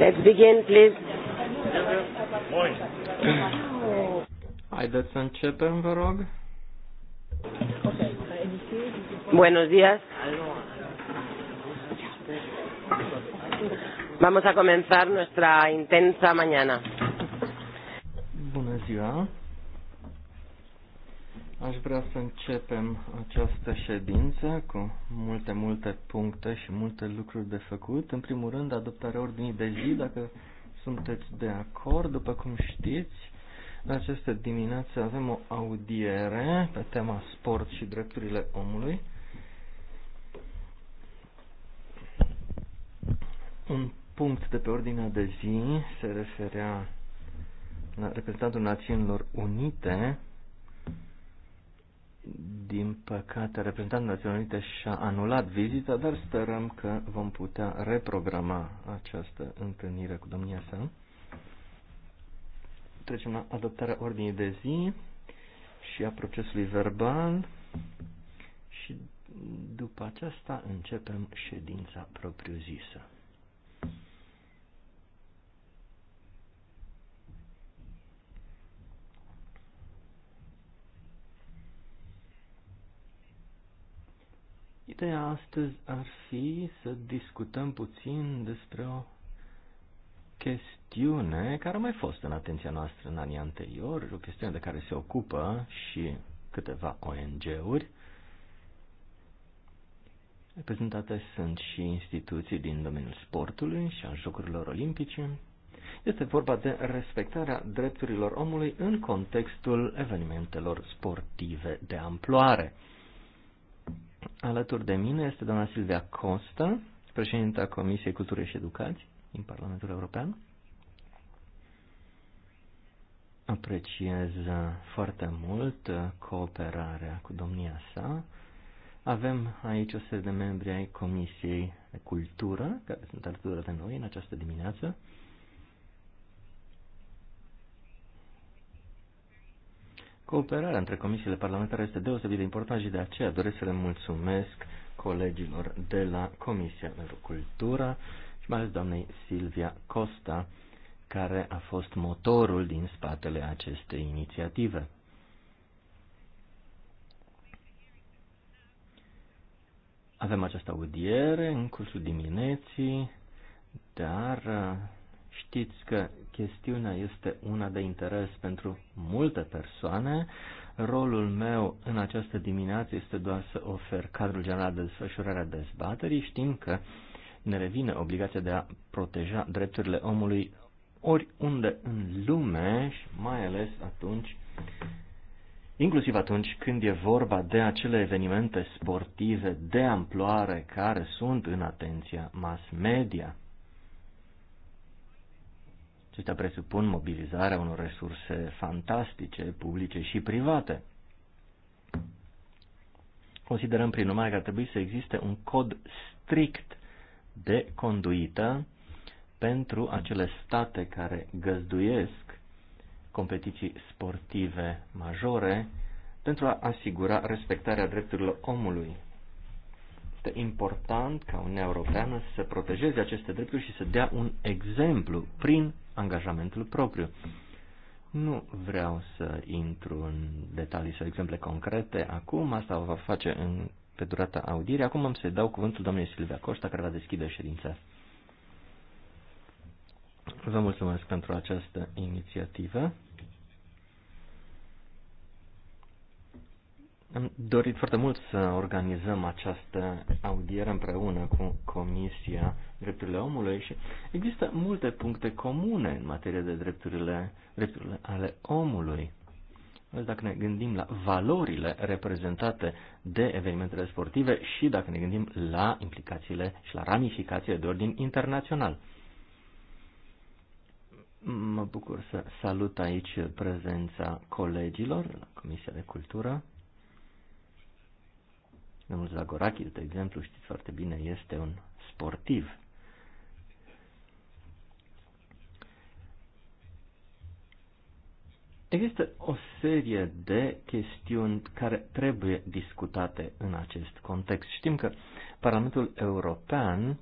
Let's begin, please. Haideți să începem, vă rog. Buenos días. Vamos a comenzar nuestra intensa mañana. Buenos ziua. Aș vrea să începem această ședință cu multe, multe puncte și multe lucruri de făcut. În primul rând, adoptarea ordinii de zi, dacă sunteți de acord. După cum știți, în această dimineață avem o audiere pe tema sport și drepturile omului. Un punct de pe ordinea de zi se referea la reprezentantul Națiunilor Unite din păcate, reprezentantul Națiunilor Unite și-a anulat vizita, dar sperăm că vom putea reprograma această întâlnire cu domnia sa. Trecem la adoptarea ordinii de zi și a procesului verbal și după aceasta începem ședința propriu-zisă. ideea astăzi ar fi să discutăm puțin despre o chestiune care a mai fost în atenția noastră în anii anteriori, o chestiune de care se ocupă și câteva ONG-uri. Reprezentate sunt și instituții din domeniul sportului și al jocurilor olimpice. Este vorba de respectarea drepturilor omului în contextul evenimentelor sportive de amploare. Alături de mine este doamna Silvia Costa, președinta Comisiei Cultură și Educație din Parlamentul European. Apreciez foarte mult cooperarea cu domnia sa. Avem aici o serie de membri ai Comisiei de Cultură, care sunt alături de noi în această dimineață. Cooperarea între comisiile parlamentare este deosebit de importantă și de aceea doresc să le mulțumesc colegilor de la Comisia pentru Cultură și mai ales doamnei Silvia Costa, care a fost motorul din spatele acestei inițiative. Avem această audiere în cursul dimineții, dar Știți că chestiunea este una de interes pentru multe persoane. Rolul meu în această dimineață este doar să ofer cadrul general de desfășurare a dezbaterii. Știm că ne revine obligația de a proteja drepturile omului oriunde în lume și mai ales atunci, inclusiv atunci când e vorba de acele evenimente sportive de amploare care sunt în atenția mass media. Acestea presupun mobilizarea unor resurse fantastice, publice și private. Considerăm, prin urmare, că ar trebui să existe un cod strict de conduită pentru acele state care găzduiesc competiții sportive majore pentru a asigura respectarea drepturilor omului. Este important ca Uniunea Europeană să protejeze aceste drepturi și să dea un exemplu prin angajamentul propriu. Nu vreau să intru în detalii sau exemple concrete acum, asta o va face în, pe durata audierii. Acum am să-i dau cuvântul doamnei Silvia Costa, care va deschide ședința. Vă mulțumesc pentru această inițiativă. Am dorit foarte mult să organizăm această audiere împreună cu Comisia Drepturile Omului și există multe puncte comune în materie de drepturile, drepturile ale omului. Deci dacă ne gândim la valorile reprezentate de evenimentele sportive și dacă ne gândim la implicațiile și la ramificațiile de ordin internațional. Mă bucur să salut aici prezența colegilor la Comisia de Cultură Domnul Zagorakis, de exemplu, știți foarte bine, este un sportiv. Există o serie de chestiuni care trebuie discutate în acest context. Știm că Parlamentul European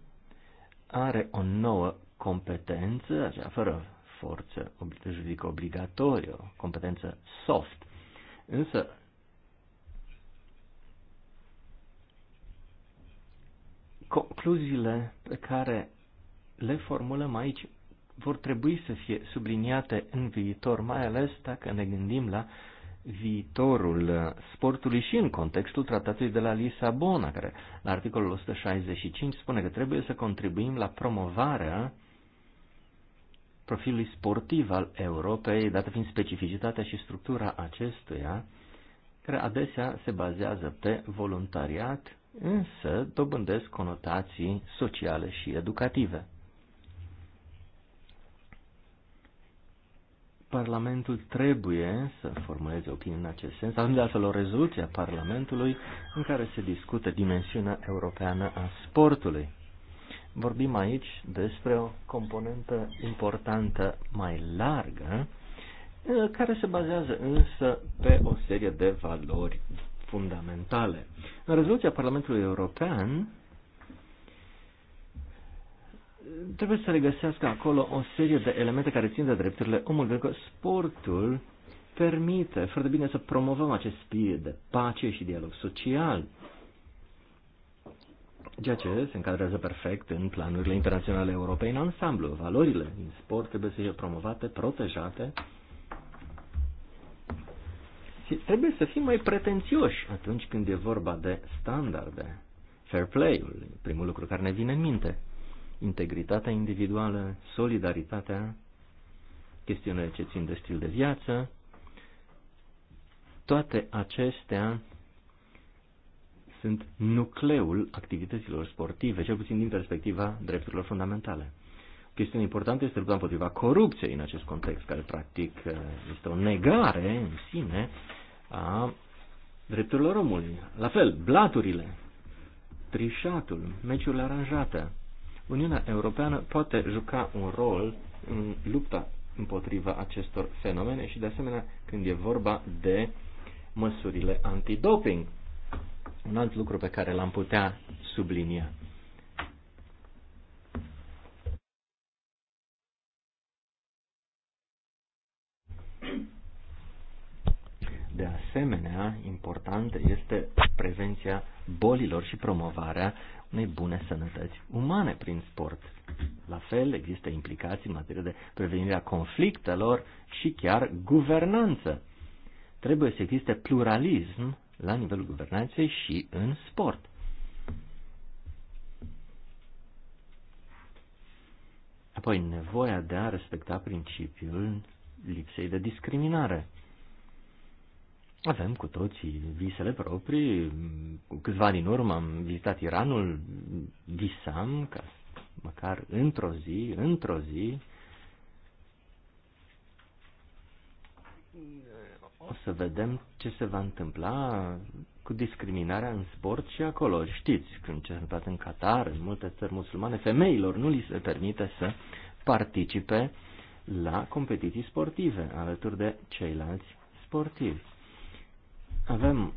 are o nouă competență, așa, fără forță juridică obligatorie, o competență soft. Însă concluziile pe care le formulăm aici vor trebui să fie subliniate în viitor, mai ales dacă ne gândim la viitorul sportului și în contextul tratatului de la Lisabona, care la articolul 165 spune că trebuie să contribuim la promovarea profilului sportiv al Europei, dată fiind specificitatea și structura acestuia, care adesea se bazează pe voluntariat însă dobândesc conotații sociale și educative. Parlamentul trebuie să formuleze opinii în acest sens, avem de altfel o rezoluție a Parlamentului în care se discută dimensiunea europeană a sportului. Vorbim aici despre o componentă importantă mai largă, care se bazează însă pe o serie de valori fundamentale. În rezoluția Parlamentului European trebuie să regăsească acolo o serie de elemente care țin de drepturile omului, pentru că sportul permite foarte bine să promovăm acest spirit de pace și dialog social, ceea ce se încadrează perfect în planurile internaționale europene, în ansamblu. Valorile din sport trebuie să fie promovate, protejate Trebuie să fim mai pretențioși atunci când e vorba de standarde. Fair play primul lucru care ne vine în minte. Integritatea individuală, solidaritatea, chestiunile ce țin de stil de viață, toate acestea sunt nucleul activităților sportive, cel puțin din perspectiva drepturilor fundamentale. O chestiune importantă este lupta împotriva corupției în acest context, care practic este o negare în sine a drepturilor omului. La fel, blaturile, trișatul, meciurile aranjate. Uniunea Europeană poate juca un rol în lupta împotriva acestor fenomene și, de asemenea, când e vorba de măsurile antidoping. Un alt lucru pe care l-am putea sublinia. De asemenea, important este prevenția bolilor și promovarea unei bune sănătăți umane prin sport. La fel, există implicații în materie de prevenirea conflictelor și chiar guvernanță. Trebuie să existe pluralism la nivelul guvernanței și în sport. Apoi, nevoia de a respecta principiul lipsei de discriminare avem cu toții visele proprii. Cu câțiva ani în urmă am vizitat Iranul, visam ca măcar într-o zi, într-o zi, o să vedem ce se va întâmpla cu discriminarea în sport și acolo. Știți, când ce s-a întâmplat în Qatar, în multe țări musulmane, femeilor nu li se permite să participe la competiții sportive alături de ceilalți sportivi. Avem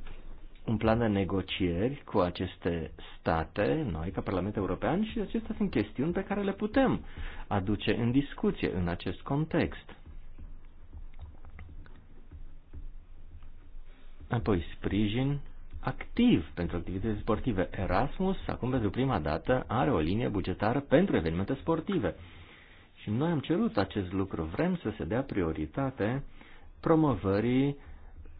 un plan de negocieri cu aceste state, noi ca Parlament European, și acestea sunt chestiuni pe care le putem aduce în discuție în acest context. Apoi sprijin activ pentru activități sportive. Erasmus, acum pentru prima dată, are o linie bugetară pentru evenimente sportive. Și noi am cerut acest lucru. Vrem să se dea prioritate promovării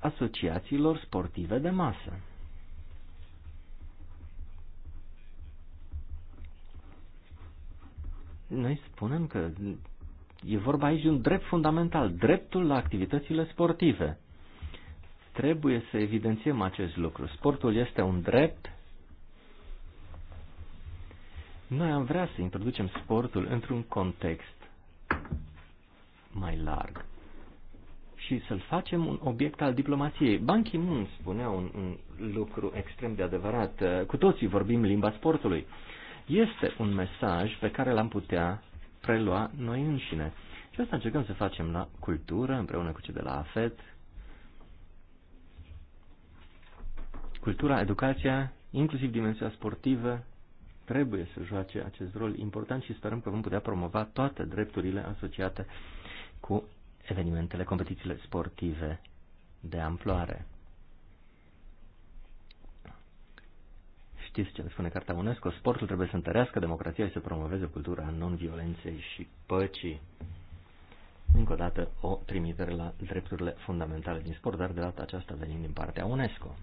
asociațiilor sportive de masă. Noi spunem că e vorba aici de un drept fundamental, dreptul la activitățile sportive. Trebuie să evidențiem acest lucru. Sportul este un drept. Noi am vrea să introducem sportul într-un context mai larg și să-l facem un obiect al diplomației. Ban Ki-moon spunea un, un lucru extrem de adevărat. Cu toții vorbim limba sportului. Este un mesaj pe care l-am putea prelua noi înșine. Și asta încercăm să facem la cultură, împreună cu cei de la AFET. Cultura, educația, inclusiv dimensiunea sportivă, trebuie să joace acest rol important și sperăm că vom putea promova toate drepturile asociate cu evenimentele, competițiile sportive de amploare. Știți ce ne spune Carta UNESCO? Sportul trebuie să întărească democrația și să promoveze cultura non-violenței și păcii. Încă o dată o trimitere la drepturile fundamentale din sport, dar de data aceasta venind din partea UNESCO.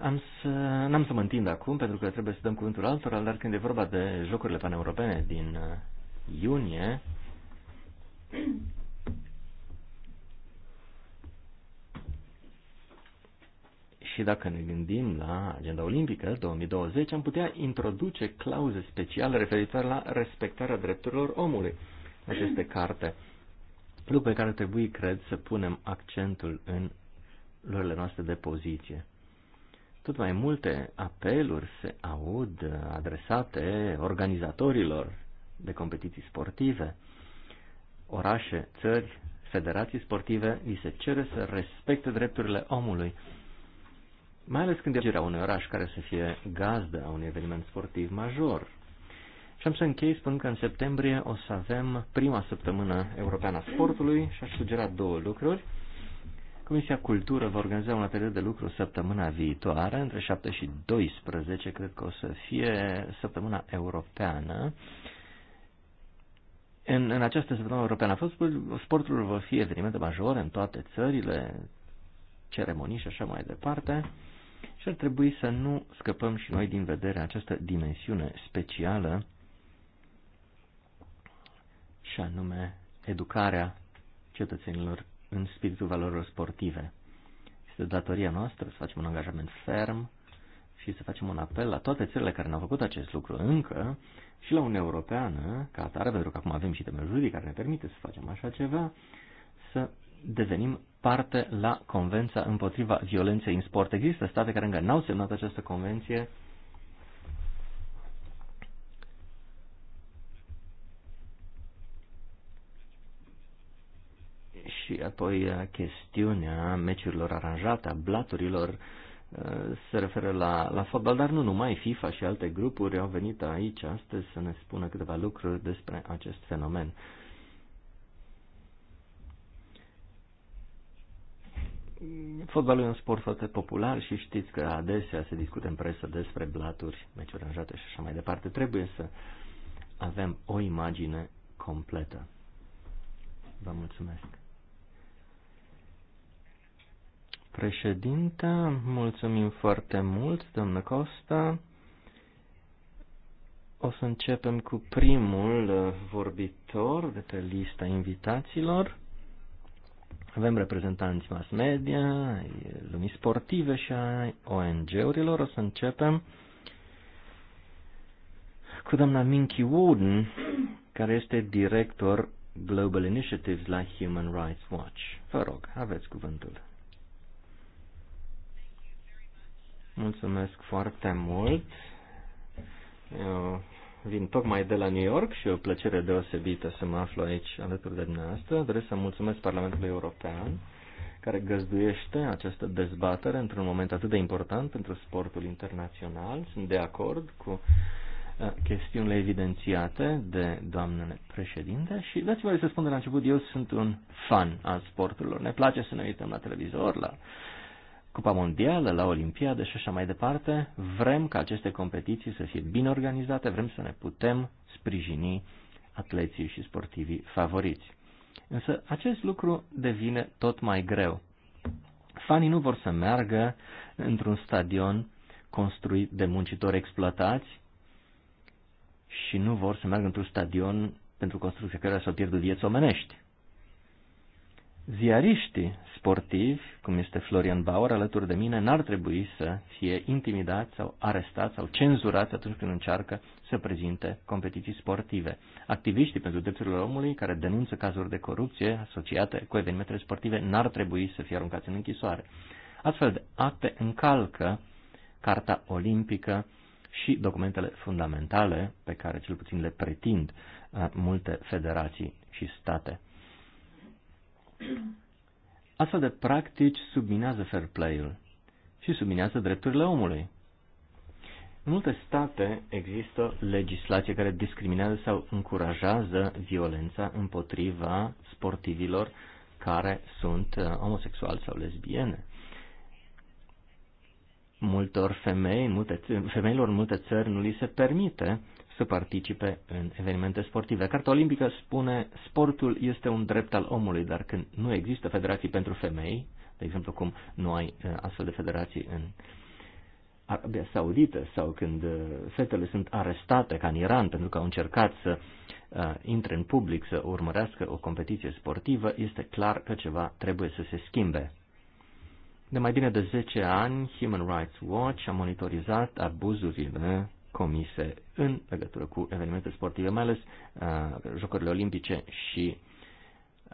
Am să, n-am să mă întind acum, pentru că trebuie să dăm cuvântul altora, dar când e vorba de jocurile paneuropene din uh, iunie și dacă ne gândim la agenda olimpică 2020, am putea introduce clauze speciale referitoare la respectarea drepturilor omului aceste carte, lucru pe care trebuie, cred, să punem accentul în lorile noastre de poziție. Tot mai multe apeluri se aud adresate organizatorilor de competiții sportive, orașe, țări, federații sportive, li se cere să respecte drepturile omului, mai ales când e unui oraș care să fie gazdă a unui eveniment sportiv major. Și am să închei spunând că în septembrie o să avem prima săptămână europeană a sportului și aș sugera două lucruri. Comisia Cultură va organiza un atelier de lucru săptămâna viitoare, între 7 și 12, cred că o să fie săptămâna europeană în, în această săptămână europeană a fost, sportul va fi evenimente majore în toate țările, ceremonii și așa mai departe. Și ar trebui să nu scăpăm și noi din vedere această dimensiune specială și anume educarea cetățenilor în spiritul valorilor sportive. Este datoria noastră să facem un angajament ferm și să facem un apel la toate țările care n-au făcut acest lucru încă și la Uniunea Europeană, ca atare, pentru că acum avem și temel juridic care ne permite să facem așa ceva, să devenim parte la Convenția împotriva violenței în sport. Există state care încă n-au semnat această convenție. Și apoi chestiunea meciurilor aranjate, a blaturilor, Uh, se referă la, la fotbal, dar nu numai FIFA și alte grupuri au venit aici astăzi să ne spună câteva lucruri despre acest fenomen. Fotbalul e un sport foarte popular și știți că adesea se discută în presă despre blaturi, meci aranjate și așa mai departe. Trebuie să avem o imagine completă. Vă mulțumesc! președinte. Mulțumim foarte mult, domnul Costa. O să începem cu primul uh, vorbitor de pe lista invitaților. Avem reprezentanți mass media, lumii sportive și a ONG-urilor. O să începem cu doamna Minky Wooden, care este director Global Initiatives la Human Rights Watch. Vă rog, aveți cuvântul. Mulțumesc foarte mult. Eu vin tocmai de la New York și e o plăcere deosebită să mă aflu aici alături de dumneavoastră. Doresc să mulțumesc Parlamentului European care găzduiește această dezbatere într-un moment atât de important pentru sportul internațional. Sunt de acord cu uh, chestiunile evidențiate de doamnele președinte și dați-mi să spun de la început, eu sunt un fan al sporturilor. Ne place să ne uităm la televizor, la uh, Cupa Mondială, la Olimpiadă și așa mai departe, vrem ca aceste competiții să fie bine organizate, vrem să ne putem sprijini atleții și sportivii favoriți. Însă acest lucru devine tot mai greu. Fanii nu vor să meargă într-un stadion construit de muncitori exploatați și nu vor să meargă într-un stadion pentru construcția care s-au pierdut vieți omenești ziariștii sportivi, cum este Florian Bauer, alături de mine, n-ar trebui să fie intimidați sau arestați sau cenzurați atunci când încearcă să prezinte competiții sportive. Activiștii pentru drepturile omului care denunță cazuri de corupție asociate cu evenimentele sportive n-ar trebui să fie aruncați în închisoare. Astfel de acte încalcă Carta Olimpică și documentele fundamentale pe care cel puțin le pretind uh, multe federații și state. Astfel de practici subminează fair play-ul și subminează drepturile omului. În multe state există legislație care discriminează sau încurajează violența împotriva sportivilor care sunt uh, homosexuali sau lesbiene. Multor femei, multe, femeilor în multe țări nu li se permite să participe în evenimente sportive. Carta olimpică spune sportul este un drept al omului, dar când nu există federații pentru femei, de exemplu cum nu ai uh, astfel de federații în Arabia Saudită sau când uh, fetele sunt arestate ca în Iran pentru că au încercat să uh, intre în public, să urmărească o competiție sportivă, este clar că ceva trebuie să se schimbe. De mai bine de 10 ani, Human Rights Watch a monitorizat abuzurile comise în legătură cu evenimente sportive, mai ales uh, Jocurile Olimpice și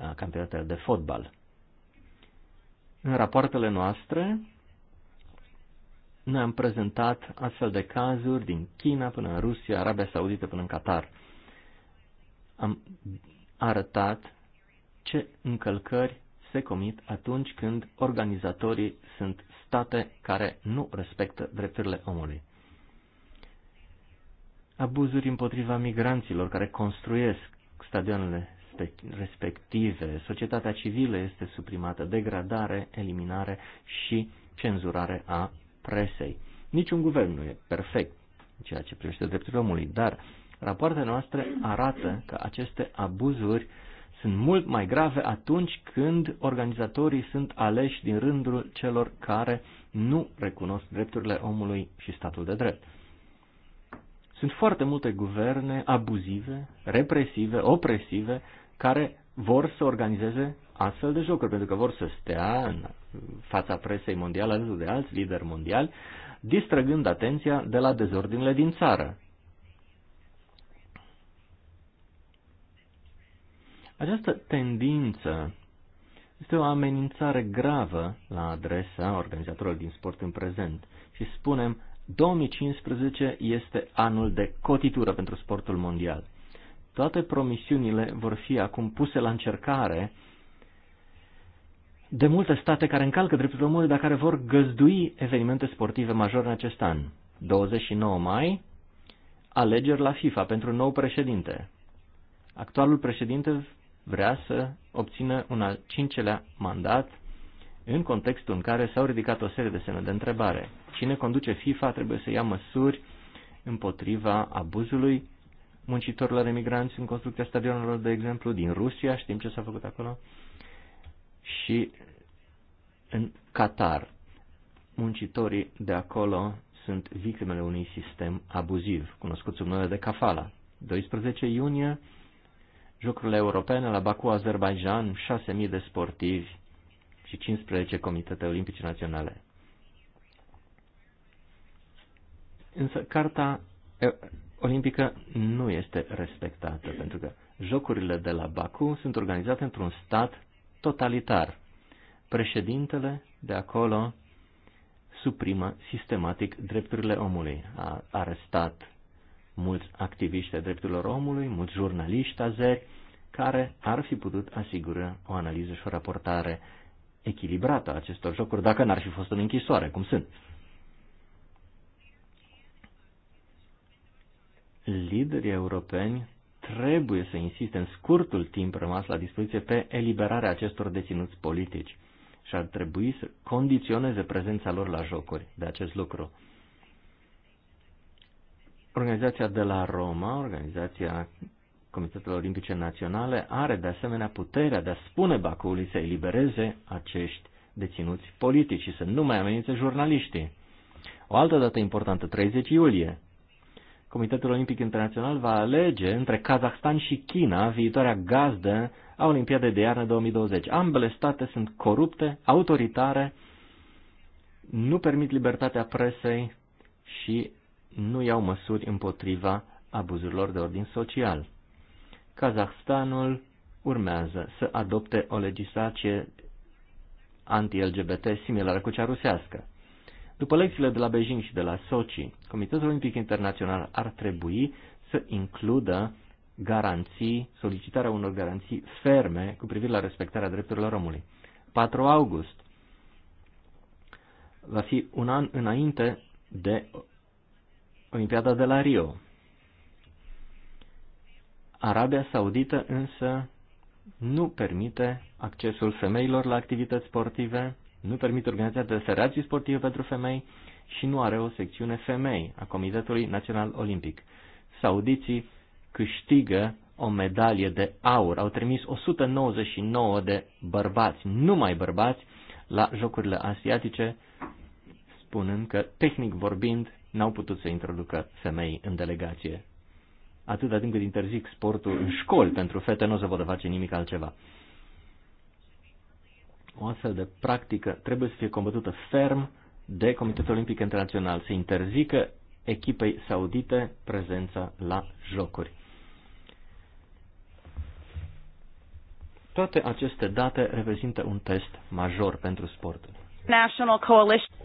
uh, campionatele de fotbal. În rapoartele noastre, ne am prezentat astfel de cazuri din China până în Rusia, Arabia Saudită până în Qatar. Am arătat ce încălcări se comit atunci când organizatorii sunt state care nu respectă drepturile omului abuzuri împotriva migranților care construiesc stadioanele respective, societatea civilă este suprimată, degradare, eliminare și cenzurare a presei. Niciun guvern nu e perfect în ceea ce privește drepturile omului, dar rapoartele noastre arată că aceste abuzuri sunt mult mai grave atunci când organizatorii sunt aleși din rândul celor care nu recunosc drepturile omului și statul de drept. Sunt foarte multe guverne abuzive, represive, opresive, care vor să organizeze astfel de jocuri, pentru că vor să stea în fața presei mondiale alături de alți lideri mondiali, distrăgând atenția de la dezordinile din țară. Această tendință este o amenințare gravă la adresa organizatorilor din sport în prezent și spunem 2015 este anul de cotitură pentru sportul mondial. Toate promisiunile vor fi acum puse la încercare de multe state care încalcă drepturile omului, dar care vor găzdui evenimente sportive majore în acest an. 29 mai, alegeri la FIFA pentru nou președinte. Actualul președinte vrea să obțină un al cincelea mandat în contextul în care s-au ridicat o serie de semne de întrebare. Cine conduce FIFA trebuie să ia măsuri împotriva abuzului muncitorilor emigranți în construcția stadionelor, de exemplu, din Rusia, știm ce s-a făcut acolo, și în Qatar. Muncitorii de acolo sunt victimele unui sistem abuziv, cunoscut sub numele de Kafala. 12 iunie, Jocurile Europene la Baku, Azerbaijan, 6.000 de sportivi și 15 comitete olimpice naționale. Însă carta eh, olimpică nu este respectată, pentru că jocurile de la Baku sunt organizate într-un stat totalitar. Președintele de acolo suprimă sistematic drepturile omului. A arestat mulți activiști ai drepturilor omului, mulți jurnaliști azeri, care ar fi putut asigura o analiză și o raportare echilibrată a acestor jocuri, dacă n-ar fi fost în închisoare, cum sunt. liderii europeni trebuie să insiste în scurtul timp rămas la dispoziție pe eliberarea acestor deținuți politici și ar trebui să condiționeze prezența lor la jocuri de acest lucru. Organizația de la Roma, Organizația Comitetelor Olimpice Naționale, are de asemenea puterea de a spune Bacului să elibereze acești deținuți politici și să nu mai amenințe jurnaliștii. O altă dată importantă, 30 iulie, Comitetul Olimpic Internațional va alege între Kazahstan și China viitoarea gazdă a Olimpiadei de iarnă 2020. Ambele state sunt corupte, autoritare, nu permit libertatea presei și nu iau măsuri împotriva abuzurilor de ordin social. Kazahstanul urmează să adopte o legislație anti-LGBT similară cu cea rusească. După lecțiile de la Beijing și de la Sochi, Comitetul Olimpic Internațional ar trebui să includă garanții, solicitarea unor garanții ferme cu privire la respectarea drepturilor omului. 4 august va fi un an înainte de Olimpiada de la Rio. Arabia Saudită însă nu permite accesul femeilor la activități sportive, nu permite organizația de federații sportive pentru femei și nu are o secțiune femei a Comitetului Național Olimpic. Saudiții câștigă o medalie de aur. Au trimis 199 de bărbați, numai bărbați, la Jocurile Asiatice, spunând că, tehnic vorbind, n-au putut să introducă femei în delegație. de timp cât interzic sportul în școli pentru fete, nu o să vor face nimic altceva. O astfel de practică trebuie să fie combătută ferm de Comitetul Olimpic Internațional. Se interzică echipei saudite prezența la jocuri. Toate aceste date reprezintă un test major pentru sportul. National Coalition.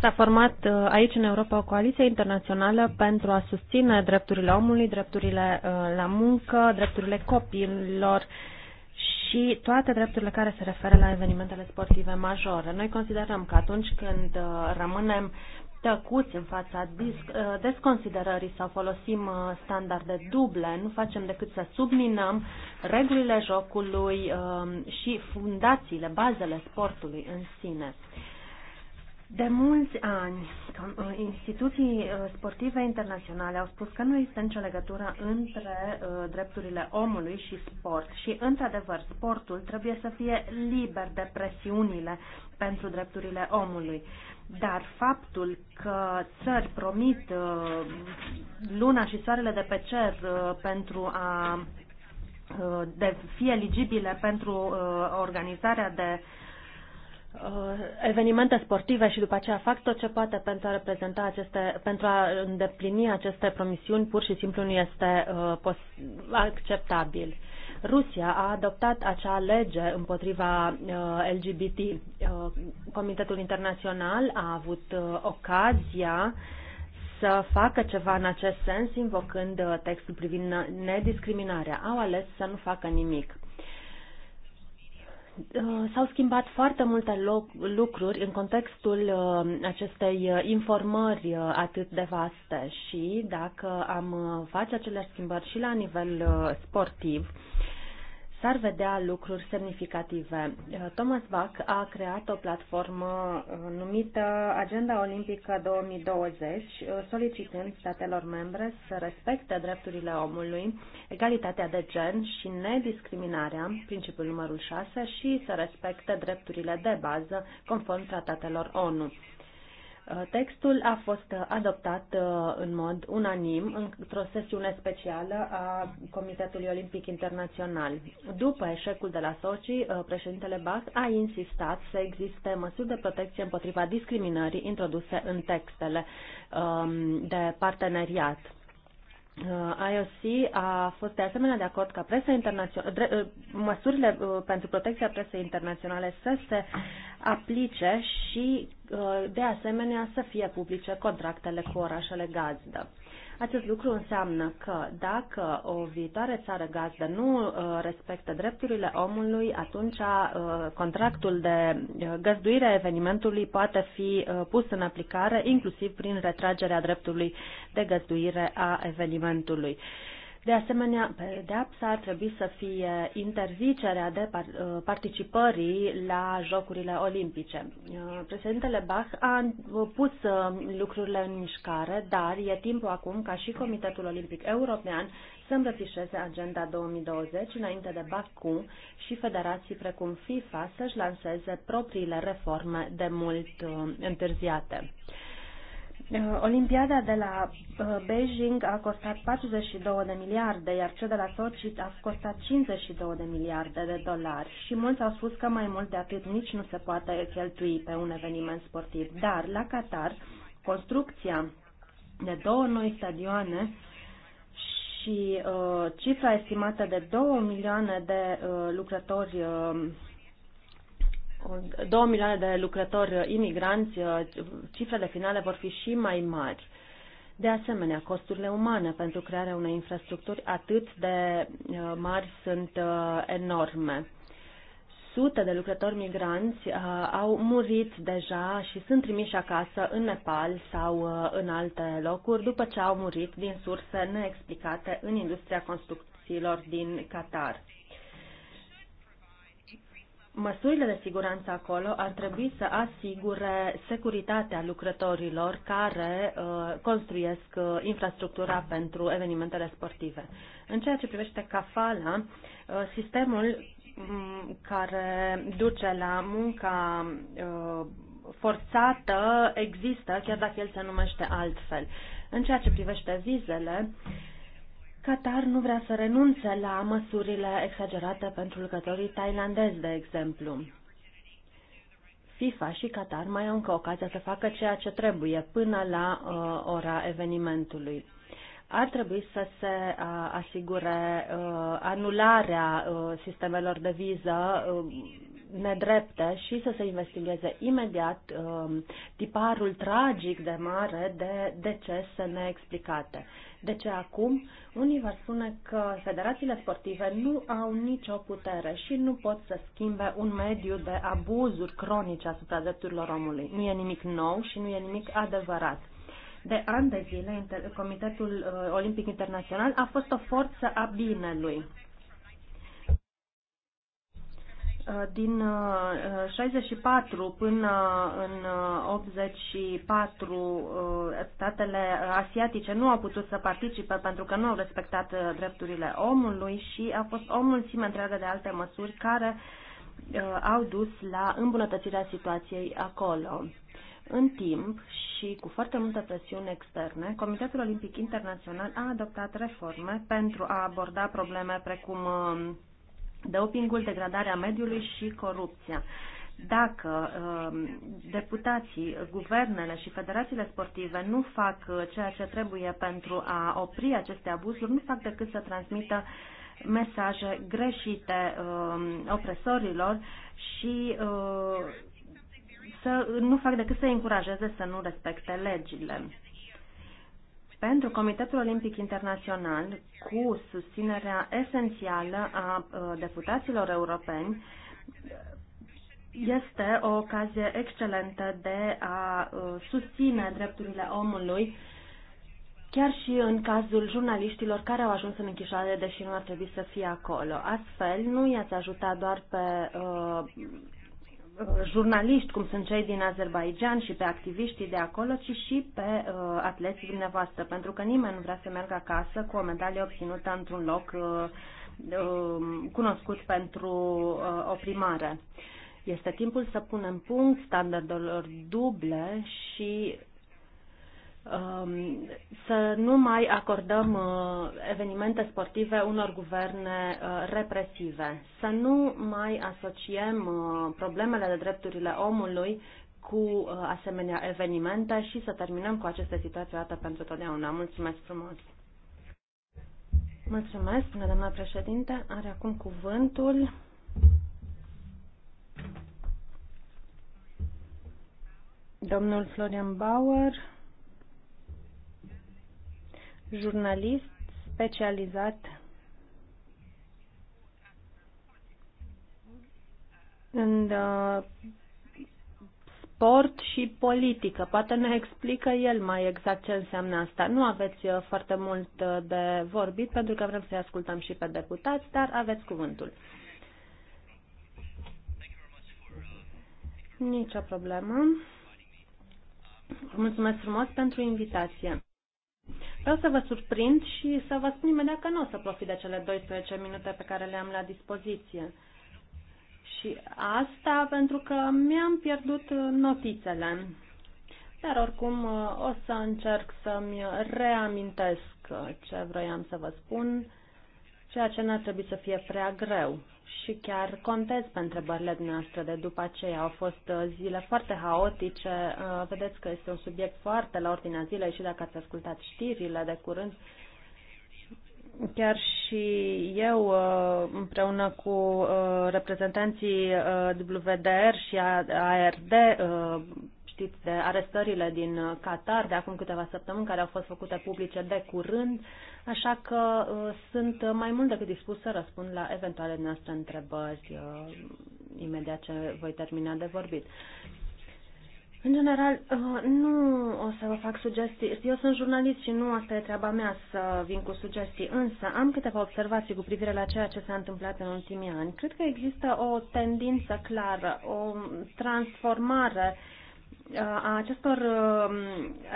S-a format uh, aici în Europa o coaliție internațională pentru a susține drepturile omului, drepturile uh, la muncă, drepturile copiilor, și toate drepturile care se referă la evenimentele sportive majore. Noi considerăm că atunci când uh, rămânem tăcuți în fața uh, desconsiderării sau folosim uh, standarde duble, nu facem decât să subminăm regulile jocului um, și fundațiile, bazele sportului în sine. De mulți ani, uh, instituții uh, sportive internaționale au spus că nu există nicio legătură între uh, drepturile omului și sport și, într-adevăr, sportul trebuie să fie liber de presiunile pentru drepturile omului. Dar faptul că țări promit luna și soarele de pe cer pentru a de fi eligibile pentru organizarea de Uh, evenimente sportive și după aceea fac tot ce poate pentru a reprezenta aceste, pentru a îndeplini aceste promisiuni, pur și simplu nu este uh, acceptabil. Rusia a adoptat acea lege împotriva uh, LGBT. Uh, Comitetul Internațional a avut uh, ocazia să facă ceva în acest sens, invocând uh, textul privind nediscriminarea. Au ales să nu facă nimic. Uh, s-au schimbat foarte multe lucruri în contextul uh, acestei uh, informări atât de vaste și dacă am face aceleași schimbări și la nivel sportiv, s-ar vedea lucruri semnificative. Uh, Thomas Bach a creat o platformă uh, numită Agenda Olimpică 2020, uh, solicitând statelor membre să respecte drepturile omului, egalitatea de gen și nediscriminarea, principiul numărul 6, și să respecte drepturile de bază conform tratatelor ONU. Uh, textul a fost uh, adoptat uh, în mod unanim într-o sesiune specială a Comitetului Olimpic Internațional. După eșecul de la Sochi, președintele Bach a insistat să existe măsuri de protecție împotriva discriminării introduse în textele um, de parteneriat. IOC a fost de asemenea de acord ca presa internațională, măsurile pentru protecția presei internaționale să se aplice și, uh, de asemenea, să fie publice contractele cu orașele gazdă. Acest lucru înseamnă că dacă o viitoare țară gazdă nu uh, respectă drepturile omului, atunci uh, contractul de găzduire a evenimentului poate fi pus în aplicare, inclusiv prin retragerea dreptului de găzduire a evenimentului. De asemenea, pedeapsa ar trebui să fie interzicerea de uh, participării la Jocurile Olimpice. Uh, președintele Bach a pus uh, lucrurile în mișcare, dar e timpul acum ca și Comitetul Olimpic European să îmbrățișeze Agenda 2020 înainte de Baku și federații precum FIFA să-și lanseze propriile reforme de mult întârziate. Eh, Olimpiada de la eh, Beijing a costat 42 de miliarde, iar cea de la Sochi a costat 52 de miliarde de dolari și mulți au spus că mai mult de atât nici nu se poate cheltui pe un eveniment sportiv. Dar la Qatar, construcția de două noi stadioane și uh, cifra estimată de 2 milioane de uh, lucrători uh, 2 milioane de lucrători uh, imigranți, uh, cifrele finale vor fi și mai mari. De asemenea, costurile umane pentru crearea unei infrastructuri atât de uh, mari sunt enorme. Sute de lucrători migranți au murit deja și sunt trimiși acasă în Nepal sau în alte locuri după ce au murit din surse neexplicate în industria construcțiilor din Qatar. Măsurile de siguranță acolo ar trebui să asigure securitatea lucrătorilor care uh, construiesc uh, infrastructura pentru evenimentele sportive. În ceea ce privește cafala, uh, sistemul um, care duce la munca uh, forțată există, chiar dacă el se numește altfel. În ceea ce privește vizele, uh, Qatar nu vrea să renunțe la măsurile exagerate pentru lucrătorii tailandezi, de exemplu. FIFA și Qatar mai au încă ocazia să facă ceea ce trebuie până la uh, ora evenimentului. Ar trebui să se uh, asigure uh, anularea uh, sistemelor de viză uh, nedrepte și să se investigheze imediat um, tiparul tragic de mare de decese neexplicate. De ce acum? Unii vor spune că federațiile sportive nu au nicio putere și nu pot să schimbe un mediu de abuzuri cronice asupra drepturilor omului. Nu e nimic nou și nu e nimic adevărat. De ani de zile, Comitetul uh, Olimpic Internațional a fost o forță a binelui Uh, din 64 uh, până în 84 uh, statele asiatice nu au putut să participe pentru că nu au respectat drepturile omului și a fost o mulțime întreagă de alte măsuri care au dus la îmbunătățirea situației acolo. În timp și cu foarte multă presiune externe, Comitetul Olimpic Internațional a adoptat reforme pentru a aborda probleme precum dopingul, degradarea mediului și corupția. Dacă um, deputații, guvernele și federațiile sportive nu fac uh, ceea ce trebuie pentru a opri aceste abuzuri, nu fac decât să transmită mesaje greșite um, opresorilor și uh, să nu fac decât să încurajeze să nu respecte legile pentru Comitetul Olimpic Internațional, cu susținerea esențială a uh, deputaților europeni, este o ocazie excelentă de a uh, susține drepturile omului, chiar și în cazul jurnaliștilor care au ajuns în închisoare, deși nu ar trebui să fie acolo. Astfel, nu i-ați ajutat doar pe uh, jurnaliști, cum sunt cei din Azerbaijan și pe activiștii de acolo, ci și pe uh, atleții dumneavoastră, pentru că nimeni nu vrea să meargă acasă cu o medalie obținută într-un loc uh, uh, cunoscut pentru uh, oprimare. Este timpul să punem punct standardelor duble și Um, să nu mai acordăm uh, evenimente sportive unor guverne uh, represive, să nu mai asociem uh, problemele de drepturile omului cu asemenea evenimente și să terminăm cu aceste situații o dată pentru totdeauna. Mulțumesc frumos! Mulțumesc, spune doamna președinte. Are acum cuvântul domnul Florian Bauer jurnalist specializat în uh, sport și politică. Poate ne explică el mai exact ce înseamnă asta. Nu aveți uh, foarte mult uh, de vorbit pentru că vrem să-i ascultăm și pe deputați, dar aveți cuvântul. Nicio problemă. Mulțumesc frumos pentru invitație. Vreau să vă surprind și să vă spun imediat că nu o să profit de cele 12 minute pe care le-am la dispoziție. Și asta pentru că mi-am pierdut notițele. Dar oricum uh, o să încerc să-mi reamintesc uh, ce vroiam să vă spun, ceea ce n-ar trebui să fie prea greu și chiar contez pe întrebările dumneavoastră de după aceea. Au fost uh, zile foarte haotice, uh, vedeți că este un subiect foarte la ordinea zilei și dacă ați ascultat știrile de curând, Chiar și eu, uh, împreună cu reprezentanții WDR și ARD, Știți de arestările din uh, Qatar de acum câteva săptămâni care au fost făcute publice de curând, așa că uh, sunt uh, mai mult decât dispus să răspund la eventuale noastre întrebări imediat ce voi termina de vorbit. În general, nu o să vă fac sugestii. Eu sunt jurnalist și nu asta e treaba mea să vin cu sugestii, însă am câteva observații cu privire la ceea ce s-a întâmplat în ultimii ani. Cred că există o tendință clară, o transformare a acestor um,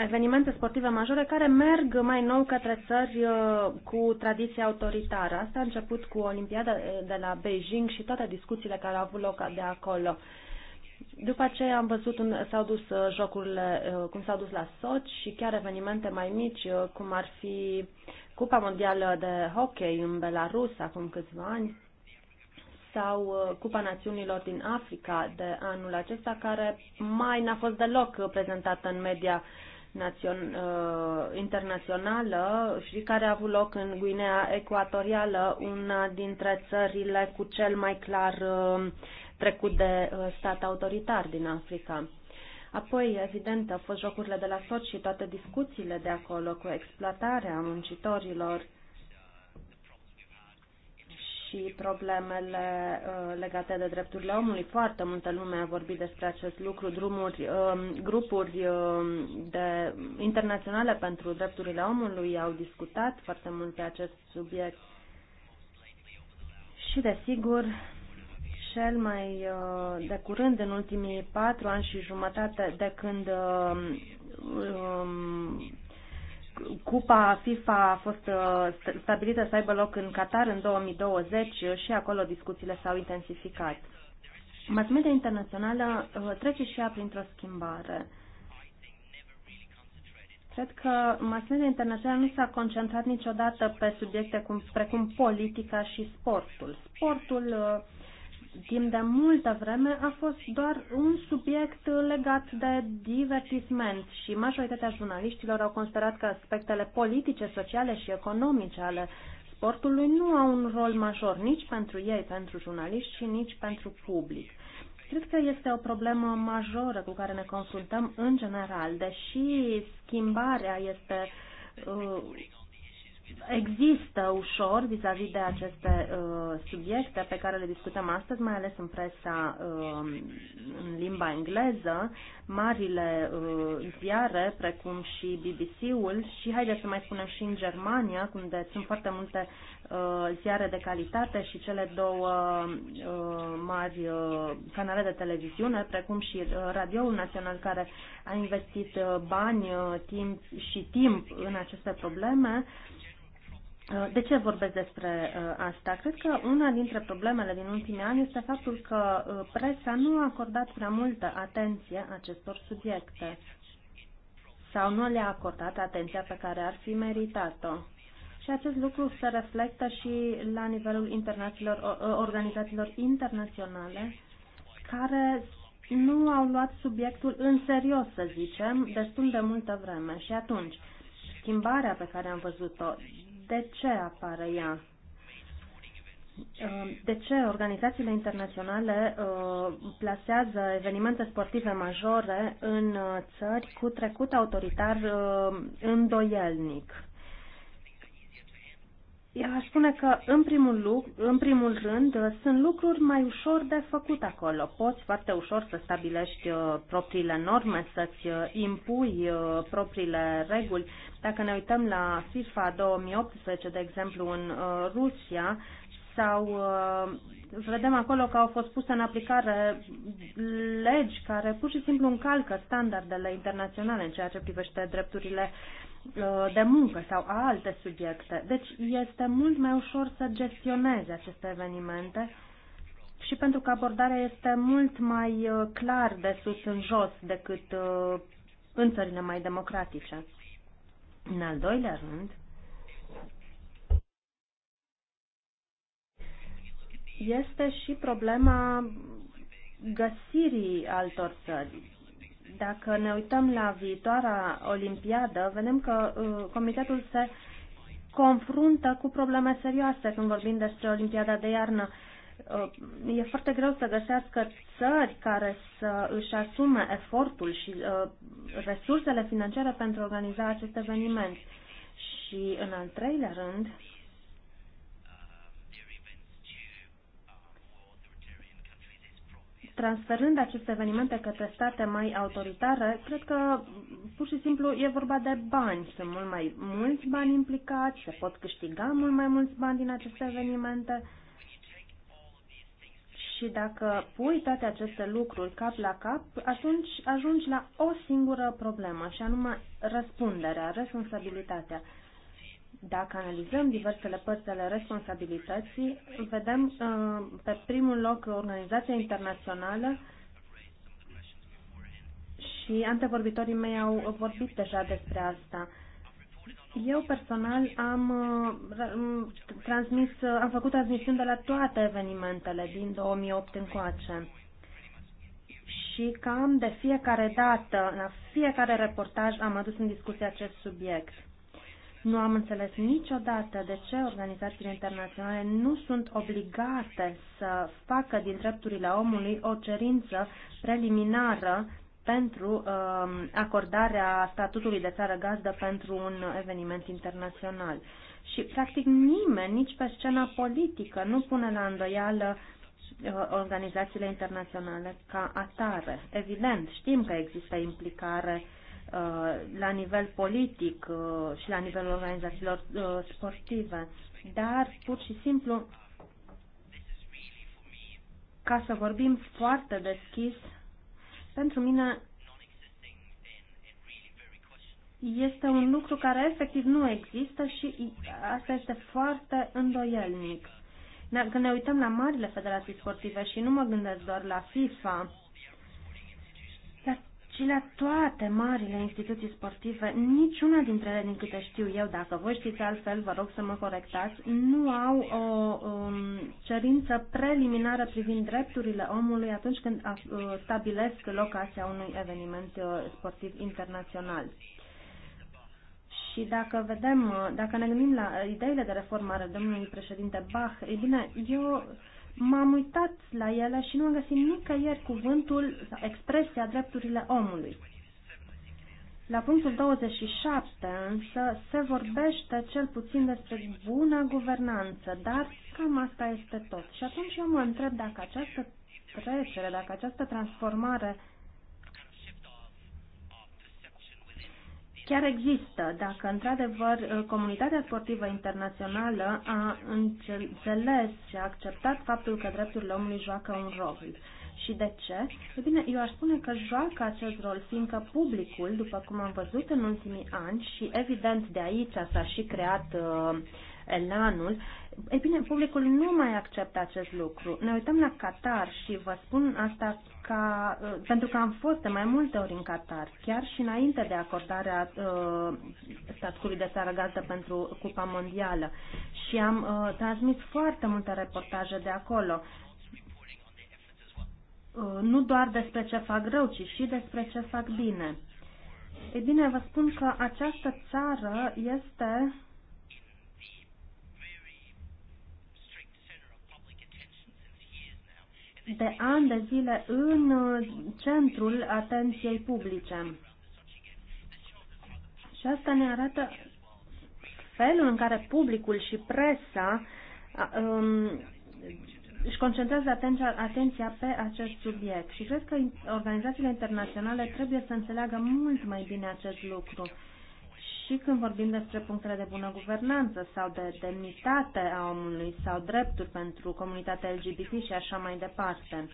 evenimente sportive majore care merg mai nou către țări uh, cu tradiție autoritară. Asta a început cu Olimpiada de la Beijing și toate discuțiile care au avut loc de acolo. După aceea am văzut un, s-au dus uh, jocurile, uh, cum s-au dus la Sochi și chiar evenimente mai mici, cum ar fi Cupa Mondială de Hockey în Belarus acum câțiva ani sau uh, Cupa Națiunilor din Africa de anul acesta, care mai n-a fost deloc prezentată în media națion, uh, internațională și care a avut loc în Guinea Ecuatorială, una dintre țările cu cel mai clar uh, trecut de uh, stat autoritar din Africa. Apoi, evident, au fost jocurile de la Sochi și toate discuțiile de acolo cu exploatarea muncitorilor și problemele uh, legate de drepturile omului. Foarte multă lume a vorbit despre acest lucru, drumuri, um, grupuri um, de internaționale pentru drepturile omului au discutat foarte mult pe acest subiect. Și desigur, cel mai uh, de curând, în ultimii patru ani și jumătate, de când um, Cupa FIFA a fost uh, stabilită să aibă loc în Qatar în 2020 și acolo discuțiile s-au intensificat. Mass media internațională uh, trece și ea printr-o schimbare. Cred că mass media internațională nu s-a concentrat niciodată pe subiecte cum, precum politica și sportul. Sportul uh, timp de multă vreme a fost doar un subiect legat de divertisment și majoritatea jurnaliștilor au considerat că aspectele politice, sociale și economice ale sportului nu au un rol major nici pentru ei, pentru jurnaliști și nici pentru public. Cred că este o problemă majoră cu care ne confruntăm în general, deși schimbarea este uh, există ușor vis-a-vis -vis de aceste uh, subiecte pe care le discutăm astăzi, mai ales în presa uh, în limba engleză, marile uh, ziare, precum și BBC-ul și, haideți să mai spunem, și în Germania, unde sunt foarte multe uh, ziare de calitate și cele două uh, mari uh, canale de televiziune, precum și uh, Radioul Național, care a investit uh, bani, uh, timp și timp în aceste probleme Uh, de ce vorbesc despre uh, asta? Cred că una dintre problemele din ultimii ani este faptul că uh, presa nu a acordat prea multă atenție acestor subiecte sau nu le-a acordat atenția pe care ar fi meritat-o. Și acest lucru se reflectă și la nivelul organizațiilor internaționale care nu au luat subiectul în serios, să zicem, destul de multă vreme. Și atunci, schimbarea pe care am văzut-o de ce apare ea. Ehm, de ce organizațiile internaționale ehm, plasează evenimente sportive majore în ă, țări cu trecut autoritar ehm, îndoielnic? Eu aș spune că, în primul, lucru, în primul rând, sunt lucruri mai ușor de făcut acolo. Poți foarte ușor să stabilești uh, propriile norme, să-ți uh, impui uh, propriile reguli. Dacă ne uităm la FIFA 2018, de exemplu, în Rusia, sau vedem acolo că au fost puse în aplicare legi care pur și simplu încalcă standardele internaționale în ceea ce privește drepturile uh, de muncă sau a alte subiecte. Deci este mult mai ușor să gestioneze aceste evenimente și pentru că abordarea este mult mai uh, clar de sus în jos decât uh, în țările mai democratice. În al doilea rând, este și problema găsirii altor țări. Dacă ne uităm la viitoarea Olimpiadă, vedem că uh, comitetul se confruntă cu probleme serioase când vorbim despre Olimpiada de iarnă. Uh, e foarte greu să găsească țări care să își asume efortul și uh, resursele financiare pentru a organiza acest eveniment. Și, în al treilea rând, uh, transferând aceste evenimente către state mai autoritare, cred că pur și simplu e vorba de bani. Sunt mult mai mulți bani implicați, se pot câștiga mult mai mulți bani din aceste evenimente. Și dacă pui toate aceste lucruri cap la cap, atunci ajungi la o singură problemă, și anume răspunderea, responsabilitatea. Dacă analizăm diversele părți ale responsabilității, vedem uh, pe primul loc organizația internațională și antevorbitorii mei au vorbit deja despre asta. Eu personal am uh, transmis, am făcut transmisiuni de la toate evenimentele din 2008 încoace. Și cam de fiecare dată, la fiecare reportaj am adus în discuție acest subiect. Nu am înțeles niciodată de ce organizațiile internaționale nu sunt obligate să facă din drepturile omului o cerință preliminară pentru um, acordarea statutului de țară gazdă pentru un eveniment internațional. Și, practic, nimeni, nici pe scena politică, nu pune la îndoială uh, organizațiile internaționale ca atare. Evident, știm că există implicare uh, Uh, la nivel politic uh, și la nivelul organizațiilor uh, sportive, dar pur și simplu ca să vorbim foarte deschis, pentru mine este un lucru care efectiv nu există și asta este foarte îndoielnic. Când ne uităm la marile federații sportive și nu mă gândesc doar la FIFA, și la toate marile instituții sportive, niciuna dintre ele, din câte știu eu, dacă voi știți altfel, vă rog să mă corectați, nu au o um, cerință preliminară privind drepturile omului atunci când uh, stabilesc locația unui eveniment uh, sportiv internațional. Și dacă vedem, uh, dacă ne gândim la uh, ideile de reformare domnului președinte Bach, e bine, eu M-am uitat la ele și nu am găsit nicăieri cuvântul sau expresia drepturile omului. La punctul 27 însă se vorbește cel puțin despre bună guvernanță, dar cam asta este tot. Și atunci eu mă întreb dacă această trecere, dacă această transformare uh, chiar există. Dacă, într-adevăr, comunitatea sportivă internațională a înțeles și a acceptat faptul că drepturile omului joacă un rol. Și de ce? E bine, eu aș spune că joacă acest rol, fiindcă publicul, după cum am văzut în ultimii ani și evident de aici s-a și creat uh, elanul, E bine, publicul nu mai acceptă acest lucru. Ne uităm la Qatar și vă spun asta ca, uh, pentru că am fost de mai multe ori în Qatar, chiar și înainte de acordarea uh, statului de țară gazdă pentru Cupa Mondială. Și am uh, transmis foarte multe reportaje de acolo. Uh, nu doar despre ce fac rău, ci și despre ce fac bine. E bine, vă spun că această țară este de ani de zile în uh, centrul atenției publice. Și asta ne arată felul în care publicul și presa um, își concentrează atenția, atenția pe acest subiect. Și cred că organizațiile internaționale trebuie să înțeleagă mult mai bine acest lucru și când vorbim despre punctele de bună guvernanță sau de demnitate a omului sau drepturi pentru comunitatea LGBT și așa mai departe.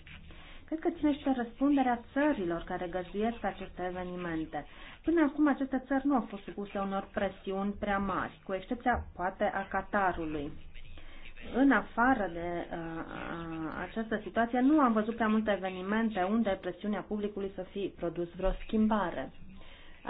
Cred că ține și de răspunderea țărilor care găzduiesc aceste evenimente. Până acum aceste țări nu au fost supuse unor presiuni prea mari, cu excepția poate a Qatarului. În afară de uh, această situație, nu am văzut prea multe evenimente unde presiunea publicului să fi produs vreo schimbare.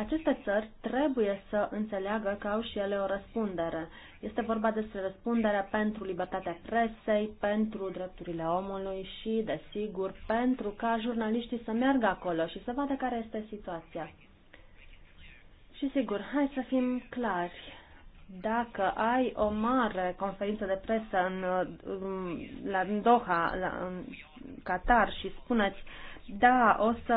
Aceste țări trebuie să înțeleagă că au și ele o răspundere. Este vorba despre răspunderea pentru libertatea presei, pentru drepturile omului și, desigur, pentru ca jurnaliștii să meargă acolo și să vadă care este situația. Și sigur, hai să fim clari. Dacă ai o mare conferință de presă în, la Doha, la, în Qatar și spuneți da, o să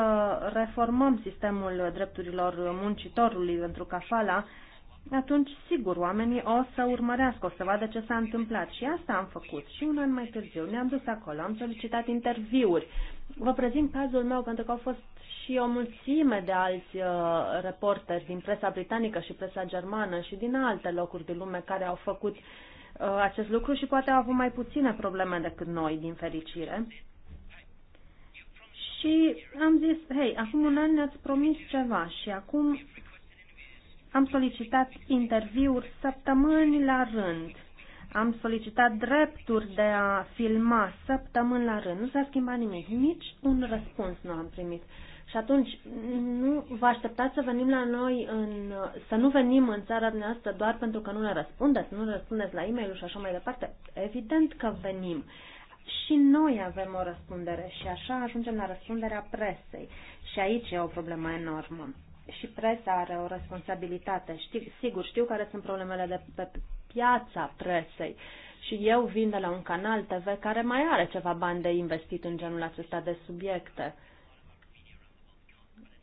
reformăm sistemul drepturilor muncitorului pentru cafala, atunci, sigur, oamenii o să urmărească, o să vadă ce s-a întâmplat. Și asta am făcut. Și un an mai târziu ne-am dus acolo, am solicitat interviuri. Vă prezint cazul meu pentru că au fost și o mulțime de alți uh, reporteri din presa britanică și presa germană și din alte locuri din lume care au făcut uh, acest lucru și poate au avut mai puține probleme decât noi, din fericire. Și am zis, hei, acum un an ne-ați promis ceva și acum am solicitat interviuri săptămâni la rând. Am solicitat drepturi de a filma săptămâni la rând. Nu s-a schimbat nimic. Nici un răspuns nu am primit. Și atunci, nu vă așteptați să venim la noi, în, să nu venim în țara dumneavoastră doar pentru că nu ne răspundeți, nu ne răspundeți la e mail și așa mai departe. Evident că venim. Uh, și noi avem o răspundere și așa ajungem la răspunderea presei. Și aici e o problemă enormă. Și presa are o responsabilitate. Știu, sigur, știu care sunt problemele de pe piața presei. Și eu vin de la un canal TV care mai are ceva bani de investit în genul acesta de subiecte.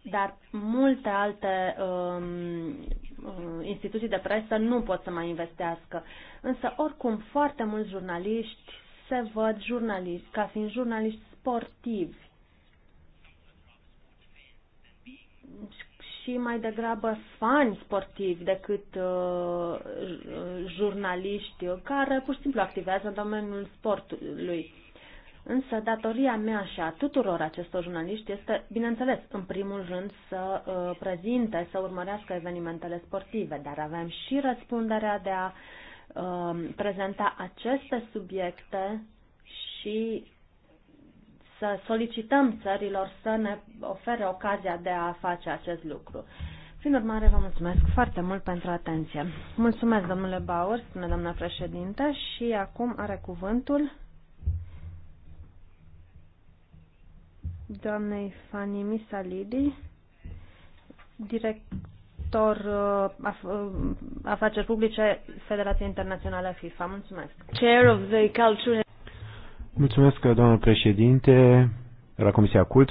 Dar multe alte um, uh, instituții de presă nu pot să mai investească. Însă, oricum, foarte mulți jurnaliști se văd jurnaliști ca fiind jurnaliști sportivi și mai degrabă fani sportivi decât uh, jurnaliști care pur și simplu activează în domeniul sportului. Însă datoria mea și a tuturor acestor jurnaliști este, bineînțeles, în primul rând să uh, prezinte, să urmărească evenimentele sportive, dar avem și răspunderea de a uh, Um, prezenta aceste subiecte și să solicităm țărilor să ne ofere ocazia de a face acest lucru. Prin urmare, vă mulțumesc foarte mult pentru atenție. Mulțumesc, domnule Bauer, spune doamna președinte, și acum are cuvântul doamnei Fanny Misalidi, direct sector uh, af uh, afaceri publice Federației Internaționale FIFA. Mulțumesc. Chair of the Culture. Mulțumesc, doamnă președinte, la Comisia Cult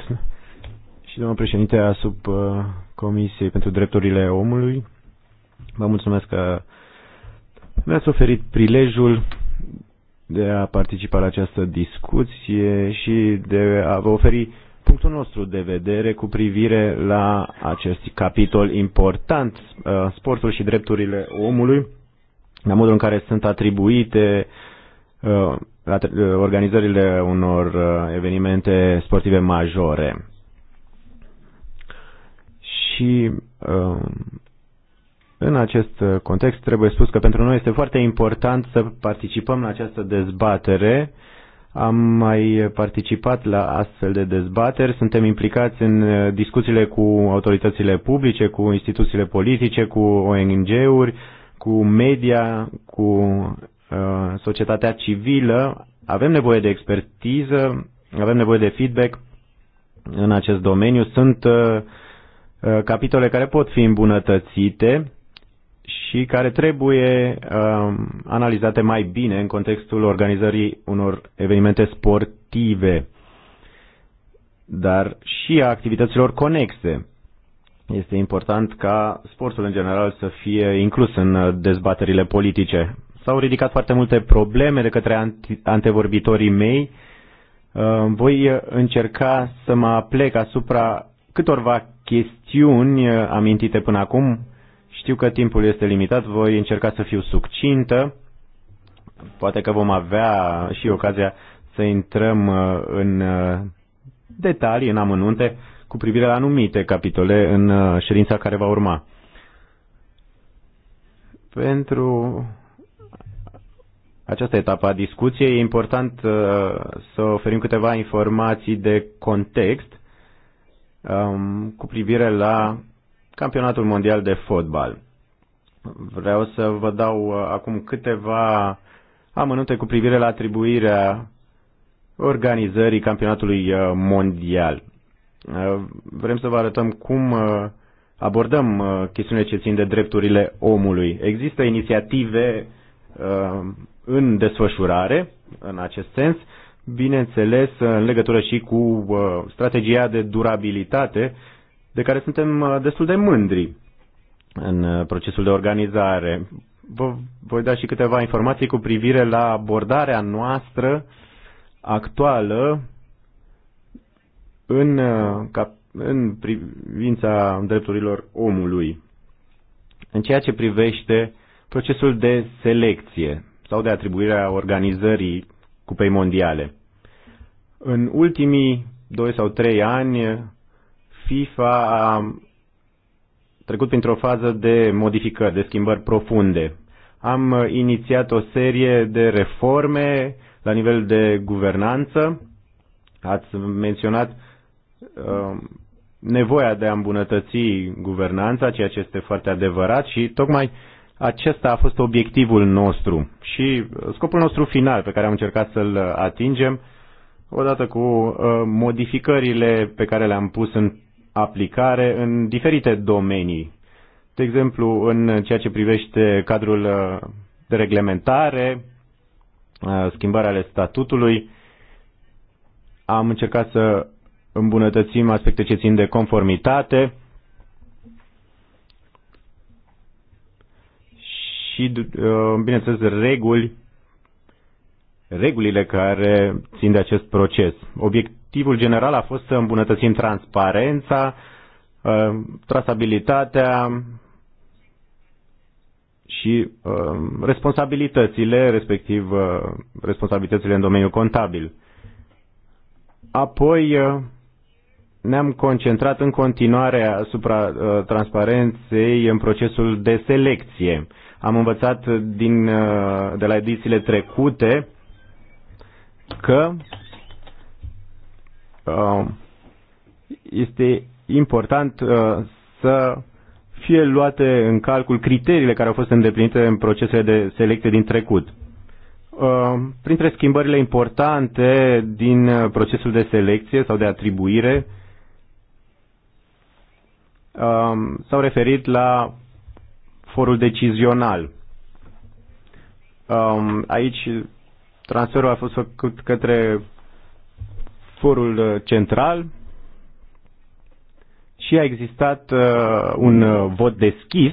și domnul președinte a sub uh, Comisiei pentru Drepturile Omului. Vă mulțumesc că mi-ați oferit prilejul de a participa la această discuție și de a vă oferi punctul nostru de vedere cu privire la acest capitol important, uh, sportul și drepturile omului, la modul în care sunt atribuite uh, la uh, organizările unor evenimente sportive majore. Și în acest context trebuie spus că pentru noi este foarte important să participăm la această dezbatere am mai participat la astfel de dezbateri, suntem implicați în uh, discuțiile cu autoritățile publice, cu instituțiile politice, cu ONG-uri, cu media, cu uh, societatea civilă. Avem nevoie de expertiză, avem nevoie de feedback în acest domeniu. Sunt uh, uh capitole care pot fi îmbunătățite și care trebuie uh, analizate mai bine în contextul organizării unor evenimente sportive, dar și a activităților conexe. Este important ca sportul în general să fie inclus în uh, dezbaterile politice. S-au ridicat foarte multe probleme de către antevorbitorii mei. Uh, voi uh, încerca să mă aplec asupra câtorva chestiuni amintite până acum, știu că timpul este limitat, voi încerca să fiu succintă. Poate că vom avea și ocazia să intrăm uh, în uh, detalii, în amănunte, cu privire la anumite capitole în uh, ședința care va urma. Pentru această etapă a discuției e important să oferim câteva informații de context um, cu privire la campionatul mondial de fotbal. Vreau să vă dau uh, acum câteva amănunte cu privire la atribuirea organizării campionatului uh, mondial. Uh, vrem să vă arătăm cum abordăm chestiunile ce țin de drepturile omului. Există inițiative în desfășurare în acest sens, bineînțeles în legătură și cu strategia de durabilitate de care suntem uh, destul de mândri în uh, procesul de organizare. Vă voi da și câteva informații cu privire la abordarea noastră actuală în, uh, în privința drepturilor omului, în ceea ce privește procesul de selecție sau de atribuire a organizării Cupei Mondiale. În ultimii doi sau trei ani, FIFA a trecut printr-o fază de modificări, de schimbări profunde. Am uh, inițiat o serie de reforme la nivel de guvernanță. Ați menționat uh, nevoia de a îmbunătăți guvernanța, ceea ce este foarte adevărat și tocmai acesta a fost obiectivul nostru și uh, scopul nostru final pe care am încercat să-l atingem odată cu modificările pe care le-am pus în aplicare în diferite domenii. De exemplu, în ceea ce privește cadrul uh, de reglementare, uh, schimbarea ale statutului, am încercat să îmbunătățim aspecte ce țin de conformitate și, uh, bineînțeles, reguli regulile care țin de acest proces. Obiect, obiectivul general a fost să îmbunătățim transparența, uh, trasabilitatea și uh, responsabilitățile, respectiv uh, responsabilitățile în domeniul contabil. Apoi ne-am concentrat în continuare asupra transparenței în procesul de selecție. Am învățat din, de la edițiile trecute că Um, este important uh, să fie luate în calcul criteriile care au fost îndeplinite în procesele de selecție din trecut. Um, printre schimbările importante din uh, procesul de selecție sau de atribuire um, s-au referit la forul decizional. Aici transferul a fost făcut către forul uh, central și a existat uh, un uh, vot deschis,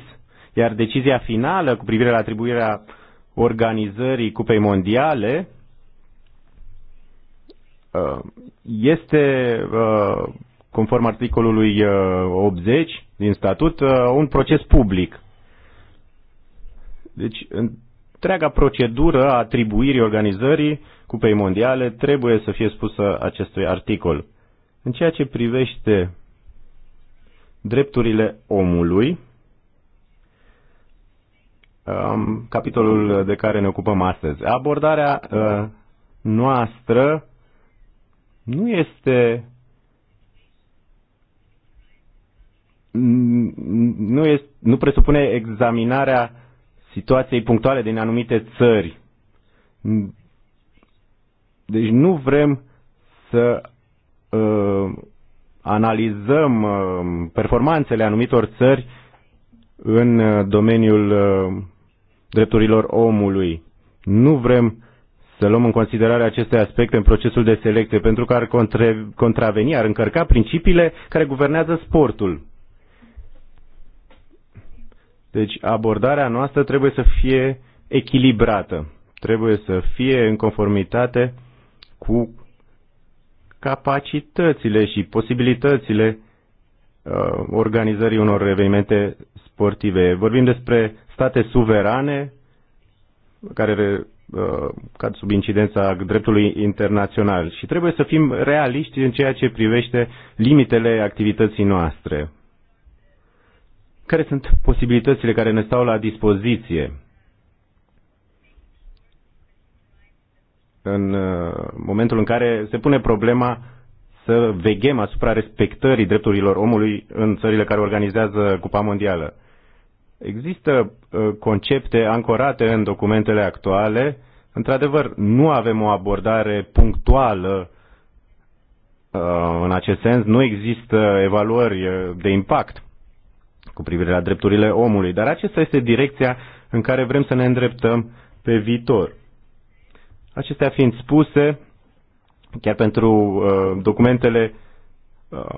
iar decizia finală cu privire la atribuirea organizării Cupei Mondiale este, conform articolului 80 din statut, un proces public. Deci, întreaga procedură a atribuirii organizării Cupei Mondiale trebuie să fie spusă acestui articol. În ceea ce privește drepturile omului, capitolul de care ne ocupăm astăzi. Abordarea uh, noastră nu este nu, este, nu presupune examinarea situației punctuale din anumite țări. Deci nu vrem să uh, analizăm uh, performanțele anumitor țări în uh, domeniul uh, drepturilor omului. Nu vrem să luăm în considerare aceste aspecte în procesul de selecție, pentru că ar contraveni, ar încărca principiile care guvernează sportul. Deci abordarea noastră trebuie să fie echilibrată, trebuie să fie în conformitate cu capacitățile și posibilitățile uh, organizării unor evenimente sportive. Vorbim despre state suverane care uh, cad sub incidența dreptului internațional și trebuie să fim realiști în ceea ce privește limitele activității noastre care sunt posibilitățile care ne stau la dispoziție în uh, momentul în care se pune problema să veghem asupra respectării drepturilor omului în țările care organizează Cupa Mondială. Există uh, concepte ancorate în documentele actuale. Într-adevăr, nu avem o abordare punctuală uh, în acest sens, nu există evaluări de impact cu privire la drepturile omului, dar acesta este direcția în care vrem să ne îndreptăm pe viitor. Acestea fiind spuse, chiar pentru uh, documentele uh,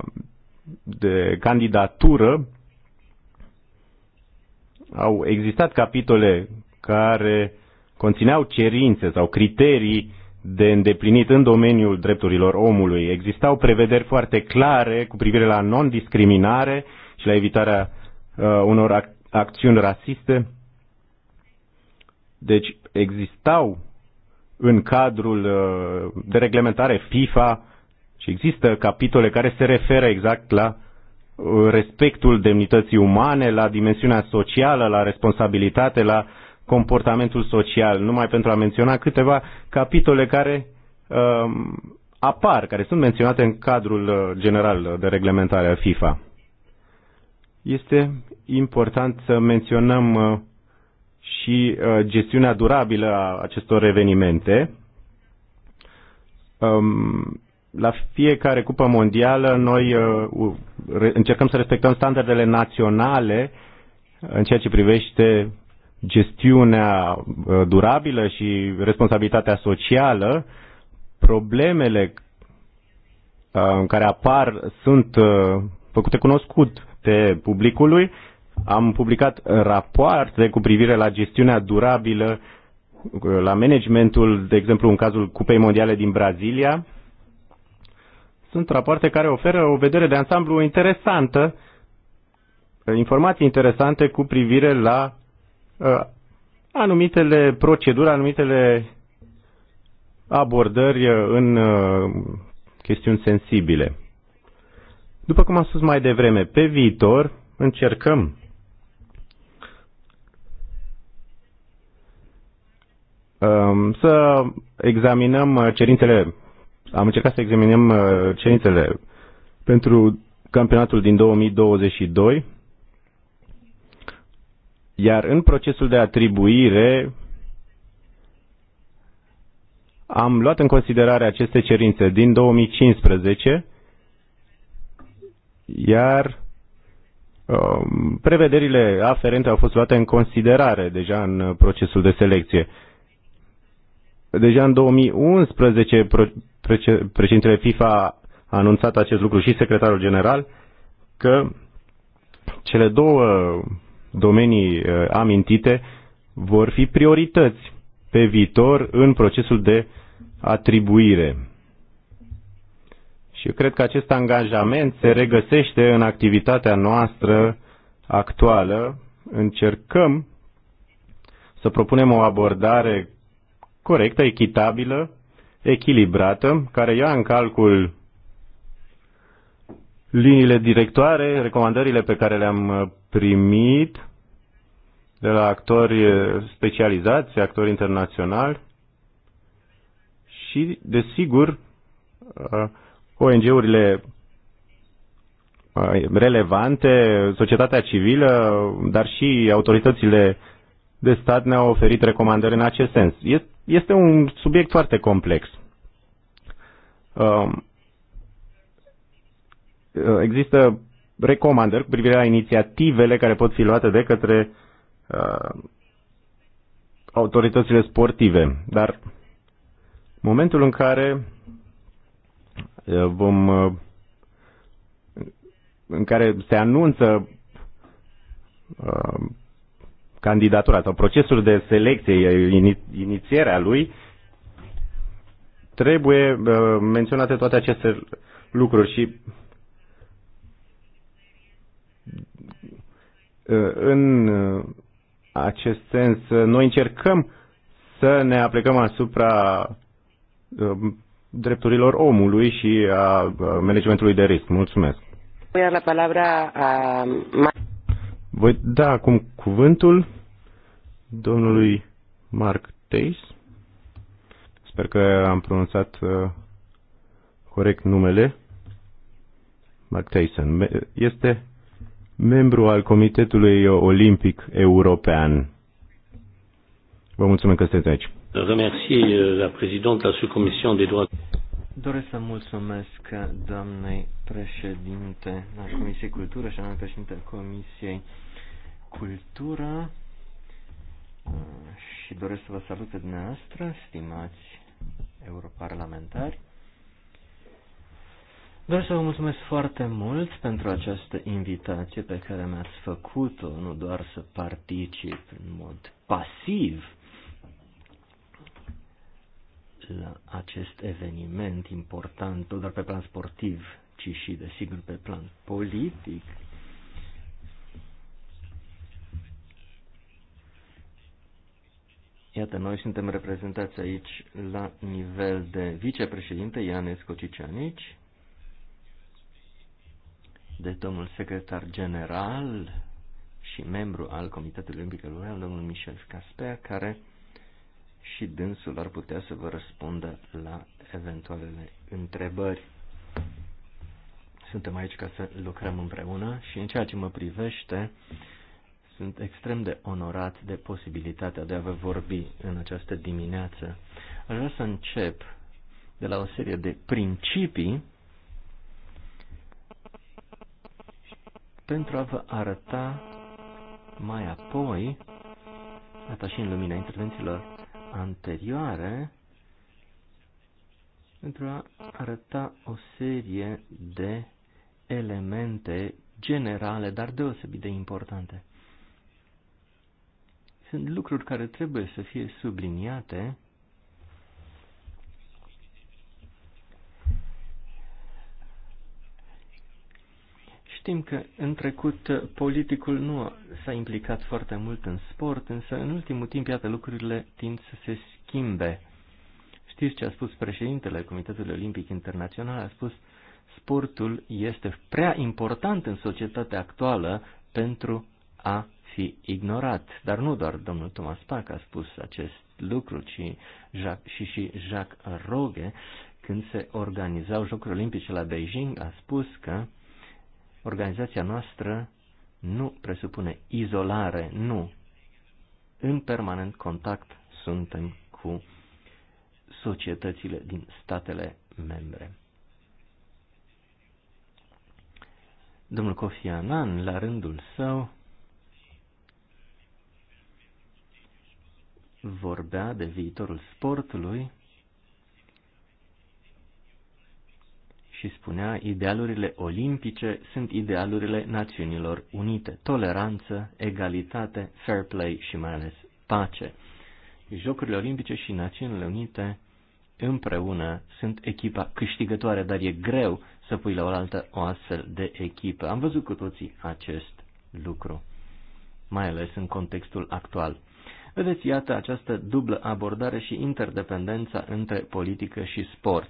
de candidatură, au existat capitole care conțineau cerințe sau criterii de îndeplinit în domeniul drepturilor omului. Existau prevederi foarte clare cu privire la non-discriminare și la evitarea Uh, unor ac- acțiuni rasiste. Deci existau în cadrul uh, de reglementare FIFA și există capitole care se referă exact la uh, respectul demnității umane, la dimensiunea socială, la responsabilitate, la comportamentul social, numai pentru a menționa câteva capitole care uh, apar, care sunt menționate în cadrul general de reglementare a FIFA. Este important să menționăm uh, și uh, gestiunea durabilă a acestor evenimente. Um, la fiecare cupă mondială noi uh, încercăm să respectăm standardele naționale în ceea ce privește gestiunea durabilă și responsabilitatea socială, problemele care apar sunt făcute cunoscut deschise publicului. Am publicat rapoarte cu privire la gestiunea durabilă, la managementul, de exemplu, în cazul Cupei Mondiale din Brazilia. Sunt rapoarte care oferă o vedere de ansamblu interesantă, informații interesante cu privire la uh, anumitele proceduri, anumitele abordări uh, în uh, chestiuni sensibile. După cum am spus mai devreme, pe viitor încercăm um, să examinăm uh, cerințele, am încercat să examinăm uh, cerințele pentru campionatul din 2022, iar în procesul de atribuire am luat în considerare aceste cerințe din 2015 iar um, prevederile aferente au fost luate în considerare deja în procesul de selecție. Deja în 2011 președintele FIFA a anunțat acest lucru și secretarul general că cele două domenii uh, amintite vor fi priorități pe viitor în procesul de atribuire. Și eu cred că acest angajament se regăsește în activitatea noastră actuală. Încercăm să propunem o abordare corectă, echitabilă, echilibrată, care ia în calcul liniile directoare, recomandările pe care le-am uh, primit de la actori uh, specializați, actori internaționali și, desigur, uh, ONG-urile uh, relevante, societatea civilă, dar și autoritățile de stat ne-au oferit recomandări în acest sens. Este un subiect foarte complex. Um, uh, există recomandări cu privire la inițiativele care pot fi luate de către uh, autoritățile sportive, dar momentul în care Eh, vom, eh, în care se anunță eh, candidatura sau procesul de selecție, inițierea lui, trebuie menționate toate aceste lucruri și în acest sens noi încercăm să ne aplicăm asupra drepturilor omului și a managementului de risc. Mulțumesc. Voi da la palabra a... Voi da acum cuvântul domnului Mark Teis. Sper că am pronunțat uh, corect numele. Mark Tyson este membru al Comitetului Olimpic European. Vă mulțumesc că sunteți aici. Remercie la présidente la sous-commission Doresc să mulțumesc doamnei președinte a Comisiei Cultură și anume președintele Comisiei Cultură uh, și doresc să vă salut pe dumneavoastră, stimați europarlamentari. Doresc să vă mulțumesc foarte mult pentru această invitație pe care mi-ați făcut-o, nu doar să particip în mod pasiv la acest eveniment important, nu doar pe plan sportiv, ci și, desigur, pe plan politic. Iată, noi suntem reprezentați aici la nivel de vicepreședinte Ianes Cociceanici, de domnul secretar general și membru al Comitetului Olimpic European, domnul Michel Casper, care și dânsul ar putea să vă răspundă la eventualele întrebări. Suntem aici ca să lucrăm împreună și în ceea ce mă privește, sunt extrem de onorat de posibilitatea de a vă vorbi în această dimineață. Aș vrea să încep de la o serie de principii pentru a vă arăta mai apoi, atașind lumina intervențiilor anterioare pentru a arăta o serie de elemente generale, dar deosebit de importante. Sunt lucruri care trebuie să fie subliniate Știm că în trecut uh, politicul nu s-a implicat foarte mult în sport, însă în ultimul timp, iată, lucrurile tind să se schimbe. Știți ce a spus președintele Comitetului Olimpic Internațional? A spus, sportul este prea important în societatea actuală pentru a fi ignorat. Dar nu doar domnul Thomas Pac a spus acest lucru, ci Jacques, și și Jacques Rogge, când se organizau Jocurile Olimpice la Beijing, a spus că Organizația noastră nu presupune izolare, nu. În permanent contact suntem cu societățile din statele membre. Domnul Kofi Annan, la rândul său, vorbea de viitorul sportului și spunea, idealurile olimpice sunt idealurile Națiunilor Unite. Toleranță, egalitate, fair play și mai ales pace. Jocurile Olimpice și Națiunile Unite împreună sunt echipa câștigătoare, dar e greu să pui la oaltă o astfel de echipă. Am văzut cu toții acest lucru, mai ales în contextul actual. Vedeți, iată această dublă abordare și interdependența între politică și sport.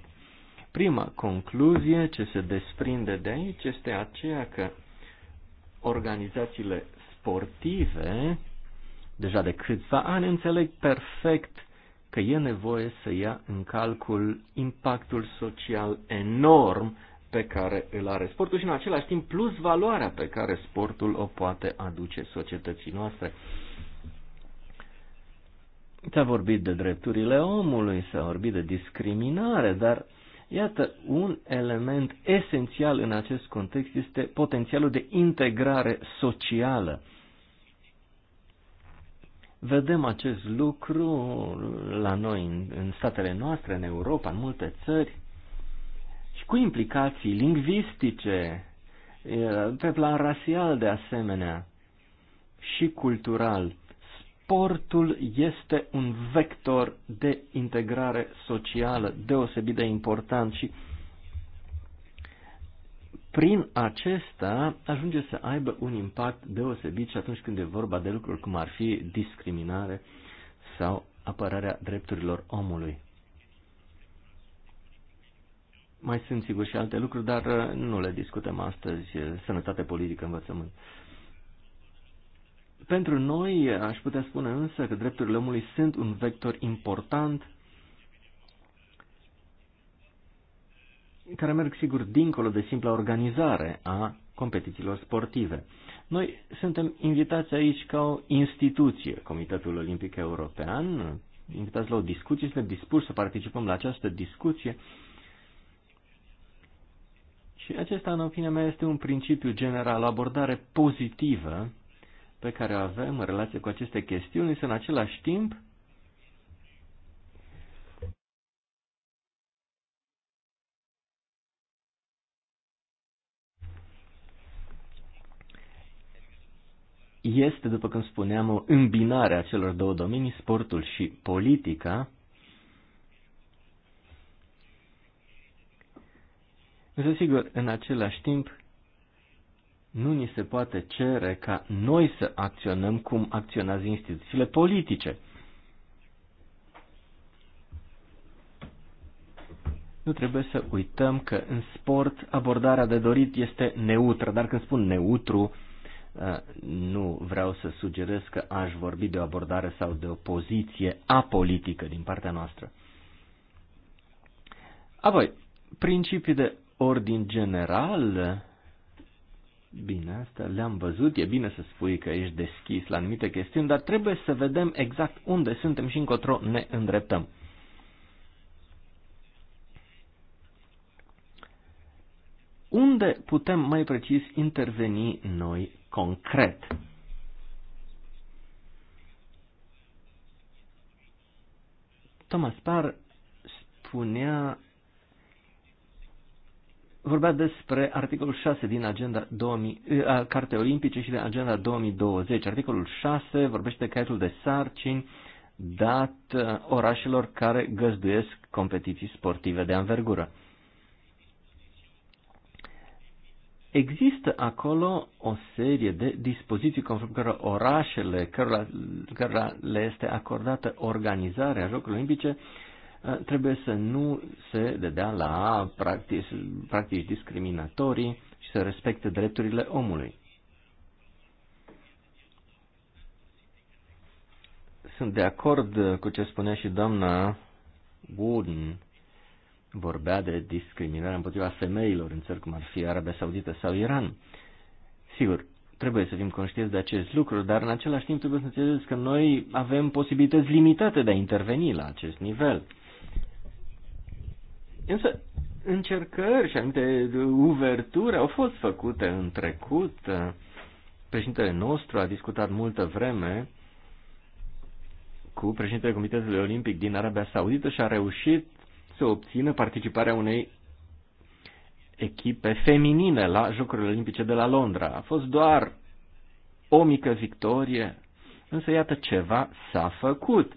Prima concluzie ce se desprinde de aici este aceea că organizațiile sportive deja de câțiva ani înțeleg perfect că e nevoie să ia în calcul impactul social enorm pe care îl are sportul și în același timp plus valoarea pe care sportul o poate aduce societății noastre. ți a vorbit de drepturile omului, s-a vorbit de discriminare, dar Iată, un element esențial în acest context este potențialul de integrare socială. Vedem acest lucru la noi, în, în statele noastre, în Europa, în multe țări, și cu implicații lingvistice, pe plan rasial de asemenea, și cultural sportul este un vector de integrare socială deosebit de important și prin acesta ajunge să aibă un impact deosebit și atunci când e vorba de lucruri cum ar fi discriminare sau apărarea drepturilor omului. Mai sunt sigur și alte lucruri, dar uh, nu le discutăm astăzi. Uh, sănătate politică, învățământ. Pentru noi, aș putea spune însă că drepturile omului sunt un vector important care merg sigur dincolo de simpla organizare a competițiilor sportive. Noi suntem invitați aici ca o instituție, Comitetul Olimpic European, invitați la o discuție, suntem dispuși să participăm la această discuție. Și acesta, în opinia mea, este un principiu general, o abordare pozitivă pe care o avem în relație cu aceste chestiuni, însă în același timp este, după cum spuneam, o îmbinare a celor două domenii, sportul și politica. Însă, sigur, în același timp, nu ni se poate cere ca noi să acționăm cum acționează instituțiile politice. Nu trebuie să uităm că în sport abordarea de dorit este neutră, dar când spun neutru, uh, nu vreau să sugerez că aș vorbi de o abordare sau de o poziție apolitică din partea noastră. Apoi, principii de ordin general Bine, asta le-am văzut. E bine să spui că ești deschis la anumite chestiuni, dar trebuie să vedem exact unde suntem și încotro ne îndreptăm. Unde putem mai precis interveni noi concret? Thomas Parr spunea vorbea despre articolul 6 din agenda 2000, eh, a Cartei Olimpice și din agenda 2020. Articolul 6 vorbește de caietul de sarcini dat eh, orașelor care găzduiesc competiții sportive de anvergură. Există acolo o serie de dispoziții conform cărora orașele cărora, cărora le este acordată organizarea Jocurilor Olimpice Eh, trebuie să nu se dedea la practici, practici discriminatorii și să respecte drepturile omului. Sunt de acord cu ce spunea și doamna Wooden. Vorbea de discriminare împotriva femeilor în țări cum ar fi Arabia Saudită sau Iran. Sigur, trebuie să fim conștienți de acest lucru, dar în același timp trebuie să înțelegeți că noi avem posibilități limitate de a interveni la acest nivel. Însă încercări și anumite uh, uverturi au fost făcute în trecut. Uh, președintele nostru a discutat multă vreme cu președintele Comitetului Olimpic din Arabia Saudită și a reușit să obțină participarea unei echipe feminine la Jocurile Olimpice de la Londra. A fost doar o mică victorie, însă iată ceva s-a făcut.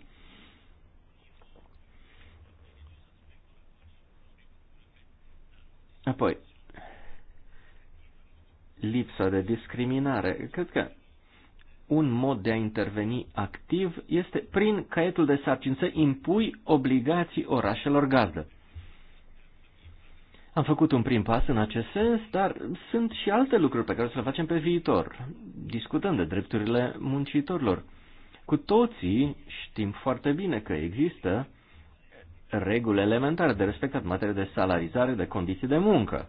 Apoi, lipsa de discriminare. Cred că un mod de a interveni activ este prin caietul de sarcini să impui obligații orașelor gazdă. Am făcut un prim pas în acest sens, dar sunt și alte lucruri pe care să le facem pe viitor. Discutăm de drepturile muncitorilor. Cu toții știm foarte bine că există reguli elementare de respectat în materie de salarizare, de condiții de muncă.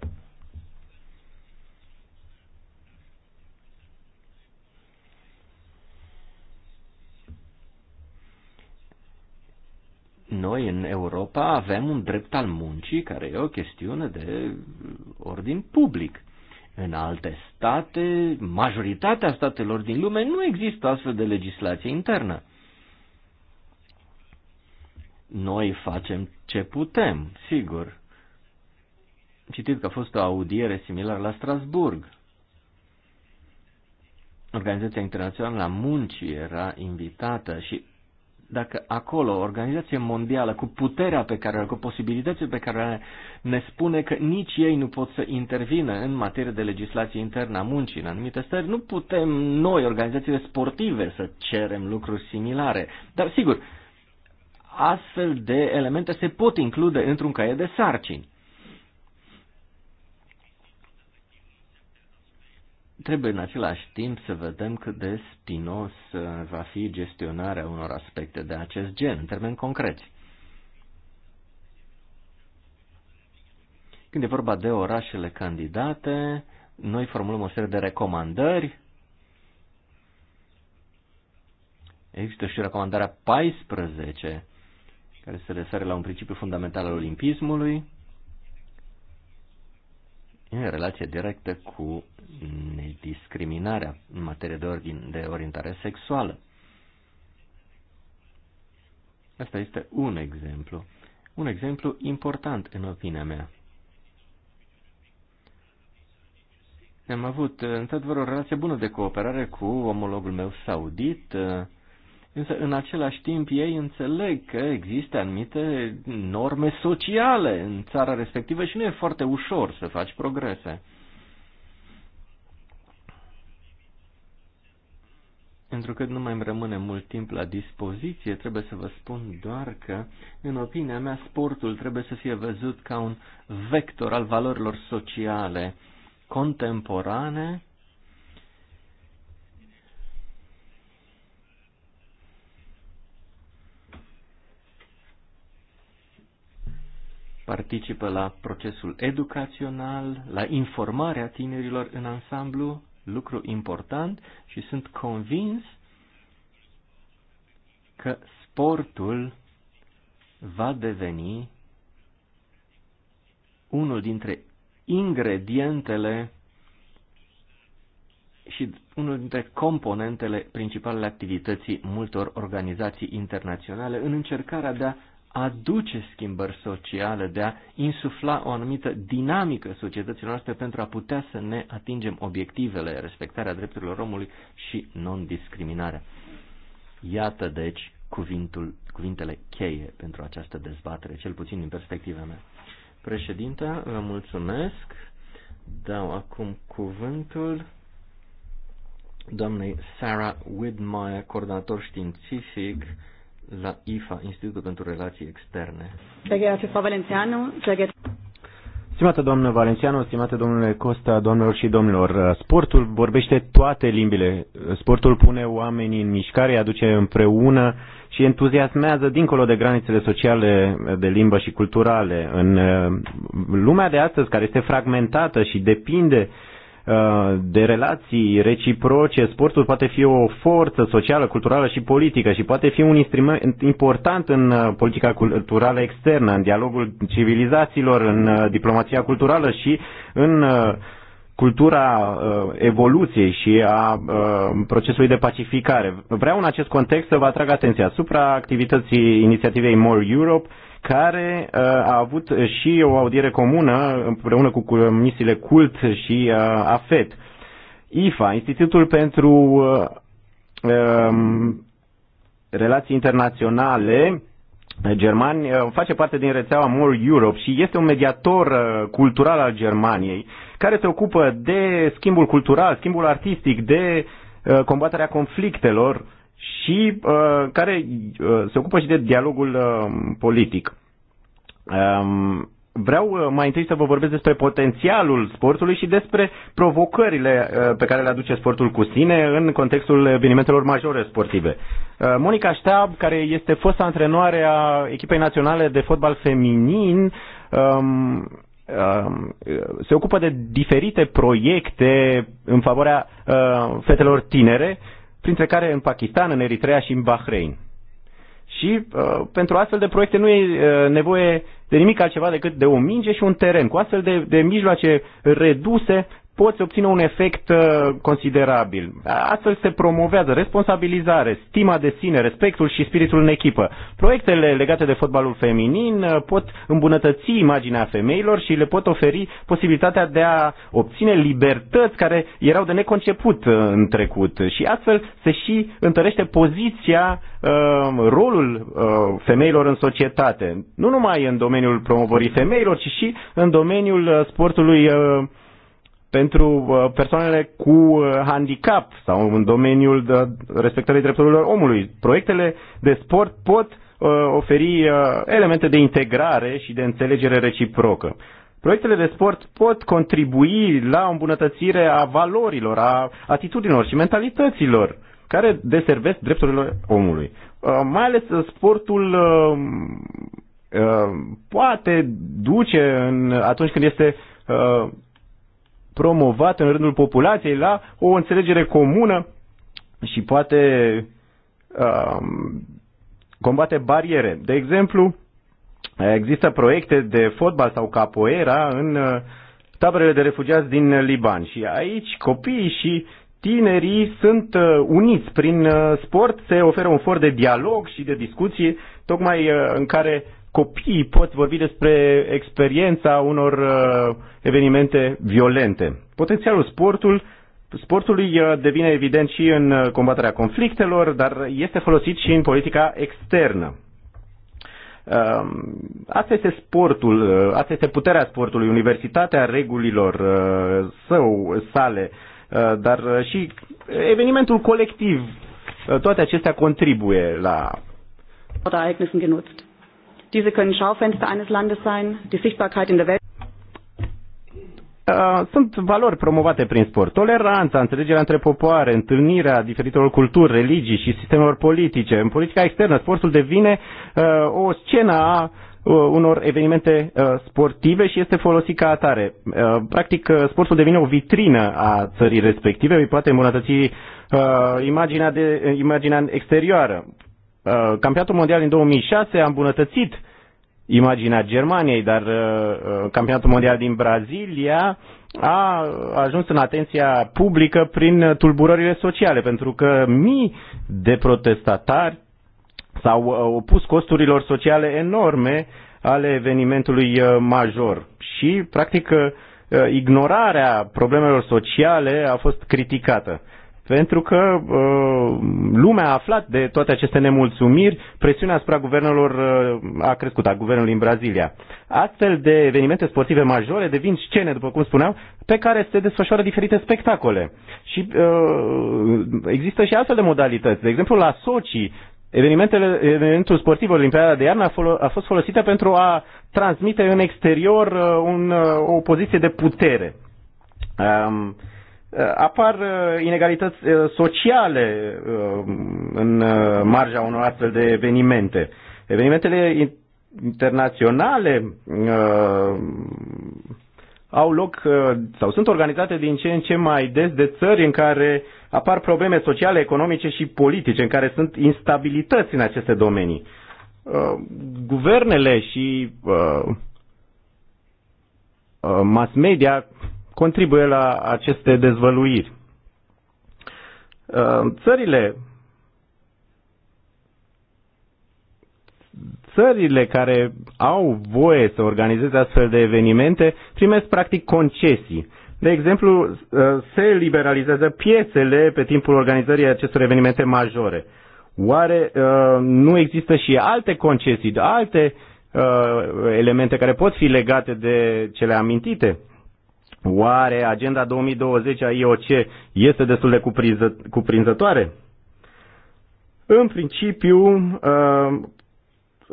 Noi în Europa avem un drept al muncii care e o chestiune de ordin public. În alte state, majoritatea statelor din lume nu există astfel de legislație internă. Noi facem ce putem, sigur. Citit că a fost o audiere similară la Strasburg. Organizația Internațională a Muncii era invitată și dacă acolo, Organizația Mondială, cu puterea pe care, cu posibilitățile pe care ne spune că nici ei nu pot să intervină în materie de legislație internă a muncii în anumite stări, nu putem noi, organizațiile sportive, să cerem lucruri similare. Dar, sigur, astfel de elemente se pot include într-un caiet de sarcini. Trebuie în același timp să vedem cât de spinos uh, va fi gestionarea unor aspecte de acest gen, în termeni concreți. Când e vorba de orașele candidate, noi formulăm o serie de recomandări. Există și recomandarea 14 care se referă la un principiu fundamental al olimpismului, în relație directă cu discriminarea în materie de, ordin, de orientare sexuală. Asta este un exemplu. Un exemplu important, în opinia mea. Am avut, într-adevăr, o relație bună de cooperare cu omologul meu saudit, Însă, în același timp, ei înțeleg că există anumite norme sociale în țara respectivă și nu e foarte ușor să faci progrese. Pentru că nu mai îmi rămâne mult timp la dispoziție, trebuie să vă spun doar că, în opinia mea, sportul trebuie să fie văzut ca un vector al valorilor sociale contemporane participă la procesul educațional, la informarea tinerilor în ansamblu, lucru important și sunt convins că sportul va deveni unul dintre ingredientele și unul dintre componentele principale activității multor organizații internaționale în încercarea de a aduce schimbări sociale, de a insufla o anumită dinamică societăților noastre pentru a putea să ne atingem obiectivele, respectarea drepturilor omului și non-discriminarea. Iată, deci, cuvintul, cuvintele cheie pentru această dezbatere, cel puțin din perspectiva mea. Președinta, vă mulțumesc. Dau acum cuvântul doamnei Sarah Widmeyer, coordonator științific la IFA, Institutul pentru Relații Externe. Stimată doamnă Valențianu, stimate domnule Costa, domnilor și domnilor, sportul vorbește toate limbile. Sportul pune oamenii în mișcare, îi aduce împreună și entuziasmează dincolo de granițele sociale de limbă și culturale. În uh, lumea de astăzi, care este fragmentată și depinde uh, Uh, de relații reciproce, sportul poate fi o forță socială, culturală și politică și poate fi un instrument important în uh, politica culturală externă, în dialogul civilizațiilor, în uh, diplomația culturală și în cultura evoluției și a procesului de pacificare. Vreau în acest context să vă atrag atenția asupra activității inițiativei More Europe, care uh, a avut și o audiere comună împreună cu misiile CULT și uh, AFET. IFA, Institutul pentru uh, um, Relații Internaționale, germani, face parte din rețeaua More Europe și este un mediator cultural al Germaniei, care se ocupă de schimbul cultural, schimbul artistic, de combaterea conflictelor și uh, care uh, se ocupă și de dialogul uh, politic. Um, vreau uh, mai întâi să vă vorbesc despre potențialul sportului și despre provocările uh, pe care le aduce sportul cu sine în contextul evenimentelor majore sportive. Uh, Monica Șteab, care este fosta antrenoare a echipei naționale de fotbal feminin, um, um, se ocupă de diferite proiecte în favoarea fetelor tinere printre care în Pakistan, în Eritrea și în Bahrain. Și uh, pentru astfel de proiecte nu e uh, nevoie de nimic altceva decât de o minge și un teren. Cu astfel de, de mijloace reduse poți obține un efect uh, considerabil. Astfel se promovează responsabilizare, stima de sine, respectul și spiritul în echipă. Proiectele legate de fotbalul feminin uh, pot îmbunătăți imaginea femeilor și le pot oferi posibilitatea de a obține libertăți care erau de neconceput uh, în trecut. Și astfel se și întărește poziția, rolul femeilor în societate. Nu numai în domeniul promovării femeilor, ci și în domeniul sportului pentru uh, persoanele cu uh, handicap sau în domeniul de respectării drepturilor omului. Proiectele de sport pot uh, oferi elemente de integrare și de înțelegere reciprocă. Proiectele de sport pot contribui la îmbunătățirea valorilor, a atitudinilor și mentalităților care deservesc drepturile omului. Mai ales sportul poate duce în, atunci când este promovat în rândul populației la o înțelegere comună și poate um, combate bariere. De exemplu, există proiecte de fotbal sau capoeira în uh, taberele de refugiați din Liban și aici copiii și tinerii sunt uh, uniți prin uh, sport, se oferă un for de dialog și de discuții, tocmai în care copiii pot vorbi despre experiența unor uh, evenimente violente. Potențialul sportul, sportului uh, devine evident și în uh, combaterea conflictelor, dar este folosit și în politica externă. Uh, asta este sportul, uh, asta este puterea sportului, universitatea regulilor uh, său, sale, uh, dar uh, și evenimentul colectiv. Uh, toate acestea contribuie la. Ereignissen genutzt. Diese können Schaufenster eines Landes sein, die Sichtbarkeit in der Welt. Äh, sunt valori promovate prin sport. Toleranța, înțelegerea între popoare, întâlnirea diferitelor culturi, religii și sistemelor politice. În politica externă, sportul devine uh, o scenă a uh, unor evenimente uh, sportive și este folosit ca atare. Uh, practic, uh, sportul devine o vitrină a țării respective, îi poate îmbunătăți uh, imaginea, de, uh, imaginea exterioară. Uh, campionatul mondial din 2006 a îmbunătățit imaginea Germaniei, dar uh, uh, campionatul mondial din Brazilia a ajuns în atenția publică prin tulburările sociale, pentru că mii de protestatari s-au opus costurilor sociale enorme ale evenimentului major și, practic, ignorarea problemelor sociale a fost criticată pentru că uh, lumea a aflat de toate aceste nemulțumiri, presiunea asupra guvernelor uh, a crescut, a guvernului în Brazilia. Astfel de evenimente sportive majore devin scene, după cum spuneam, pe care se desfășoară diferite spectacole. Și uh, există și astfel de modalități. De exemplu, la Sochi, Evenimentele, evenimentul sportiv Olimpiada de iarnă a, fost folosită pentru a transmite în exterior uh, un, uh, o poziție de putere. Um, uh, Eh, apar eh, inegalități eh, sociale în marja unor astfel de evenimente. Evenimentele internaționale au loc sau sunt organizate din ce în ce mai des de țări în care apar probleme sociale, economice și politice, în care sunt instabilități în aceste domenii. Guvernele și mass media contribuie la aceste dezvăluiri. Uh, țările țările care au voie să organizeze astfel de evenimente primesc practic concesii. De exemplu, uh, se liberalizează piețele pe timpul organizării acestor evenimente majore. Oare uh, nu există și alte concesii, alte elemente care pot fi legate de cele amintite? Oare agenda 2020 a IOC este destul de cuprinză, cuprinzătoare? În principiu, uh,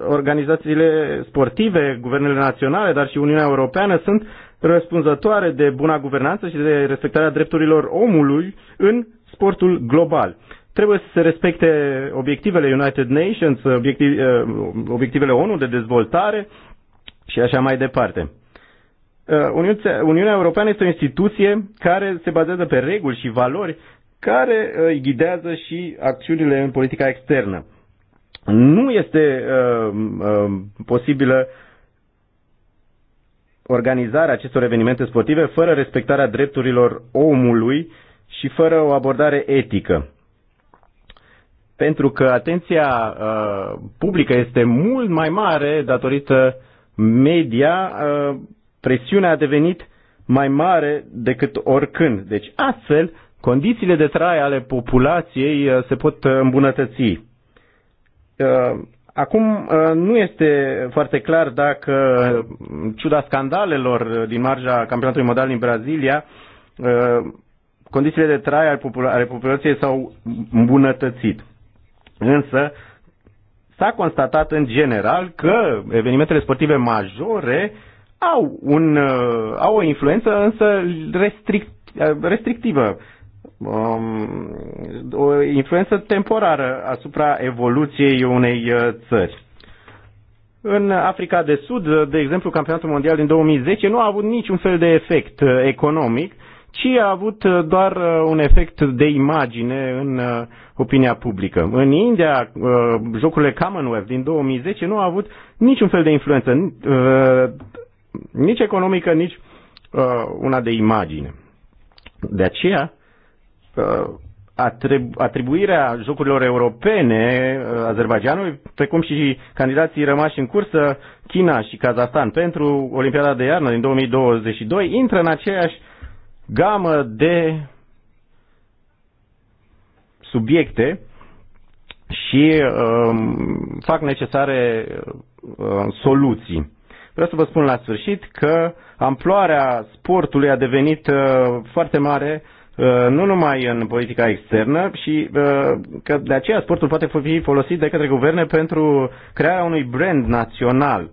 organizațiile sportive, guvernele naționale, dar și Uniunea Europeană sunt răspunzătoare de buna guvernanță și de respectarea drepturilor omului în sportul global. Trebuie să se respecte obiectivele United Nations, obiectiv, uh, obiectivele ONU de dezvoltare și așa mai departe. Uh, Uniunea Europeană este o instituție care se bazează pe reguli și valori care uh, îi ghidează și acțiunile în politica externă. Nu este uh, uh, posibilă organizarea acestor evenimente sportive fără respectarea drepturilor omului și fără o abordare etică. Pentru că atenția uh, publică este mult mai mare datorită media uh, presiunea a devenit mai mare decât oricând. Deci astfel, condițiile de trai ale populației uh, se pot uh, îmbunătăți. Uh, acum nu este foarte clar dacă, ciuda scandalelor din marja campionatului modal din Brazilia, condițiile de trai ale, ale populației s-au îmbunătățit. Însă, s-a constatat în general că evenimentele sportive majore uh, au, un, uh, au o influență, însă restrict, uh, restrictivă. Um, o influență temporară asupra evoluției unei uh, țări. În Africa de Sud, de exemplu, campionatul mondial din 2010 nu a avut niciun fel de efect economic, ci a avut doar un efect de imagine în opinia publică. În India, jocurile Commonwealth din 2010 nu au avut niciun fel de influență nici economică, nici uh, una de imagine. De aceea, uh, atribuirea jocurilor europene uh, Azerbaijanului, precum și candidații rămași în cursă, China și Kazahstan, pentru Olimpiada de iarnă din 2022, intră în aceeași gamă de subiecte și uh, fac necesare uh, soluții. Vreau să vă spun la sfârșit că amploarea sportului a devenit uh, foarte mare uh, nu numai în politica externă, și uh, că de aceea sportul poate fi folosit de către guverne pentru crearea unui brand național.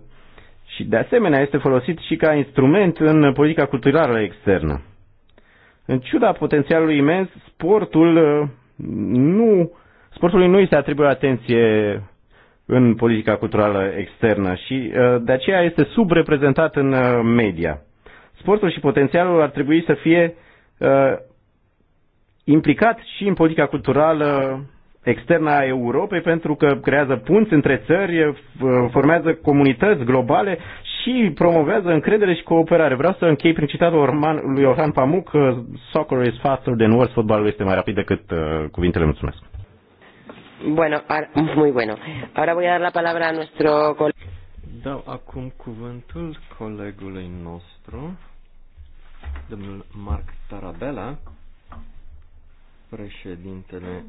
Și de asemenea este folosit și ca instrument în politica culturală externă. În ciuda potențialului imens, sportul nu, sportului nu îi se atribuie atenție în politica culturală externă și uh, de aceea este subreprezentat în uh, media. Sportul și potențialul ar trebui să fie uh, implicat și în politica culturală externă a Europei pentru că creează punți între țări, formează comunități globale și promovează încredere și cooperare. Vreau să închei prin citatul lui Orhan Pamuk, Soccer is faster than words, fotbalul este mai rapid decât cuvintele, mulțumesc. Bueno, ahora, muy bueno. Ahora voy a dar la palabra a nuestro colega. acum cuvântul colegului nostru, domnul Marc Tarabella, președintele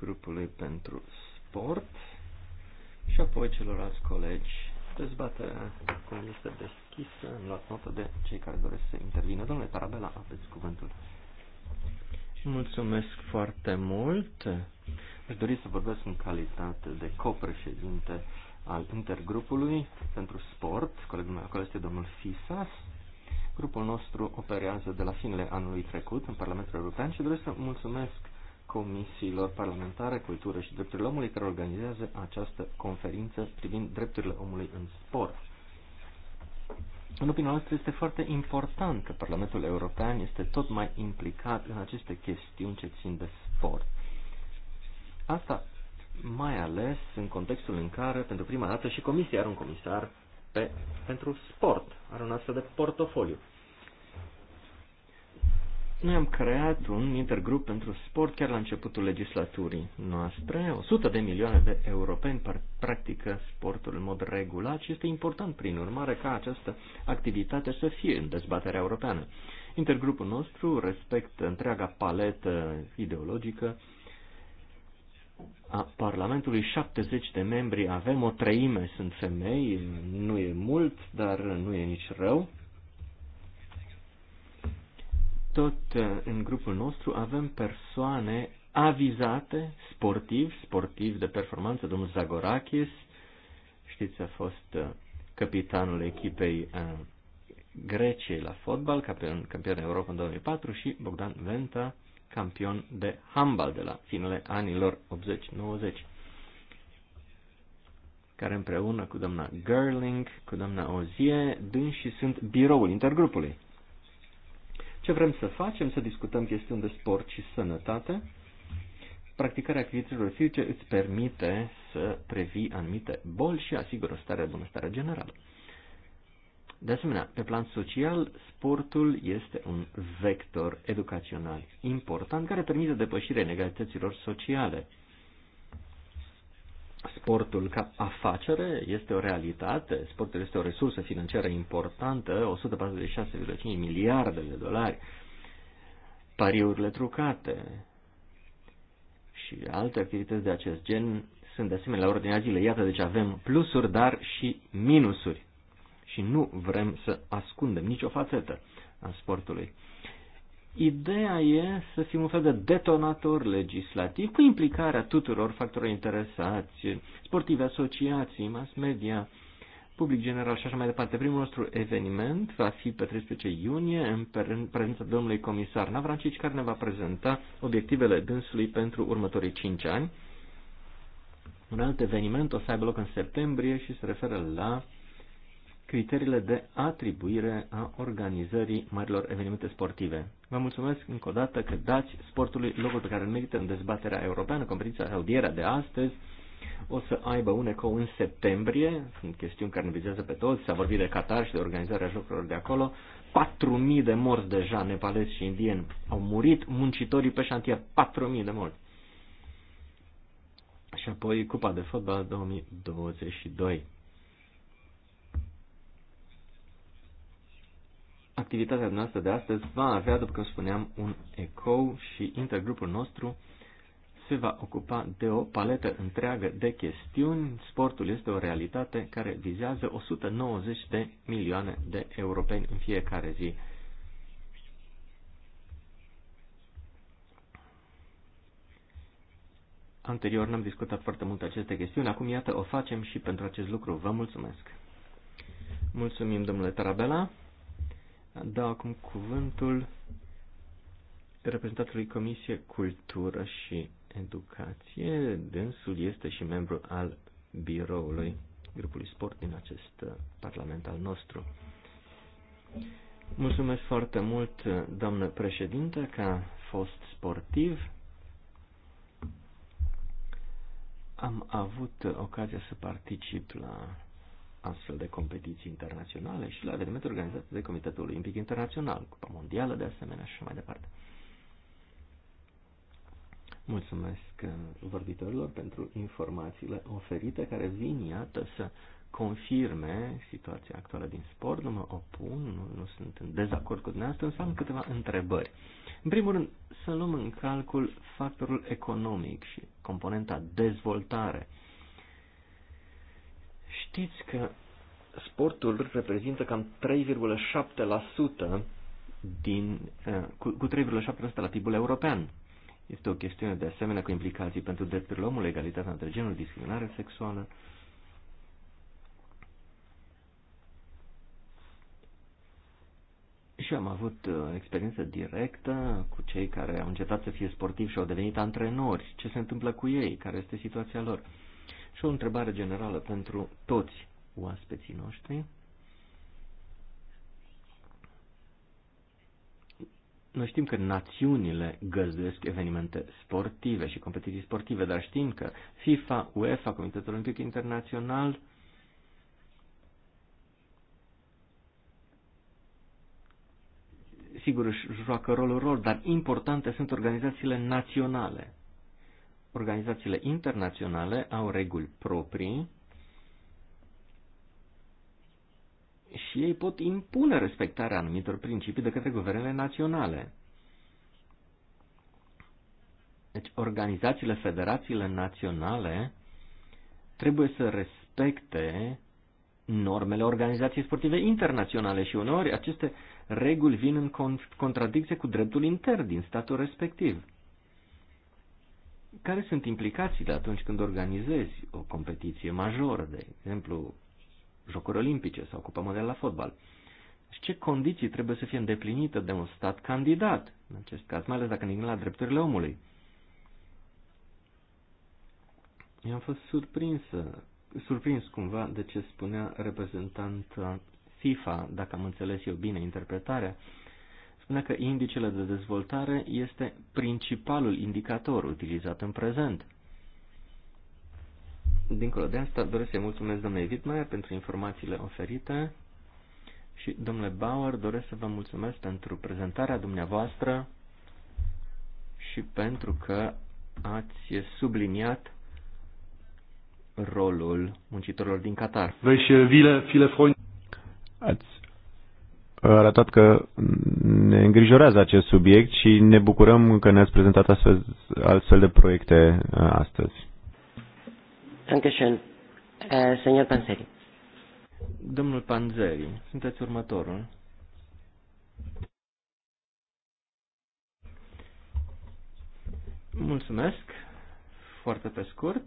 grupului pentru sport și apoi celorlalți colegi. Dezbaterea acum este deschisă. Am luat notă de cei care doresc să intervină. Domnule Tarabella, aveți cuvântul. Mulțumesc foarte mult. Aș dori să vorbesc în calitate de copreședinte al intergrupului pentru sport. Colegul meu acolo este domnul Fisas. Grupul nostru operează de la finele anului trecut în Parlamentul European și doresc să mulțumesc comisiilor parlamentare, cultură și drepturile omului care organizează această conferință privind drepturile omului în sport. În opinia noastră este foarte important că Parlamentul European este tot mai implicat în aceste chestiuni ce țin de sport. Asta mai ales în contextul în care, pentru prima dată, și Comisia are un comisar pe, pentru sport, are un astfel de portofoliu. Noi am creat un intergrup pentru sport chiar la începutul legislaturii noastre. 100 de milioane de europeni practică sportul în mod regulat și este important, prin urmare, ca această activitate să fie în dezbaterea europeană. Intergrupul nostru respectă întreaga paletă ideologică a Parlamentului, 70 de membri avem, o treime sunt femei, nu e mult, dar nu e nici rău. Tot eh, în grupul nostru avem persoane avizate, sportivi, sportivi de performanță, domnul Zagorakis, știți, a fost eh, capitanul echipei eh, Greciei la fotbal, campion, campion Europa în 2004 și Bogdan Venta, campion de handbal de la finele anilor 80-90, care împreună cu doamna Gerling, cu doamna Ozie, și sunt biroul intergrupului. Ce vrem să facem? Să discutăm chestiuni de sport și sănătate. Practicarea activităților fizice îți permite să previi anumite boli și asigură o stare de bunăstare generală. De asemenea, pe plan social, sportul este un vector educațional important care permite depășirea inegalităților sociale. Sportul ca afacere este o realitate, sportul este o resursă financiară importantă, 146,5 miliarde de dolari, pariurile trucate și alte activități de acest gen sunt de asemenea la ordinea zilei. Iată, deci avem plusuri, dar și minusuri și nu vrem să ascundem nicio fațetă a sportului. Ideea e să fim un fel de detonator legislativ cu implicarea tuturor factorilor interesați, sportive, asociații, mass media, public general și așa mai departe. Primul nostru eveniment va fi pe 13 iunie în prezența domnului comisar Navrancici, care ne va prezenta obiectivele dânsului pentru următorii 5 ani. Un alt eveniment o să aibă loc în septembrie și se referă la criteriile de atribuire a organizării marilor evenimente sportive. Vă mulțumesc încă o dată că dați sportului locul pe care îl merită în dezbaterea europeană, competiția audierea de astăzi o să aibă un ecou în septembrie, sunt chestiuni care ne vizează pe toți, s-a vorbit de Qatar și de organizarea jocurilor de acolo, 4.000 de morți deja, nepalezi și indieni, au murit muncitorii pe șantier, 4.000 de morți. Și apoi Cupa de Fotbal 2022. activitatea noastră de astăzi va avea, după cum spuneam, un ecou și intergrupul nostru se va ocupa de o paletă întreagă de chestiuni. Sportul este o realitate care vizează 190 de milioane de europeni în fiecare zi. Anterior n-am discutat foarte mult aceste chestiuni, acum iată o facem și pentru acest lucru. Vă mulțumesc! Mulțumim, domnule Tarabela! Da acum cuvântul reprezentatului Comisie Cultură și Educație. Dânsul este și membru al biroului grupului sport din acest parlament al nostru. Mulțumesc foarte mult, doamnă președintă, că a fost sportiv. Am avut ocazia să particip la astfel de competiții internaționale și la evenimente organizate de Comitetul Olimpic Internațional, Cupa Mondială de asemenea și mai departe. Mulțumesc uh, vorbitorilor pentru informațiile oferite care vin, iată, să confirme situația actuală din sport. Nu mă opun, nu, nu sunt în dezacord cu dumneavoastră, însă am câteva întrebări. În primul rând, să luăm în calcul factorul economic și componenta dezvoltare Știți că sportul reprezintă cam 3,7% din, eh, cu, cu 3,7% la PIB-ul european. Este o chestiune de asemenea cu implicații pentru drepturile omului, egalitatea între genul, discriminare sexuală. Și am avut eh, experiență directă cu cei care au încetat să fie sportivi și au devenit antrenori. Ce se întâmplă cu ei? Care este situația lor? Și o întrebare generală pentru toți oaspeții noștri. Noi știm că națiunile găzduiesc evenimente sportive și competiții sportive, dar știm că FIFA, UEFA, Comitetul Olimpic Internațional, sigur își joacă rolul lor, dar importante sunt organizațiile naționale. Organizațiile internaționale au reguli proprii și ei pot impune respectarea anumitor principii de către guvernele naționale. Deci, organizațiile, federațiile naționale trebuie să respecte normele organizației sportive internaționale și uneori aceste reguli vin în contradicție cu dreptul intern din statul respectiv care sunt implicațiile atunci când organizezi o competiție majoră, de exemplu, Jocuri Olimpice sau Cupa Mondială la fotbal. Și ce condiții trebuie să fie îndeplinite de un stat candidat, în acest caz, mai ales dacă ne gândim la drepturile omului. Eu am fost surprins, surprins cumva de ce spunea reprezentanta FIFA, dacă am înțeles eu bine interpretarea, uh, spune că indicele de dezvoltare este principalul indicator utilizat în prezent. Dincolo de asta, doresc să-i mulțumesc domnului Wittmeier pentru informațiile oferite și, domnule Bauer, doresc să vă mulțumesc pentru prezentarea dumneavoastră și pentru că ați subliniat rolul muncitorilor din Qatar. Ați arătat că ne îngrijorează acest subiect și ne bucurăm că ne-ați prezentat astfel, astfel de proiecte astăzi. Dankeschön. Eh, Senior Panzeri. Domnul Panzeri, sunteți următorul. Mulțumesc. Foarte pe scurt.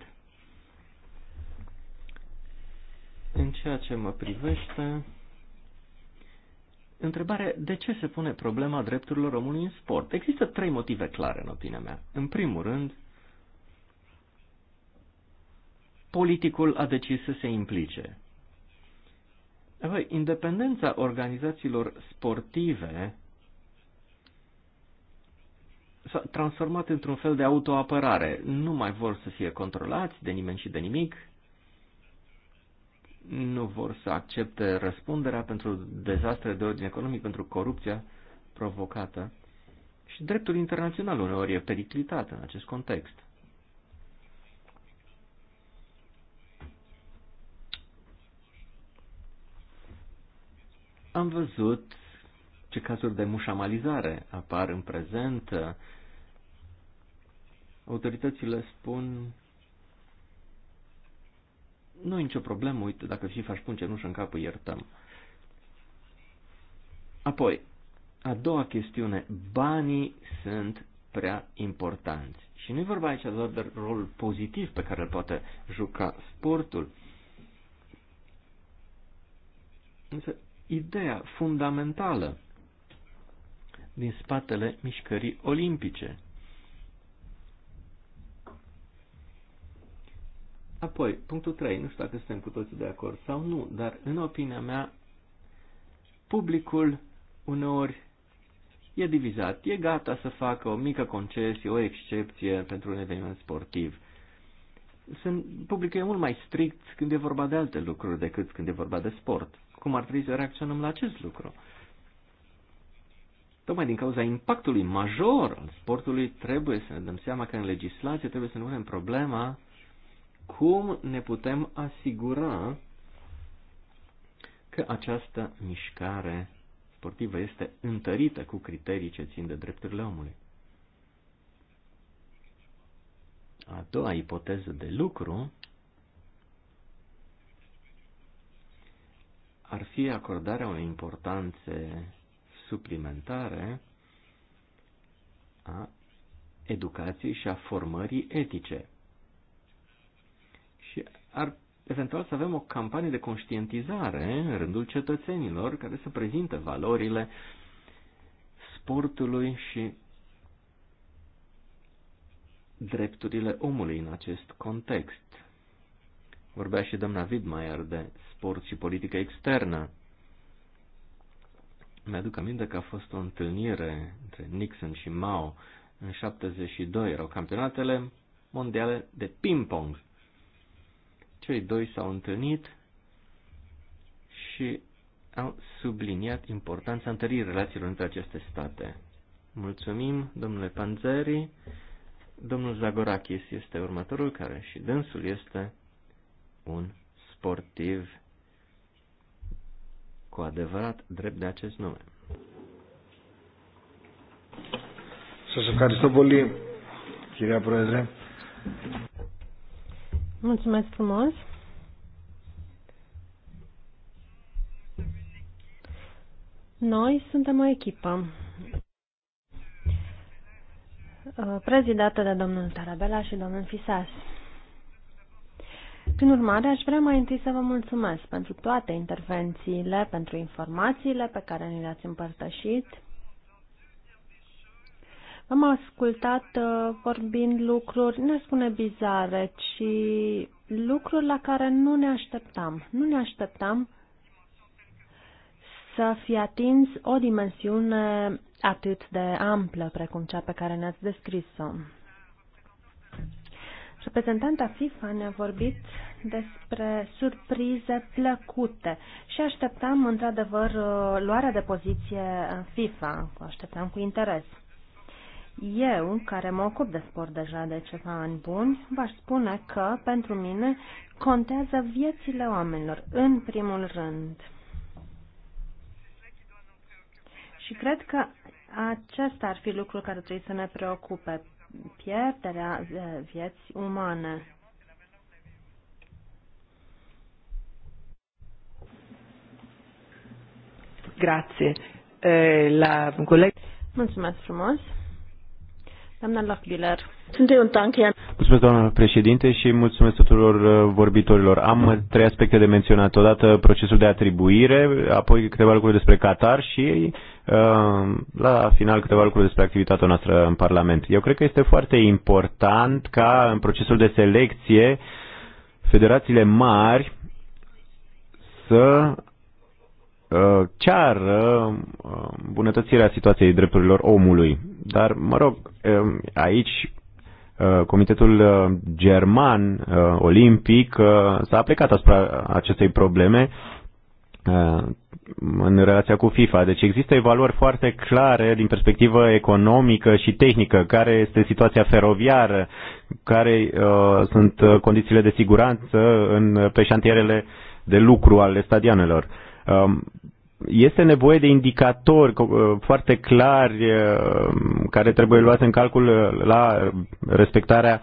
În ceea ce mă privește, întrebare de ce se pune problema drepturilor omului în sport. Există trei motive clare, în opinia mea. În primul rând, politicul a decis să se implice. Apoi, independența organizațiilor sportive s-a transformat într-un fel de autoapărare. Nu mai vor să fie controlați de nimeni și de nimic, nu vor să accepte răspunderea pentru dezastre de ordine economic, pentru corupția provocată. Și dreptul internațional uneori e periclitat în acest context. Am văzut ce cazuri de mușamalizare apar în prezent. Autoritățile spun nu e nicio problemă, uite, dacă și faci pun cenușă în cap, iertăm. Apoi, a doua chestiune, banii sunt prea importanți. Și nu e vorba aici doar de rolul pozitiv pe care îl poate juca sportul. Însă, ideea fundamentală din spatele mișcării olimpice, Apoi, punctul 3, nu știu dacă suntem cu toții de acord sau nu, dar în opinia mea, publicul uneori e divizat, e gata să facă o mică concesie, o excepție pentru un eveniment sportiv. Sunt, publicul e mult mai strict când e vorba de alte lucruri decât când e vorba de sport. Cum ar trebui să reacționăm la acest lucru? Tocmai din cauza impactului major al sportului, trebuie să ne dăm seama că în legislație trebuie să nu punem problema cum ne putem asigura că această mișcare sportivă este întărită cu criterii ce țin de drepturile omului. A doua ipoteză de lucru ar fi acordarea unei importanțe suplimentare a educației și a formării etice ar eventual să avem o campanie de conștientizare în rândul cetățenilor care să prezinte valorile sportului și drepturile omului în acest context. Vorbea și doamna Widmeier de sport și politică externă. Mi-aduc aminte că a fost o întâlnire între Nixon și Mao în 72. Erau campionatele mondiale de ping-pong. Cei doi s-au întâlnit și au subliniat importanța întării relațiilor între aceste state. Mulțumim, domnule Panzeri. Domnul Zagorakis este următorul, care și dânsul este un sportiv cu adevărat drept de acest nume. Să se ευχαριστώ boli, chiria Πρόεδρε. Mulțumesc frumos. Noi suntem o echipă uh, prezidată de domnul Tarabela și domnul Fisas. Prin urmare, aș vrea mai întâi să vă mulțumesc pentru toate intervențiile, pentru informațiile pe care ni le-ați împărtășit, am ascultat uh, vorbind lucruri, nu spune bizare, ci lucruri la care nu ne așteptam. Nu ne așteptam să fie atins o dimensiune atât de amplă precum cea pe care ne-ați descris-o. Reprezentanta FIFA ne-a vorbit despre surprize plăcute și așteptam într-adevăr uh, luarea de poziție FIFA, o așteptam cu interes. Eu, care mă ocup de sport deja de ceva ani buni, v-aș spune că, pentru mine, contează viețile oamenilor, în primul rând. Și cred că acesta ar fi lucrul care trebuie să ne preocupe, pierderea eh, vieții umane. Grazie. Eh, la Mulțumesc frumos. Doamna Lochbiller. Mulțumesc, doamna președinte, și mulțumesc tuturor uh, vorbitorilor. Am trei aspecte de menționat. Odată procesul de atribuire, apoi câteva lucruri despre Qatar și uh, la final câteva lucruri despre activitatea noastră în Parlament. Eu cred că este foarte important ca în procesul de selecție federațiile mari să Uh, ceară uh, bunătățirea situației drepturilor omului. Dar, mă rog, um, aici uh, Comitetul German Olimpic s-a aplicat asupra acestei probleme în relația cu FIFA. Deci există evaluări foarte clare din perspectivă economică și tehnică, care este situația feroviară, care sunt condițiile de siguranță în, pe șantierele de lucru ale stadionelor. Um, este nevoie de indicatori uh, foarte clari uh, care trebuie luați în calcul uh, la respectarea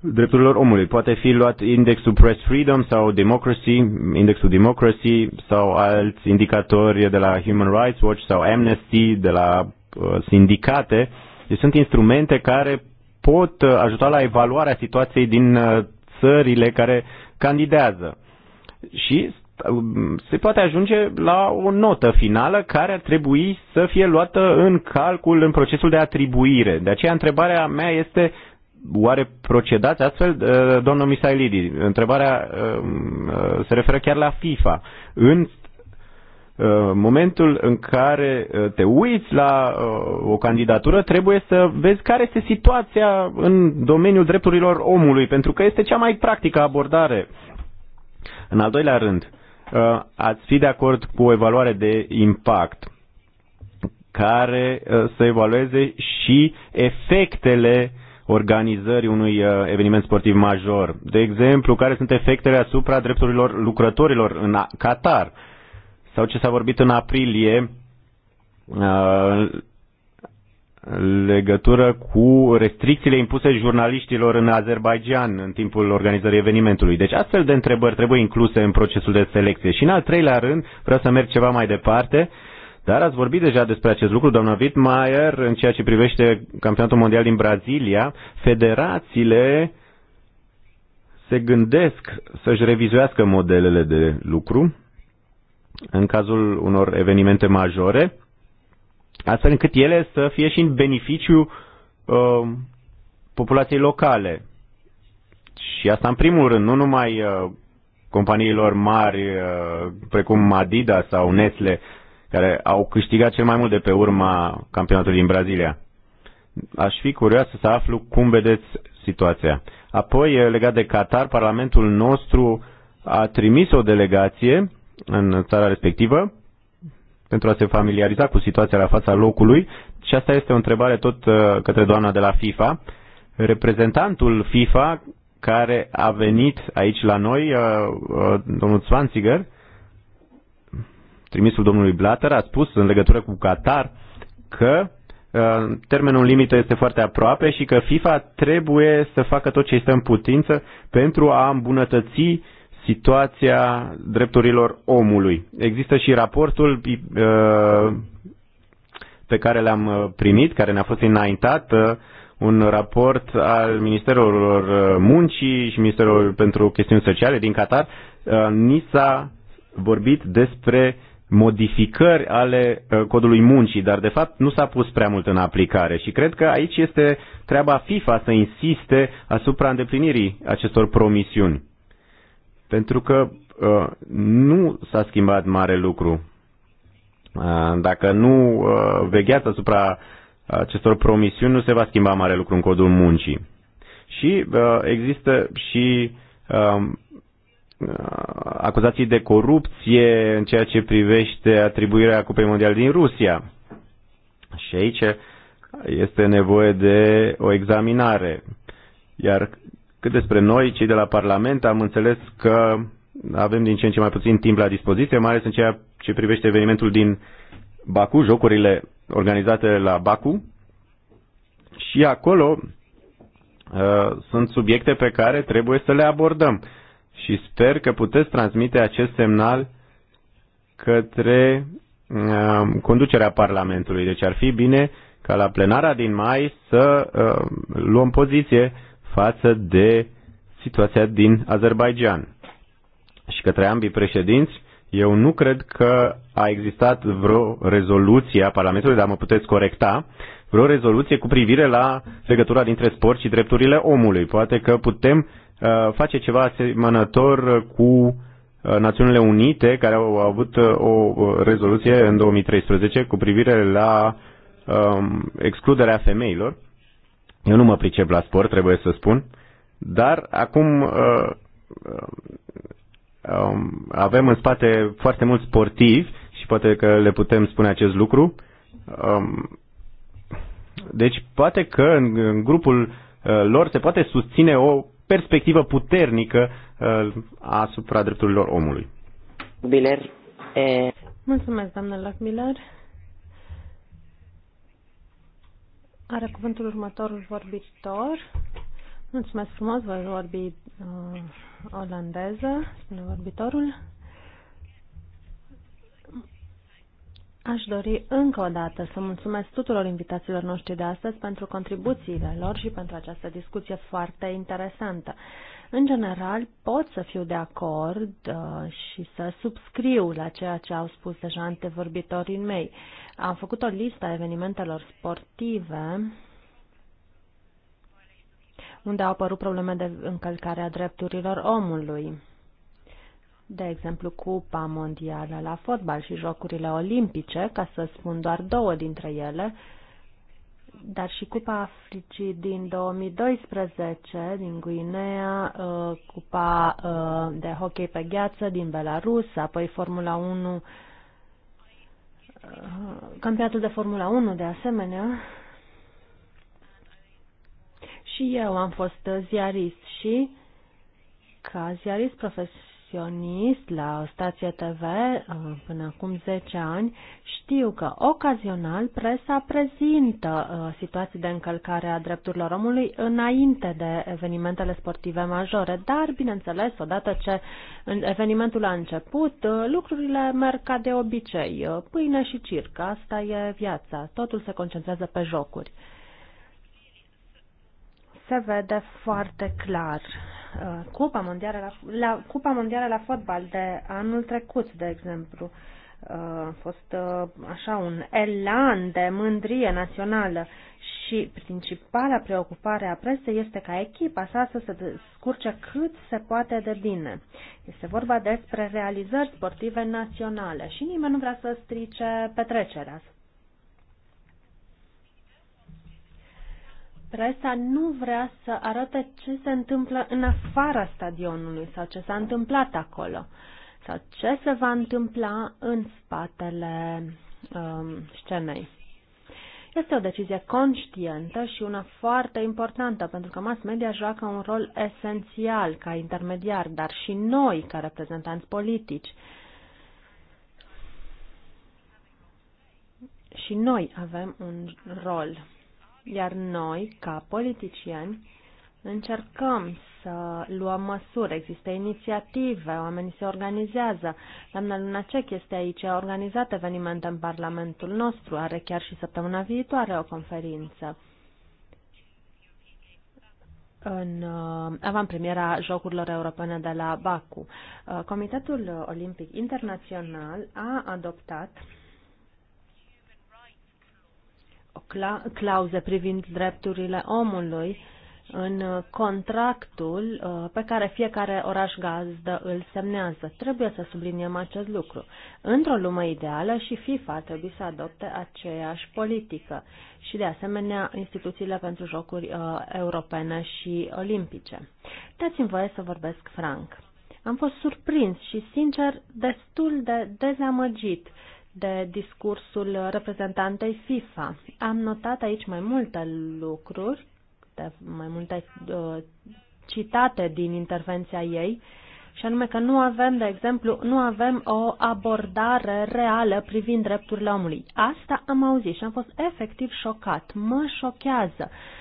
drepturilor omului. Poate fi luat indexul Press Freedom sau Democracy, indexul Democracy sau alți indicatori de la Human Rights Watch sau Amnesty, de la sindicate. Deci sunt instrumente care pot ajuta la evaluarea situației din țările care candidează. Și se poate ajunge la o notă finală care ar trebui să fie luată în calcul în procesul de atribuire. De aceea întrebarea mea este oare procedați astfel, ă, domnul Misailidi? Întrebarea ă, ă, se referă chiar la FIFA. În momentul în care te uiți la o candidatură, trebuie să vezi care este situația în domeniul drepturilor omului, pentru că este cea mai practică abordare. În al doilea rând, uh, Uh, ați fi de acord cu o evaluare de impact care uh, să evalueze și efectele organizării unui uh, eveniment sportiv major. De exemplu, care sunt efectele asupra drepturilor lucrătorilor în Qatar sau ce s-a vorbit în aprilie legătură cu restricțiile impuse jurnaliștilor în Azerbaijan în timpul organizării evenimentului. Deci astfel de întrebări trebuie incluse în procesul de selecție. Și în al treilea rând, vreau să merg ceva mai departe, dar ați vorbit deja despre acest lucru, doamna Wittmeier, în ceea ce privește campionatul mondial din Brazilia, federațiile se gândesc să-și revizuiască modelele de lucru în cazul unor evenimente majore astfel încât ele să fie și în beneficiu uh, populației locale. Și asta în primul rând, nu numai uh, companiilor mari uh, precum Adidas sau Nestle, care au câștigat cel mai mult de pe urma campionatului din Brazilia. Aș fi curioasă să aflu cum vedeți situația. Apoi, uh, legat de Qatar, Parlamentul nostru a trimis o delegație în țara respectivă pentru a se familiariza cu situația la fața locului. Și asta este o întrebare tot uh, către doamna de la FIFA. Reprezentantul FIFA care a venit aici la noi, uh, uh, domnul Zwanziger, trimisul domnului Blatter, a spus în legătură cu Qatar că termenul limită este foarte aproape și că FIFA trebuie să facă tot ce este în putință pentru a îmbunătăți situația drepturilor omului. Există și raportul uh, pe care l-am uh, primit, care ne-a fost înaintat, uh, un raport al ministerului Muncii și ministerului pentru Chestiuni Sociale din Qatar, ni s-a vorbit despre modificări ale codului muncii, dar de fapt nu s-a pus prea mult în aplicare și cred că aici este treaba FIFA să insiste asupra îndeplinirii acestor promisiuni. Pentru că uh, nu s-a schimbat mare lucru. Uh, dacă nu uh, vegheați asupra acestor promisiuni, nu se va schimba mare lucru în codul muncii. Și uh, există și um, uh, acuzații de corupție în ceea ce privește atribuirea Cupei Mondiale din Rusia. Și aici este nevoie de o examinare. Iar cât despre noi, cei de la Parlament, am înțeles că avem din ce în ce mai puțin timp la dispoziție, mai ales în ceea ce privește evenimentul din Baku, jocurile organizate la Baku. Și acolo uh, sunt subiecte pe care trebuie să le abordăm. Și sper că puteți transmite acest semnal către uh, conducerea Parlamentului. Deci ar fi bine ca la plenara din mai să uh, luăm poziție față de situația din Azerbaijan. Și către ambii președinți, eu nu cred că a existat vreo rezoluție a Parlamentului, dar mă puteți corecta, vreo rezoluție cu privire la legătura dintre sport și drepturile omului. Poate că putem uh, face ceva asemănător cu uh, Națiunile Unite, care au avut uh, o uh, rezoluție în 2013 cu privire la um, excluderea femeilor eu nu mă pricep la sport, trebuie să spun, dar acum uh, uh, um, avem în spate foarte mulți sportivi și poate că le putem spune acest lucru. Um, deci poate că în, în grupul uh, lor se poate susține o perspectivă puternică uh, asupra drepturilor omului. Biler. E... Eh. Mulțumesc, doamnă Lachmiller. Are cuvântul următorul vorbitor. Mulțumesc frumos, voi vorbi uh, olandeză, spune vorbitorul. Aș dori încă o dată să mulțumesc tuturor invitațiilor noștri de astăzi pentru contribuțiile lor și pentru această discuție foarte interesantă. În general, pot să fiu de acord uh, și să subscriu la ceea ce au spus deja antevorbitorii mei. Uh, am făcut o listă a evenimentelor sportive unde au apărut probleme de încălcare a drepturilor omului. De exemplu, Cupa Mondială la fotbal și Jocurile Olimpice, ca să spun doar două dintre ele, dar și Cupa Africii din 2012 din Guinea, uh, Cupa uh, de hockey pe gheață din Belarus, apoi Formula 1 Uh, campionatul de Formula 1 de asemenea. Și eu am fost ziarist și ca ziarist profesor profesionist la o stație TV uh, până acum 10 ani, știu că ocazional presa prezintă uh, situații de încălcare a drepturilor omului înainte de evenimentele sportive majore, dar, bineînțeles, odată ce evenimentul a început, uh, lucrurile merg ca de obicei, pâine și circ, asta e viața, totul se concentrează pe jocuri se vede foarte clar Uh, Cupa Mondială la, la Cupa Mondială la fotbal de anul trecut, de exemplu. Uh, a fost uh, așa un elan de mândrie națională și principala preocupare a presei este ca echipa sa să se scurce cât se poate de bine. Este vorba despre realizări sportive naționale și nimeni nu vrea să strice petrecerea, să presa nu vrea să arate ce se întâmplă în afara stadionului sau ce s-a întâmplat acolo sau ce se va întâmpla în spatele um, scenei. Este o decizie conștientă și una foarte importantă, pentru că mass media joacă un rol esențial ca intermediar, dar și noi, ca reprezentanți politici. Și noi avem un rol iar noi, ca politicieni, încercăm să luăm măsuri. Există inițiative, oamenii se organizează. Doamna Cech este aici, a organizat evenimente în Parlamentul nostru, are chiar și săptămâna viitoare o conferință în uh, avantpremiera Jocurilor Europene de la Baku. Uh, Comitetul Olimpic Internațional a adoptat clauze privind drepturile omului în contractul uh, pe care fiecare oraș gazdă îl semnează. Trebuie să subliniem acest lucru. Într-o lume ideală și FIFA trebuie să adopte aceeași politică și de asemenea instituțiile pentru jocuri uh, europene și olimpice. Dați-mi voie să vorbesc franc. Am fost surprins și, sincer, destul de dezamăgit uh, de discursul reprezentantei FIFA. Am notat aici mai multe lucruri, de mai multe uh, citate din intervenția ei, și anume că nu avem, de exemplu, nu avem o abordare reală privind drepturile omului. Asta am auzit și am fost efectiv șocat. Mă șochează. Uh,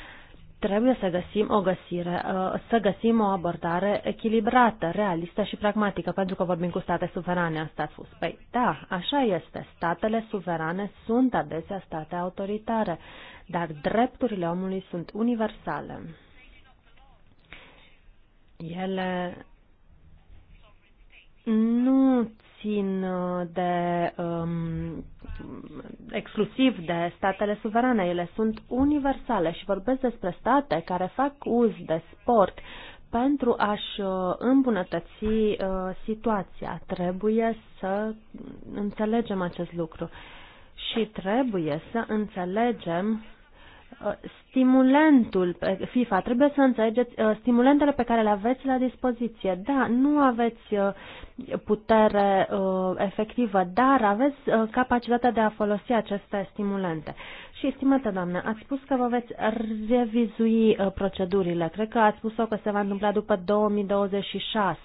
trebuie să găsim o găsire, uh, să găsim o abordare echilibrată, realistă și pragmatică, pentru că vorbim cu state suverane, a spus. Păi da, așa este. Statele suverane sunt adesea state autoritare, dar drepturile omului sunt universale. Ele nu țin uh, de, um, exclusiv de statele suverane, ele sunt universale și vorbesc despre state care fac uz de sport pentru a-și uh, îmbunătăți uh, situația. Trebuie să înțelegem acest lucru și trebuie să înțelegem Uh, stimulentul FIFA, trebuie să înțelegeți uh, stimulentele pe care le aveți la dispoziție. Da, nu aveți uh, putere efectivă, dar aveți capacitatea de a folosi aceste stimulente. Și, estimată doamnă, ați spus că vă veți revizui procedurile. Cred că ați spus-o că se va întâmpla după 2026.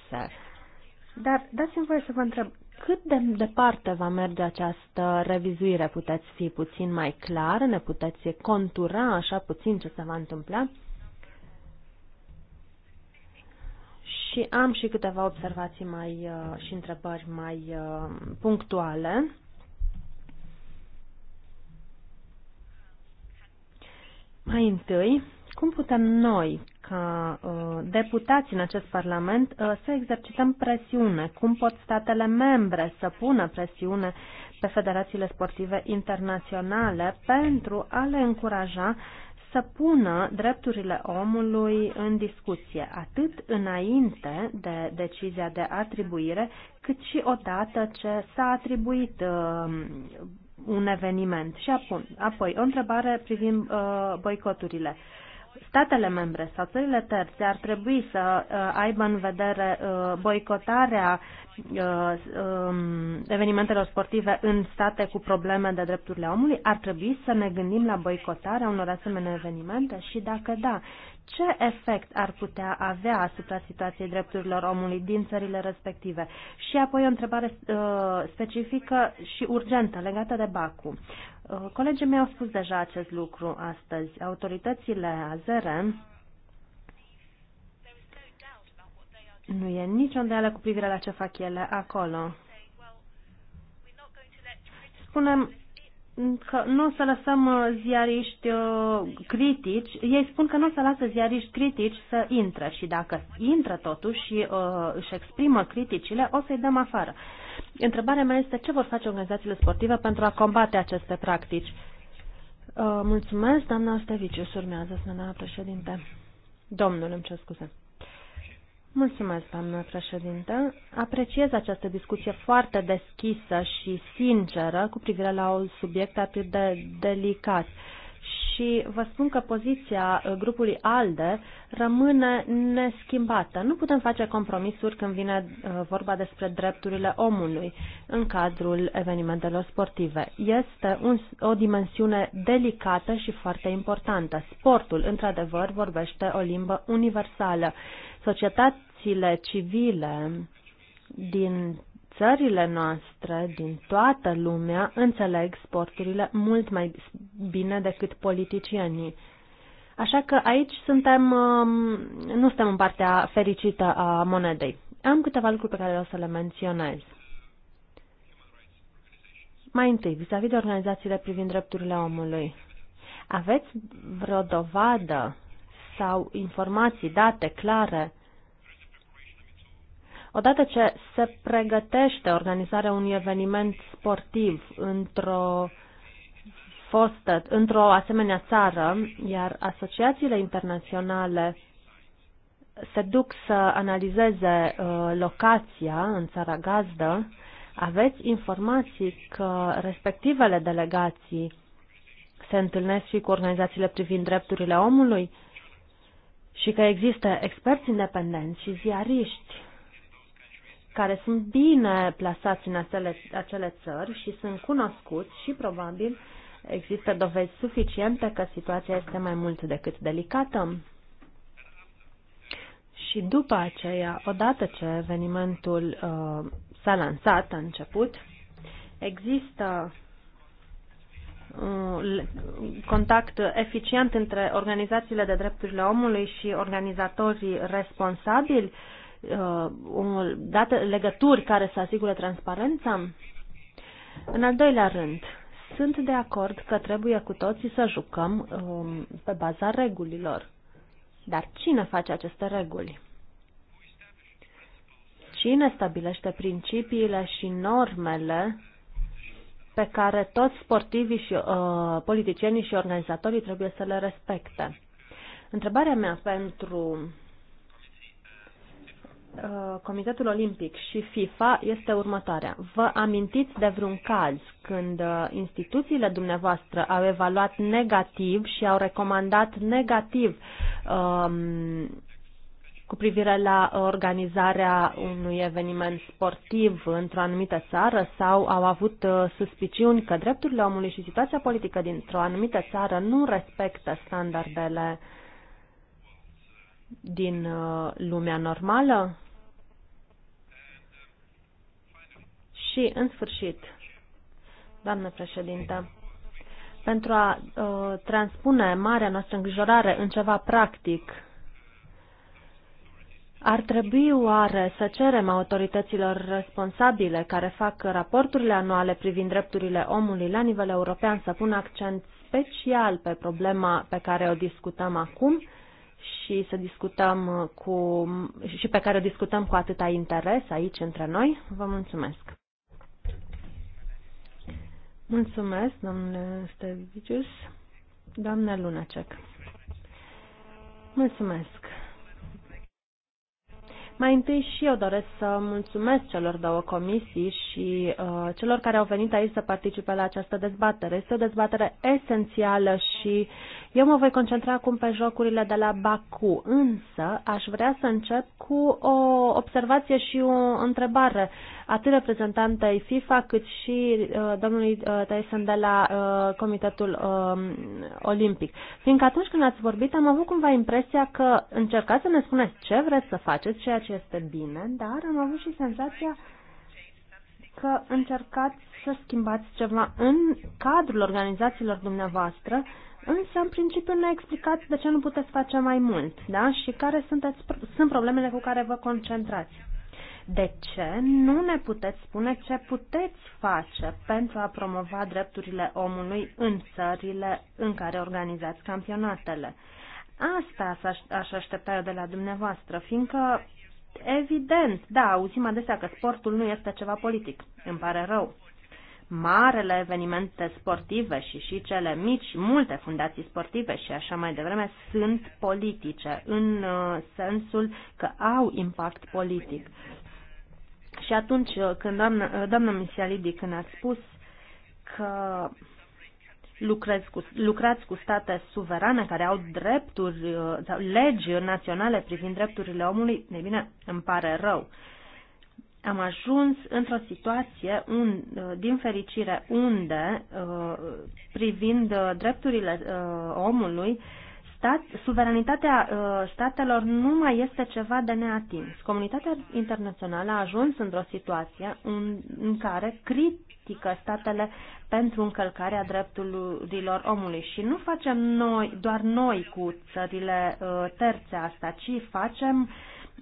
Dar dați-mi voie să vă întreb, cât de departe va merge această revizuire? Puteți fi puțin mai clar? Ne puteți contura așa puțin ce se va întâmpla? Și am și câteva observații mai, uh, și întrebări mai uh, punctuale. Mai întâi, cum putem noi, ca uh, deputați în acest Parlament uh, să exercităm presiune. Cum pot statele membre să pună presiune pe federațiile sportive internaționale pentru a le încuraja să pună drepturile omului în discuție, atât înainte de decizia de atribuire, cât și odată ce s-a atribuit uh, un eveniment. Și apoi, apoi o întrebare privind uh, boicoturile. Uh, statele membre sau țările terțe ar trebui să uh, aibă în vedere uh, boicotarea uh, um, evenimentelor sportive în state cu probleme de drepturile omului, ar trebui să ne gândim la boicotarea unor asemenea evenimente și dacă da, ce efect ar putea avea asupra situației drepturilor omului din țările respective? Și apoi o întrebare uh, specifică și urgentă legată de Baku. Uh, colegii mei au spus deja acest lucru astăzi. Autoritățile azere nu e nicio îndoială cu privire la ce fac ele acolo. Spunem, că nu o să lăsăm uh, ziariști uh, critici, ei spun că nu o să lasă ziariști critici să intre și dacă intră totuși și uh, își exprimă criticile, o să-i dăm afară. Întrebarea mea este ce vor face organizațiile sportive pentru a combate aceste practici. Uh, mulțumesc, doamna Osteviciu, urmează, ne președinte. Domnul, îmi cer scuze. Mulțumesc, doamnă președintă. Apreciez această discuție foarte deschisă și sinceră cu privire la un subiect atât de delicat și vă spun că poziția uh, grupului ALDE rămâne neschimbată. Nu putem face compromisuri când vine uh, vorba despre drepturile omului în cadrul evenimentelor sportive. Este un, o dimensiune delicată și foarte importantă. Sportul, într-adevăr, vorbește o limbă universală. Societățile civile din țările noastre, din toată lumea, înțeleg sporturile mult mai bine decât politicienii. Așa că aici suntem, um, nu suntem în partea fericită a monedei. Am câteva lucruri pe care o să le menționez. Mai întâi, vis-a-vis de organizațiile privind drepturile omului. Aveți vreo dovadă sau informații, date clare Odată ce se pregătește organizarea unui eveniment sportiv într-o fostă, într-o asemenea țară, iar asociațiile internaționale se duc să analizeze uh, locația în țara gazdă, aveți informații că respectivele delegații se întâlnesc și cu organizațiile privind drepturile omului și că există experți independenți și ziariști care sunt bine plasați în acele, acele țări și sunt cunoscuți și probabil există dovezi suficiente că situația este mai mult decât delicată. Și după aceea, odată ce evenimentul uh, s-a lansat, a început, există contact eficient între organizațiile de drepturile omului și organizatorii responsabili uh, date, legături care să asigure transparența? În al doilea rând, sunt de acord că trebuie cu toții să jucăm um, pe baza regulilor. Dar cine face aceste reguli? Cine stabilește principiile și normele pe care toți sportivii și uh, politicienii și organizatorii trebuie să le respecte? Întrebarea mea pentru Uh, Comitetul Olimpic și FIFA este următoarea. Vă amintiți de vreun caz când uh, instituțiile dumneavoastră au evaluat negativ și au recomandat negativ um, cu privire la organizarea unui eveniment sportiv într-o anumită țară sau au avut uh, suspiciuni că drepturile omului și situația politică dintr-o anumită țară nu respectă standardele din lumea normală? Și, în sfârșit, doamnă președintă, pentru a uh, transpune marea noastră îngrijorare în ceva practic, ar trebui oare să cerem autorităților responsabile care fac raporturile anuale privind drepturile omului la nivel european să pună accent special pe problema pe care o discutăm acum și să discutăm cu, și pe care o discutăm cu atâta interes aici între noi? Vă mulțumesc! Mulțumesc, domnule Stevicius. Doamna Lunacek. Mulțumesc. Mai întâi și eu doresc să mulțumesc celor două comisii și uh, celor care au venit aici să participe la această dezbatere. Este o dezbatere esențială și eu mă voi concentra acum pe jocurile de la Baku, însă aș vrea să încep cu o observație și o întrebare atât reprezentantei FIFA cât și uh, domnului uh, Tyson de la uh, Comitetul uh, Olimpic. Fiindcă atunci când ați vorbit am avut cumva impresia că încercați să ne spuneți ce vreți să faceți, ceea ce este bine, dar am avut și senzația că încercați să schimbați ceva în cadrul organizațiilor dumneavoastră uh, Însă, în principiu, ne explicați de ce nu puteți face mai mult, da? Și care sunteți, sunt problemele cu care vă concentrați. De ce nu ne puteți spune ce puteți face pentru a promova drepturile omului în țările în care organizați campionatele? Asta aș aștepta eu de la dumneavoastră, fiindcă, evident, da, auzim adesea că sportul nu este ceva politic. Îmi pare rău marele evenimente sportive și și cele mici, multe fundații sportive și așa mai devreme, sunt politice, în uh, sensul că au impact politic. Și atunci uh, când doamna, uh, doamna Misialidi, când a spus că cu, lucrați cu state suverane care au drepturi sau legi naționale privind drepturile omului, e bine, îmi pare rău. Uh, am ajuns într-o situație un, uh, din fericire unde, uh, privind uh, drepturile omului, stat, suveranitatea statelor nu mai este ceva de neatins. Comunitatea internațională a ajuns într-o situație în, în care critică statele pentru încălcarea drepturilor omului și nu facem noi, doar noi cu țările terțe asta, ci facem uh,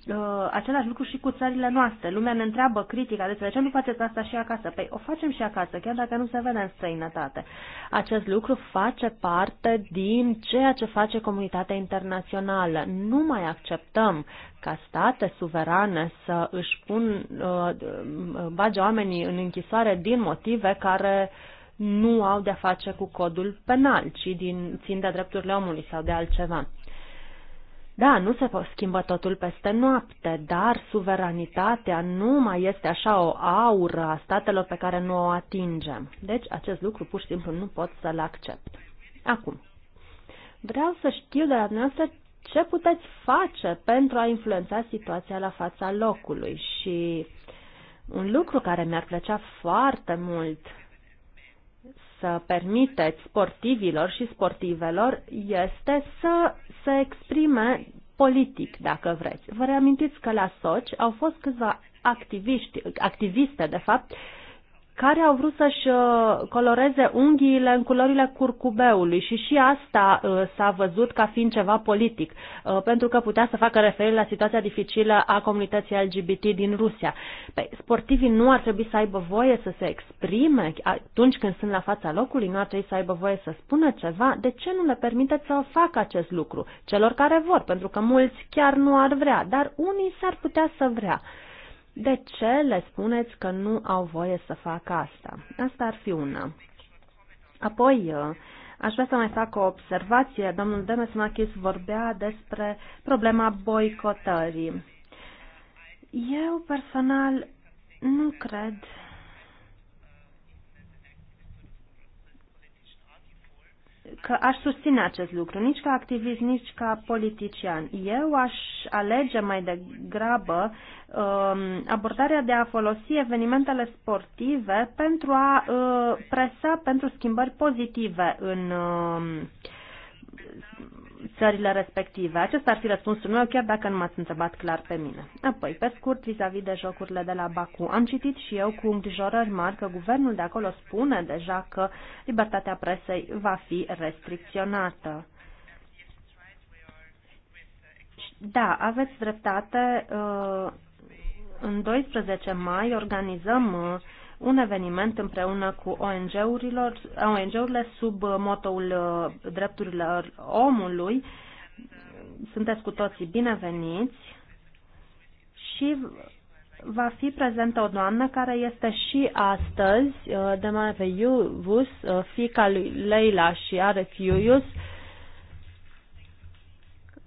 uh, același lucru și cu țările noastre. Lumea ne întreabă critica despre ce nu faceți asta și acasă. Păi o facem și acasă, chiar dacă nu se vede în străinătate. Acest lucru face parte din ceea ce face comunitatea internațională. Nu mai acceptăm ca state suverane să își pun, uh, uh bage oamenii în închisoare din motive care nu au de-a face cu codul penal, ci din, țin de drepturile omului sau de altceva. Da, nu se schimbă totul peste noapte, dar suveranitatea nu mai este așa o aură a statelor pe care nu o atingem. Deci acest lucru pur și simplu nu pot să-l accept. Acum, vreau să știu de la dumneavoastră ce puteți face pentru a influența situația la fața locului și un lucru care mi-ar plăcea foarte mult să permiteți sportivilor și sportivelor este să se exprime politic, dacă vreți. Vă reamintiți că la Soci au fost câțiva activiști, activiste, de fapt, care au vrut să-și uh, coloreze unghiile în culorile curcubeului și și asta uh, s-a văzut ca fiind ceva politic, uh, pentru că putea să facă referire la situația dificilă a comunității LGBT din Rusia. Păi, sportivii nu ar trebui să aibă voie să se exprime atunci când sunt la fața locului, nu ar trebui să aibă voie să spună ceva. De ce nu le permiteți să facă acest lucru? Celor care vor, pentru că mulți chiar nu ar vrea, dar unii s-ar putea să vrea. De ce le spuneți că nu au voie să facă asta? Asta ar fi una. Apoi, uh, aș vrea să mai fac o observație. Domnul Machis vorbea despre problema boicotării. Eu personal nu cred că aș susține acest lucru, nici ca activist, nici ca politician. Eu aș alege mai degrabă um, abordarea de a folosi evenimentele sportive pentru a uh, presa pentru schimbări pozitive în uh, țările respective. Acesta ar fi răspunsul meu, chiar dacă nu m-ați întrebat clar pe mine. Apoi, pe scurt, vis-a-vis -vis de jocurile de la Baku, am citit și eu cu îngrijorări mari că guvernul de acolo spune deja că libertatea presei va fi restricționată. Da, aveți dreptate. Uh, în 12 mai organizăm uh, un eveniment împreună cu ONG-urilor, ONG-urile sub motoul uh, drepturilor omului. Sunteți cu toții bineveniți și va fi prezentă o doamnă care este și astăzi uh, de mai Vus, uh, fica lui Leila și are Iuius,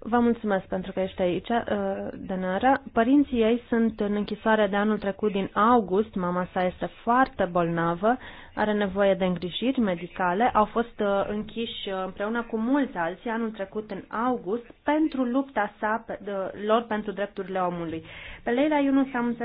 Vă mulțumesc pentru că ești aici, uh, Denara. Părinții ei sunt în închisoare de anul trecut din august, mama sa este foarte bolnavă, are nevoie de îngrijiri medicale, au fost uh, închiși uh, împreună cu mulți alții anul trecut în august pentru lupta sa, lor pentru drepturile omului. Pe Leila s am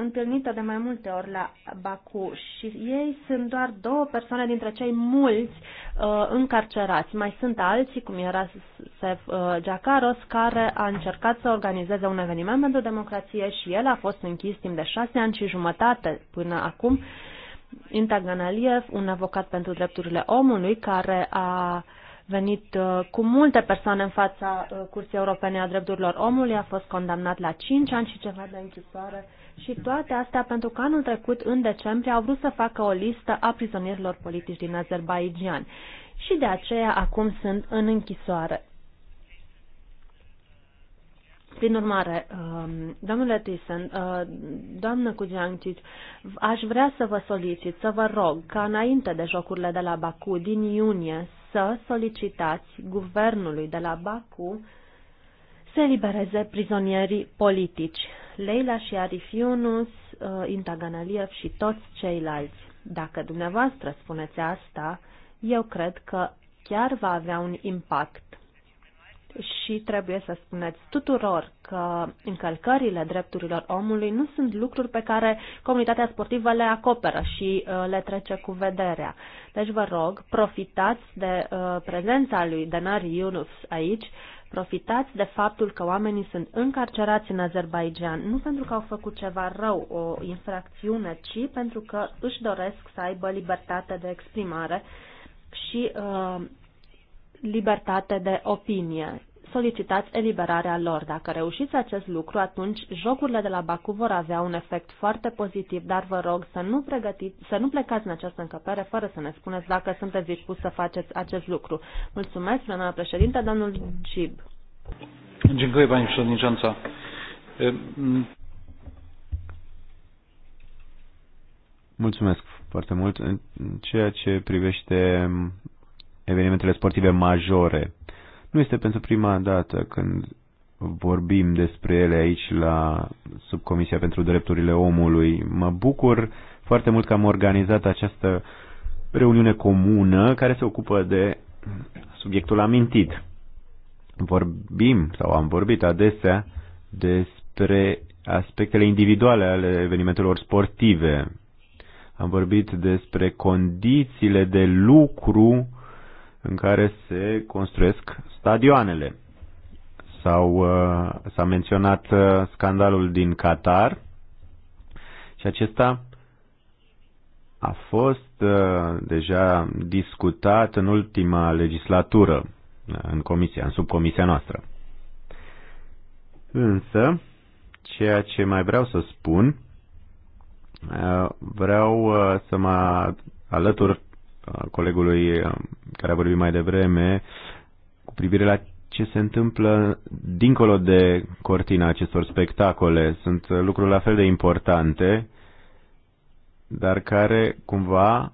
întâlnit-o de mai multe ori la Baku și ei sunt doar două persoane dintre cei mulți uh, încarcerați. Mai sunt alții, cum era Sef uh, Giacaros, care a încercat să organizeze un eveniment pentru democrație și el a fost închis timp de șase ani și jumătate până acum. Uh, Intagan Ganaliev, un avocat pentru drepturile omului, care a venit uh, cu multe persoane în fața uh, Curții Europene a Drepturilor Omului, a fost condamnat la 5 ani și ceva de închisoare și toate astea pentru că anul trecut, în decembrie, au vrut să facă o listă a prizonierilor politici din Azerbaijan. Și de aceea acum sunt în închisoare. Prin urmare, um, domnule Tyson, uh, doamnă Cugeancic, aș vrea să vă solicit, să vă rog, ca înainte de jocurile de la Baku din iunie să solicitați guvernului de la Baku să elibereze prizonierii politici, Leila și Arifiunus, uh, Intaganaliev și toți ceilalți. Dacă dumneavoastră spuneți asta, eu cred că chiar va avea un impact și trebuie să spuneți tuturor că încălcările drepturilor omului nu sunt lucruri pe care comunitatea sportivă le acoperă și uh, le trece cu vederea. Deci vă rog, profitați de uh, prezența lui Denar Yunus aici, profitați de faptul că oamenii sunt încarcerați în Azerbaijan, nu pentru că au făcut ceva rău, o infracțiune, ci pentru că își doresc să aibă libertate de exprimare și uh, libertate de opinie. Solicitați eliberarea lor. Dacă reușiți acest lucru, atunci jocurile de la Baku vor avea un efect foarte pozitiv, dar vă rog să nu, pregătiți, să nu plecați în această încăpere fără să ne spuneți dacă sunteți dispus să faceți acest lucru. Mulțumesc, doamna președinte, domnul Cib. Dziękuję Pani Przewodnicząca. Mulțumesc foarte mult. În ceea ce privește evenimentele sportive majore. Nu este pentru prima dată când vorbim despre ele aici la Subcomisia pentru Drepturile Omului. Mă bucur foarte mult că am organizat această reuniune comună care se ocupă de subiectul amintit. Vorbim sau am vorbit adesea despre aspectele individuale ale evenimentelor sportive. Am vorbit despre condițiile de lucru în care se construiesc stadioanele. Sau, uh, s-a menționat uh, scandalul din Qatar și acesta a fost uh, deja discutat în ultima legislatură în comisia, în subcomisia noastră. Însă, ceea ce mai vreau să spun, vreau să mă alătur colegului care a vorbit mai devreme cu privire la ce se întâmplă dincolo de cortina acestor spectacole. Sunt lucruri la fel de importante, dar care cumva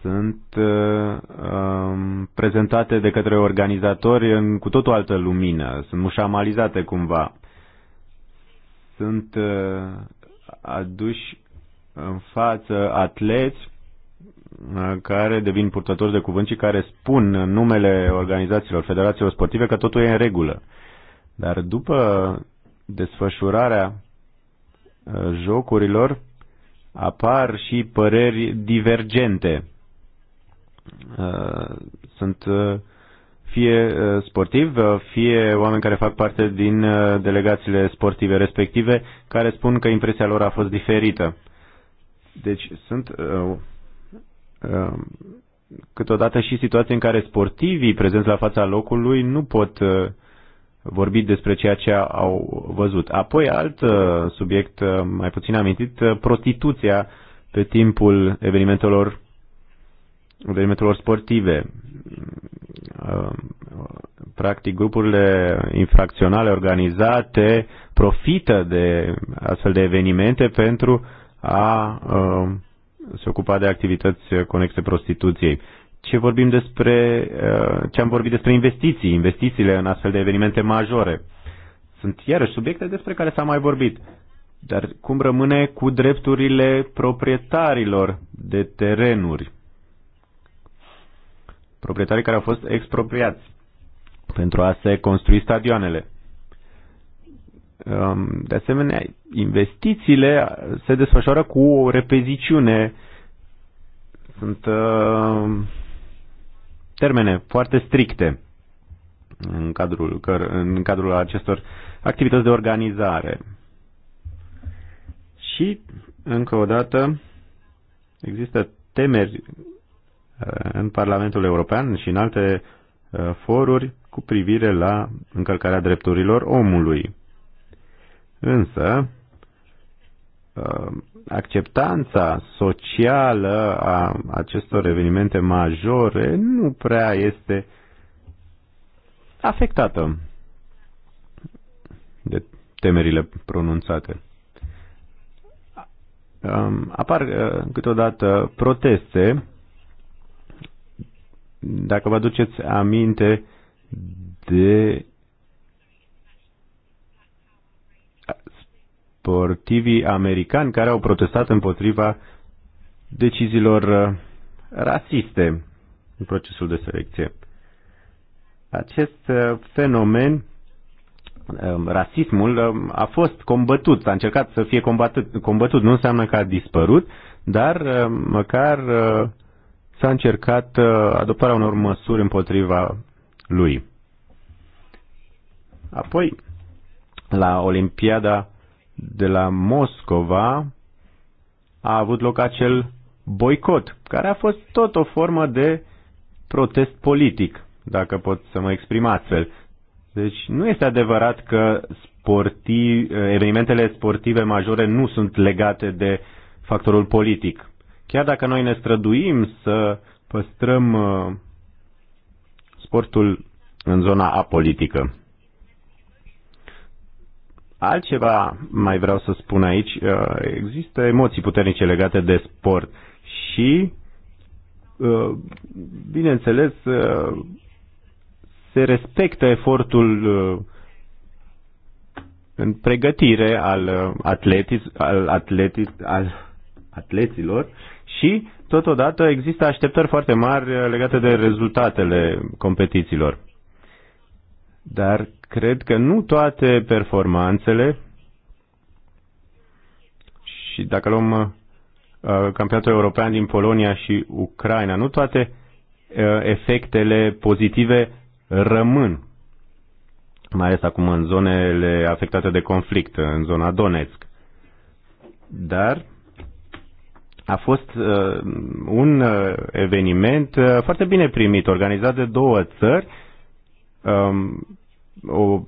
sunt uh, um, prezentate de către organizatori în cu totul altă lumină, sunt mușamalizate cumva. Sunt uh, aduși în față atleți care devin purtători de cuvânt și care spun în numele organizațiilor, federațiilor sportive că totul e în regulă. Dar după desfășurarea uh, jocurilor apar și păreri divergente. Uh, sunt uh, fie sportiv, fie oameni care fac parte din delegațiile sportive respective, care spun că impresia lor a fost diferită. Deci sunt Um, câteodată și situații în care sportivii prezenți la fața locului nu pot uh, vorbi despre ceea ce au văzut. Apoi, alt uh, subiect uh, mai puțin amintit, prostituția pe timpul evenimentelor evenimentelor sportive. Um, practic, grupurile infracționale organizate profită de astfel de evenimente pentru a um, se ocupa de activități conexe prostituției, Ce vorbim despre, uh, ce am vorbit despre investiții, investițiile în astfel de evenimente majore. Sunt iarăși subiecte despre care s-a mai vorbit. Dar cum rămâne cu drepturile proprietarilor de terenuri? Proprietarii care au fost expropriați pentru a se construi stadioanele. Um, de asemenea, investițiile se desfășoară cu o repeziciune. Sunt um, termene foarte stricte în cadrul, în cadrul acestor activități de organizare. Și, încă o dată, există temeri uh, în Parlamentul European și în alte uh, foruri cu privire la încălcarea drepturilor omului. Însă, uh, acceptanța socială a acestor evenimente majore nu prea este afectată de temerile pronunțate. Um, apar uh, câteodată proteste. Dacă vă aduceți aminte de sportivii americani care au protestat împotriva deciziilor uh, rasiste în procesul de selecție. Acest uh, fenomen, um, rasismul, um, a fost combătut, a încercat să fie combătut, combătut. Nu înseamnă că a dispărut, dar uh, măcar s-a încercat adoptarea unor măsuri împotriva lui. Apoi, la Olimpiada de la Moscova a avut loc acel boicot, care a fost tot o formă de protest politic, dacă pot să mă exprim astfel. Deci nu este adevărat că sportiv, evenimentele sportive majore nu sunt legate de factorul politic. Chiar dacă noi ne străduim să păstrăm uh, sportul în zona apolitică. Altceva mai vreau să spun aici, uh, există emoții puternice legate de sport și, uh, bineînțeles, uh, se respectă efortul în pregătire al, atletis, al, atletis, al atleților și, totodată, există așteptări foarte mari legate de rezultatele competițiilor. Dar cred că nu toate performanțele și dacă luăm uh, campionatul european din Polonia și Ucraina, nu toate uh, efectele pozitive rămân, mai ales acum în zonele afectate de conflict, în zona Donetsk. Dar a fost uh, un uh, eveniment uh, foarte bine primit, organizat de două țări, um, o, uh,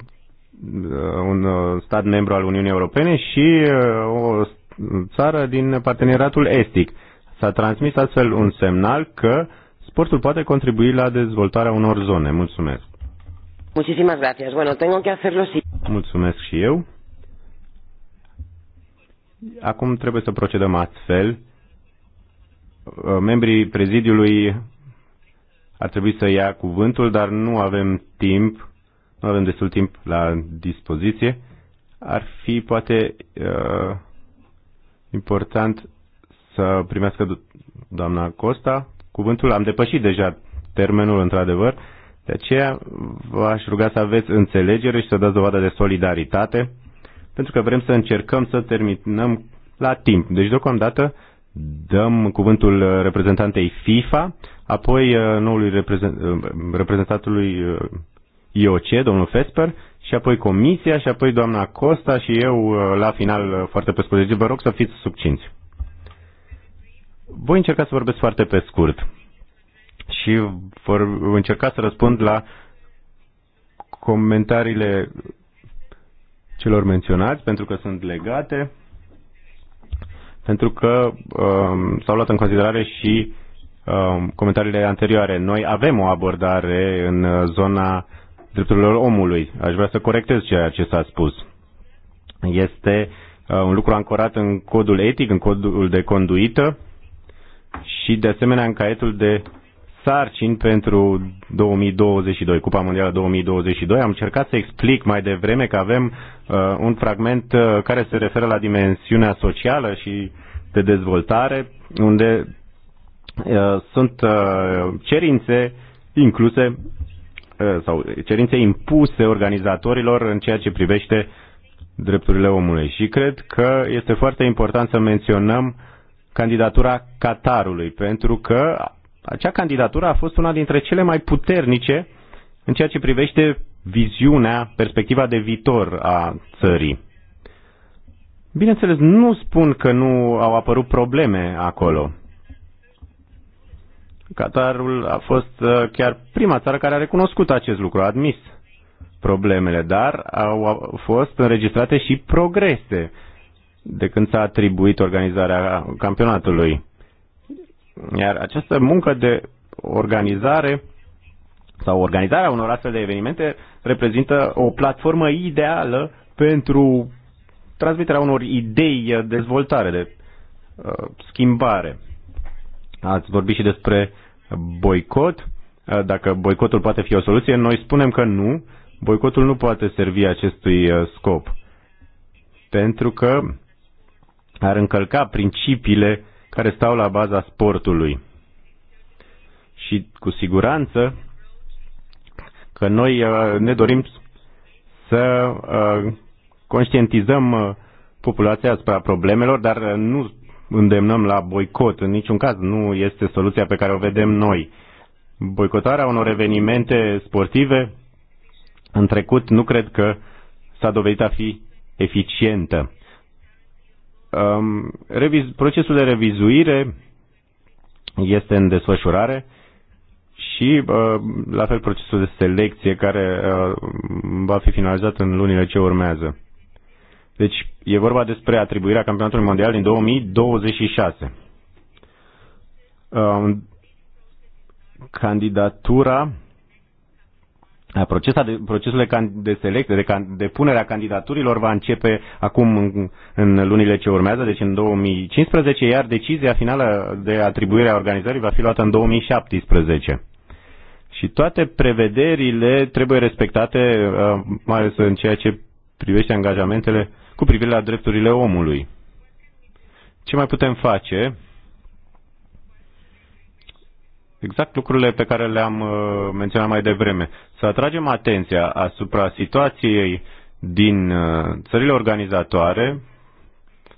un uh, stat membru al Uniunii Europene și uh, o țară din parteneriatul estic. S-a transmis astfel un semnal că sportul poate contribui la dezvoltarea unor zone. Mulțumesc. Muchísimas gracias. Bueno, tengo que hacerlo Mulțumesc și eu. Acum trebuie să procedăm astfel. Membrii prezidiului ar trebui să ia cuvântul, dar nu avem timp nu avem destul timp la dispoziție, ar fi poate uh, important să primească doamna Costa cuvântul. Am depășit deja termenul, într-adevăr, de aceea v-aș ruga să aveți înțelegere și să dați dovadă de solidaritate, pentru că vrem să încercăm să terminăm la timp. Deci, deocamdată, dăm cuvântul reprezentantei FIFA, apoi uh, noului reprezent, uh, uh, IOC, domnul Fesper, și apoi comisia, și apoi doamna Costa și eu uh, la final uh, foarte pe scurt. Deci vă rog să fiți subcinți. Voi încerca să vorbesc foarte pe scurt și vor încerca să răspund la comentariile celor menționați, pentru că sunt legate, pentru că um, s-au luat în considerare și um, comentariile anterioare. Noi avem o abordare în uh, zona uh, drepturilor omului. Aș vrea să corectez ceea ce s-a spus. Este uh, un lucru ancorat în codul etic, în codul de conduită și de asemenea în caietul de sarcini pentru 2022, Cupa Mondială 2022. Am încercat să explic mai devreme că avem uh, un fragment uh, care se referă la dimensiunea socială și de dezvoltare, unde uh, sunt uh, cerințe incluse Eh, sau cerințe impuse organizatorilor în ceea ce privește drepturile omului. Și cred că este foarte important să menționăm candidatura Qatarului, pentru că acea candidatură a fost una dintre cele mai puternice în ceea ce privește viziunea, perspectiva de viitor a țării. Bineînțeles, nu spun că nu au apărut probleme acolo. Qatarul a fost uh, chiar prima țară care a recunoscut acest lucru, a admis problemele, dar au fost înregistrate și progrese de când s-a atribuit organizarea campionatului. Iar această muncă de organizare sau organizarea unor astfel de evenimente reprezintă o platformă ideală pentru transmiterea unor idei, de dezvoltare, de uh, schimbare. Ați vorbit și despre boicot, dacă boicotul poate fi o soluție, noi spunem că nu, boicotul nu poate servi acestui scop, pentru că ar încălca principiile care stau la baza sportului. Și cu siguranță că noi ne dorim să conștientizăm populația asupra problemelor, dar nu îndemnăm la boicot. În niciun caz nu este soluția pe care o vedem noi. Boicotarea unor evenimente sportive în trecut nu cred că s-a dovedit a fi eficientă. Um, reviz, procesul de revizuire este în desfășurare și, uh, la fel, procesul de selecție care uh, va fi finalizat în lunile ce urmează. Deci e vorba despre atribuirea campionatului mondial din 2026. Uh, candidatura Procesa de, procesul de selecție, de, de punerea candidaturilor va începe acum în, în lunile ce urmează, deci în 2015, iar decizia finală de atribuire a organizării va fi luată în 2017. Și toate prevederile trebuie respectate, uh, mai ales în ceea ce privește angajamentele cu privire la drepturile omului. Ce mai putem face? Exact lucrurile pe care le-am uh, menționat mai devreme. Să atragem atenția asupra situației din uh, țările organizatoare,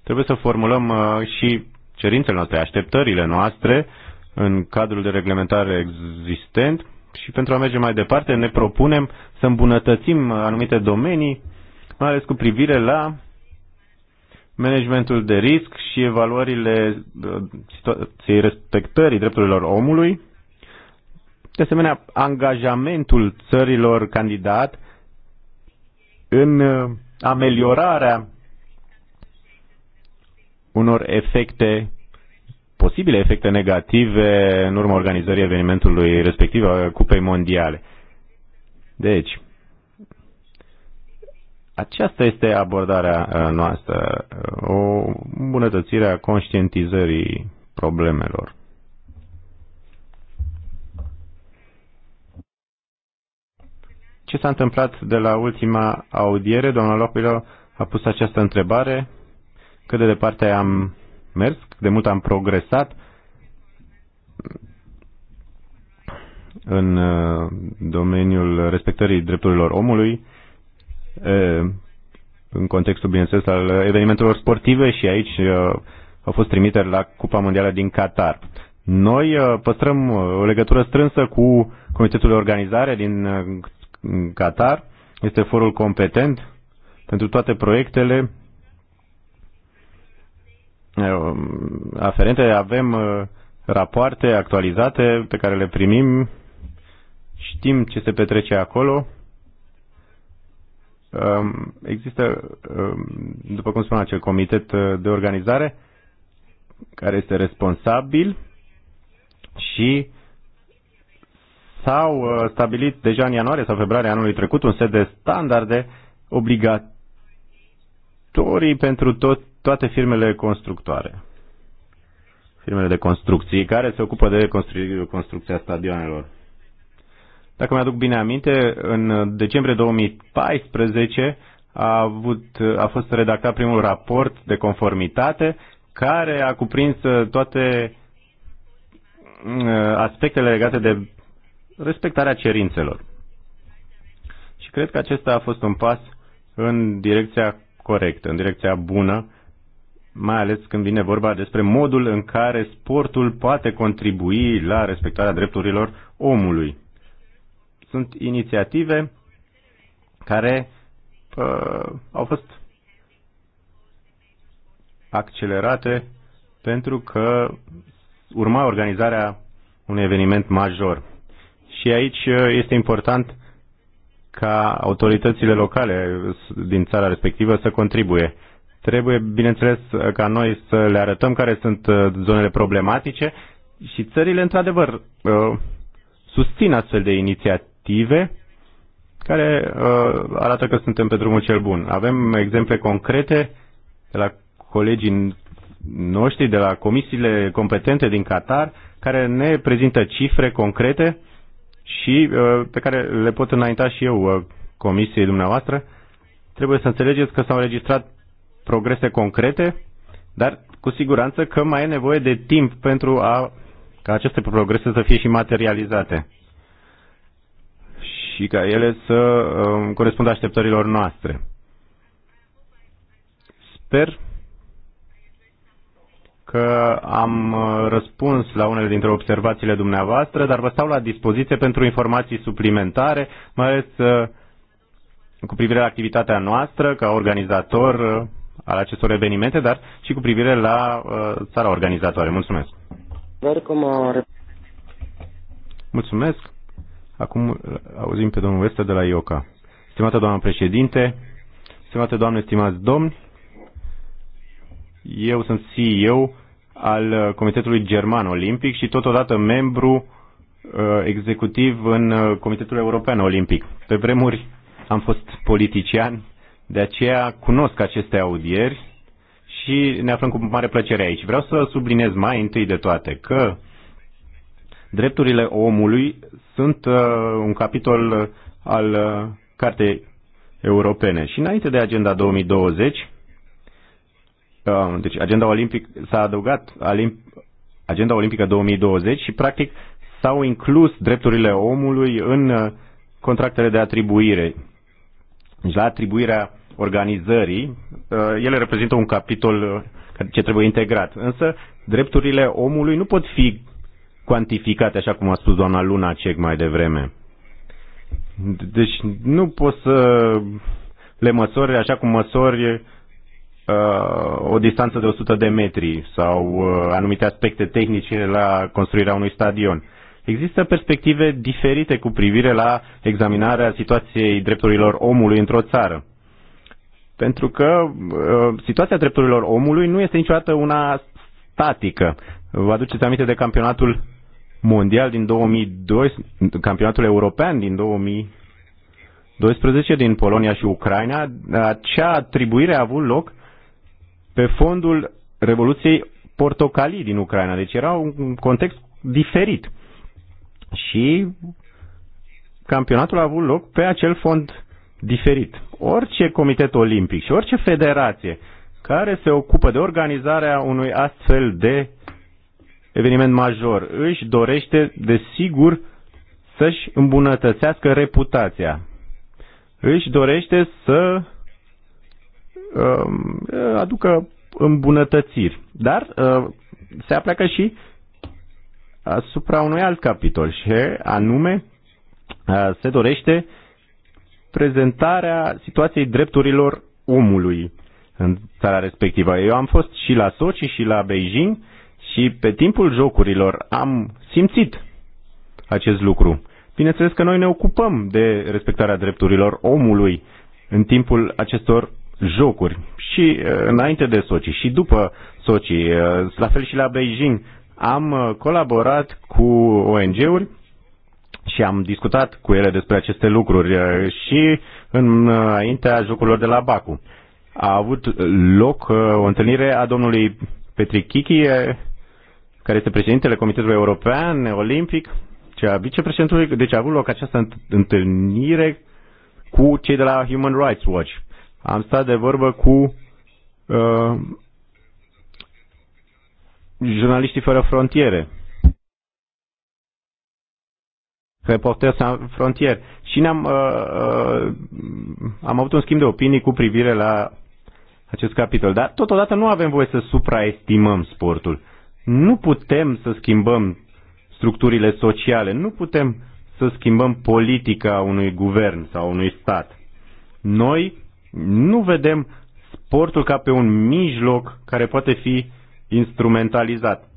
trebuie să formulăm uh, și cerințele noastre, așteptările noastre în cadrul de reglementare existent și pentru a merge mai departe ne propunem să îmbunătățim anumite domenii, mai ales cu privire la managementul de risc și evaluările uh, situației respectării drepturilor omului, de asemenea angajamentul țărilor candidat în uh, ameliorarea unor efecte, posibile efecte negative în urma organizării evenimentului respectiv a uh, Cupei Mondiale. Deci, aceasta este abordarea uh, noastră, uh, o îmbunătățire a conștientizării problemelor. Ce s-a întâmplat de la ultima audiere? Doamna Lopilo a pus această întrebare. Cât de departe am mers, cât de mult am progresat în uh, domeniul respectării drepturilor omului în contextul, bineînțeles, al evenimentelor sportive și aici au fost trimiteri la Cupa Mondială din Qatar. Noi păstrăm o legătură strânsă cu Comitetul de Organizare din Qatar. Este forul competent pentru toate proiectele aferente. Avem rapoarte actualizate pe care le primim. Știm ce se petrece acolo. Um, există, um, după cum spuneam, acel comitet uh, de organizare care este responsabil și s-au uh, stabilit deja în ianuarie sau februarie anului trecut un set de standarde obligatorii pentru tot, toate firmele constructoare. Firmele de construcții care se ocupă de construcția stadionelor. Dacă mi-aduc bine aminte, în decembrie 2014 a, avut, a fost redactat primul raport de conformitate care a cuprins uh, toate uh, aspectele legate de respectarea cerințelor. Și cred că acesta a fost un pas în direcția corectă, în direcția bună, mai ales când vine vorba despre modul în care sportul poate contribui la respectarea drepturilor omului. Sunt inițiative care uh, au fost accelerate pentru că urma organizarea unui eveniment major. Și aici uh, este important ca autoritățile locale din țara respectivă să contribuie. Trebuie, bineînțeles, ca noi să le arătăm care sunt uh, zonele problematice și țările, într-adevăr, uh, susțin astfel de inițiative active care uh, arată că suntem pe drumul cel bun. Avem exemple concrete de la colegii noștri, de la comisiile competente din Qatar, care ne prezintă cifre concrete și uh, pe care le pot înainta și eu uh, comisiei dumneavoastră. Trebuie să înțelegeți că s-au înregistrat progrese concrete, dar cu siguranță că mai e nevoie de timp pentru a, ca aceste progrese să fie și materializate și ca ele să um, corespundă așteptărilor noastre. Sper că am uh, răspuns la unele dintre observațiile dumneavoastră, dar vă stau la dispoziție pentru informații suplimentare, mai ales uh, cu privire la activitatea noastră ca organizator uh, al acestor evenimente, dar și cu privire la țara organizatoare. Mulțumesc! Mulțumesc! Acum uh, auzim pe domnul Veste de la IOCA. Stimată doamnă președinte, stimate doamne, stimați domni, eu sunt CEO al uh, Comitetului German Olimpic și totodată membru uh, executiv în Comitetul European Olimpic. Pe vremuri am fost politician, de aceea cunosc aceste audieri și ne aflăm cu mare plăcere aici. Vreau să subliniez mai întâi de toate că Drepturile omului sunt uh, un capitol uh, al uh, Cartei Europene. Și înainte de Agenda 2020, deci Agenda Olimpic s-a adăugat Olimp, Agenda Olimpică 2020 și practic s-au inclus drepturile omului în contractele de atribuire. Deci la atribuirea organizării, ele reprezintă un capitol ce trebuie integrat. Însă drepturile omului nu pot fi cuantificate, așa cum a spus doamna Luna Cec mai devreme. Deci nu poți să le măsori așa cum măsori uh, o distanță de 100 de metri sau uh, anumite aspecte tehnice la construirea unui stadion. Există perspective diferite cu privire la examinarea situației drepturilor omului într-o țară. Pentru că uh, situația drepturilor omului nu este niciodată una statică. Vă aduceți aminte de campionatul mondial din 2002, campionatul european din 2012 din Polonia și Ucraina, acea atribuire a avut loc pe fondul Revoluției Portocalii din Ucraina. Deci era un context diferit. Și campionatul a avut loc pe acel fond diferit. Orice comitet olimpic și orice federație care se ocupă de organizarea unui astfel de eveniment major, își dorește, desigur, să-și îmbunătățească reputația. Își dorește să uh, aducă îmbunătățiri. Dar uh, se apleacă și asupra unui alt capitol și anume uh, se dorește prezentarea situației drepturilor omului în țara respectivă. Eu am fost și la Sochi și la Beijing și pe timpul jocurilor am simțit acest lucru. Bineînțeles că noi ne ocupăm de respectarea drepturilor omului în timpul acestor jocuri și uh, înainte de Sochi și după Sochi, uh, la fel și la Beijing, am uh, colaborat cu ONG-uri și am discutat cu ele despre aceste lucruri și înaintea jocurilor de la Baku. A avut loc o întâlnire a domnului Petrichichi, care este președintele Comitetului European Olimpic, și a vicepreședintului, deci a avut loc această întâlnire cu cei de la Human Rights Watch. Am stat de vorbă cu uh, jurnaliștii fără frontiere. reporteri sans frontier. Și ne-am uh, uh, am avut un schimb de opinii cu privire la acest capitol. Dar totodată nu avem voie să supraestimăm sportul. Nu putem să schimbăm structurile sociale, nu putem să schimbăm politica unui guvern sau unui stat. Noi nu vedem sportul ca pe un mijloc care poate fi instrumentalizat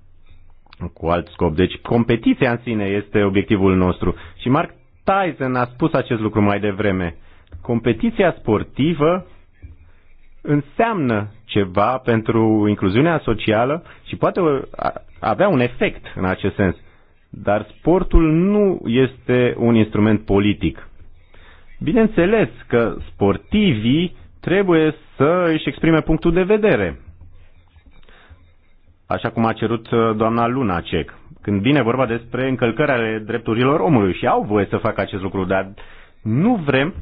cu alt scop. Deci competiția în sine este obiectivul nostru. Și Mark Tyson a spus acest lucru mai devreme. Competiția sportivă înseamnă ceva pentru incluziunea socială și poate avea un efect în acest sens. Dar sportul nu este un instrument politic. Bineînțeles că sportivii trebuie să își exprime punctul de vedere, așa cum a cerut uh, doamna Cec. Când vine vorba despre încălcarea drepturilor omului și au voie să facă acest lucru, dar nu vrem,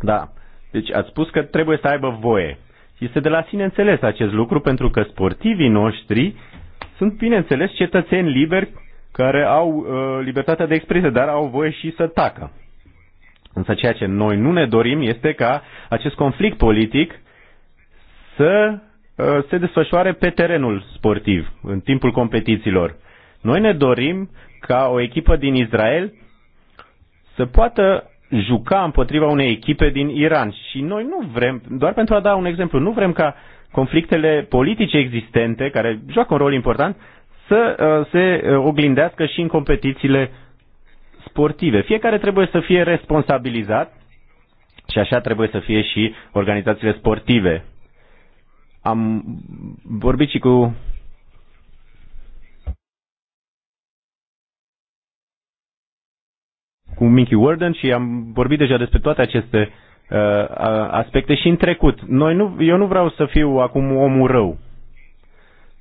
da, deci ați spus că trebuie să aibă voie. Este de la sine înțeles acest lucru pentru că sportivii noștri sunt, bineînțeles, cetățeni liberi care au uh, libertatea de expresie, dar au voie și să tacă. Însă ceea ce noi nu ne dorim este ca acest conflict politic să uh, se desfășoare pe terenul sportiv, în timpul competițiilor. Noi ne dorim ca o echipă din Israel să poată juca împotriva unei echipe din Iran. Și noi nu vrem, doar pentru a da un exemplu, nu vrem ca conflictele politice existente, care joacă un rol important, să uh, se uh, oglindească și în competițiile sportive. Fiecare trebuie să fie responsabilizat și așa trebuie să fie și organizațiile sportive. Am vorbit și cu cu Mickey Warden și am vorbit deja despre toate aceste uh, aspecte și în trecut. Noi nu, eu nu vreau să fiu acum omul rău.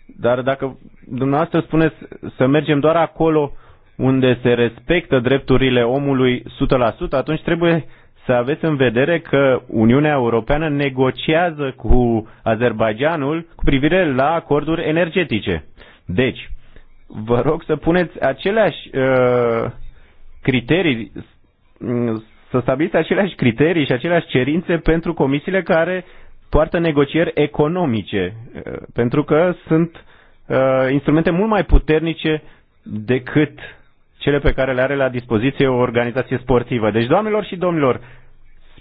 Dar dacă dumneavoastră spuneți să mergem doar acolo unde se respectă drepturile omului 100%, atunci trebuie să aveți în vedere că Uniunea Europeană negociază cu Azerbaijanul cu privire la acorduri energetice. Deci, vă rog să puneți aceleași uh, criterii, mm, să stabiliți aceleași criterii și aceleași cerințe pentru comisiile care poartă negocieri economice, eh, pentru că sunt eh, instrumente mult mai puternice decât cele pe care le are la dispoziție o organizație sportivă. Deci, doamnelor și domnilor,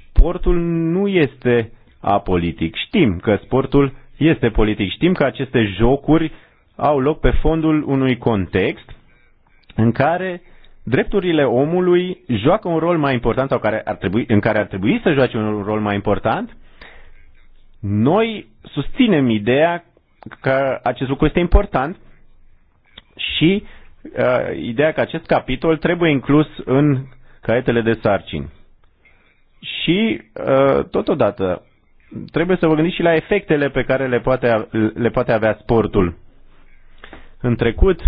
sportul nu este apolitic. Știm că sportul este politic. Știm că aceste jocuri au loc pe fondul unui context în care drepturile omului joacă un rol mai important sau care ar trebui, în care ar trebui să joace un rol mai important, noi susținem ideea că acest lucru este important și uh, ideea că acest capitol trebuie inclus în caietele de sarcini. Și, uh, totodată, trebuie să vă gândiți și la efectele pe care le poate, le poate avea sportul. În trecut,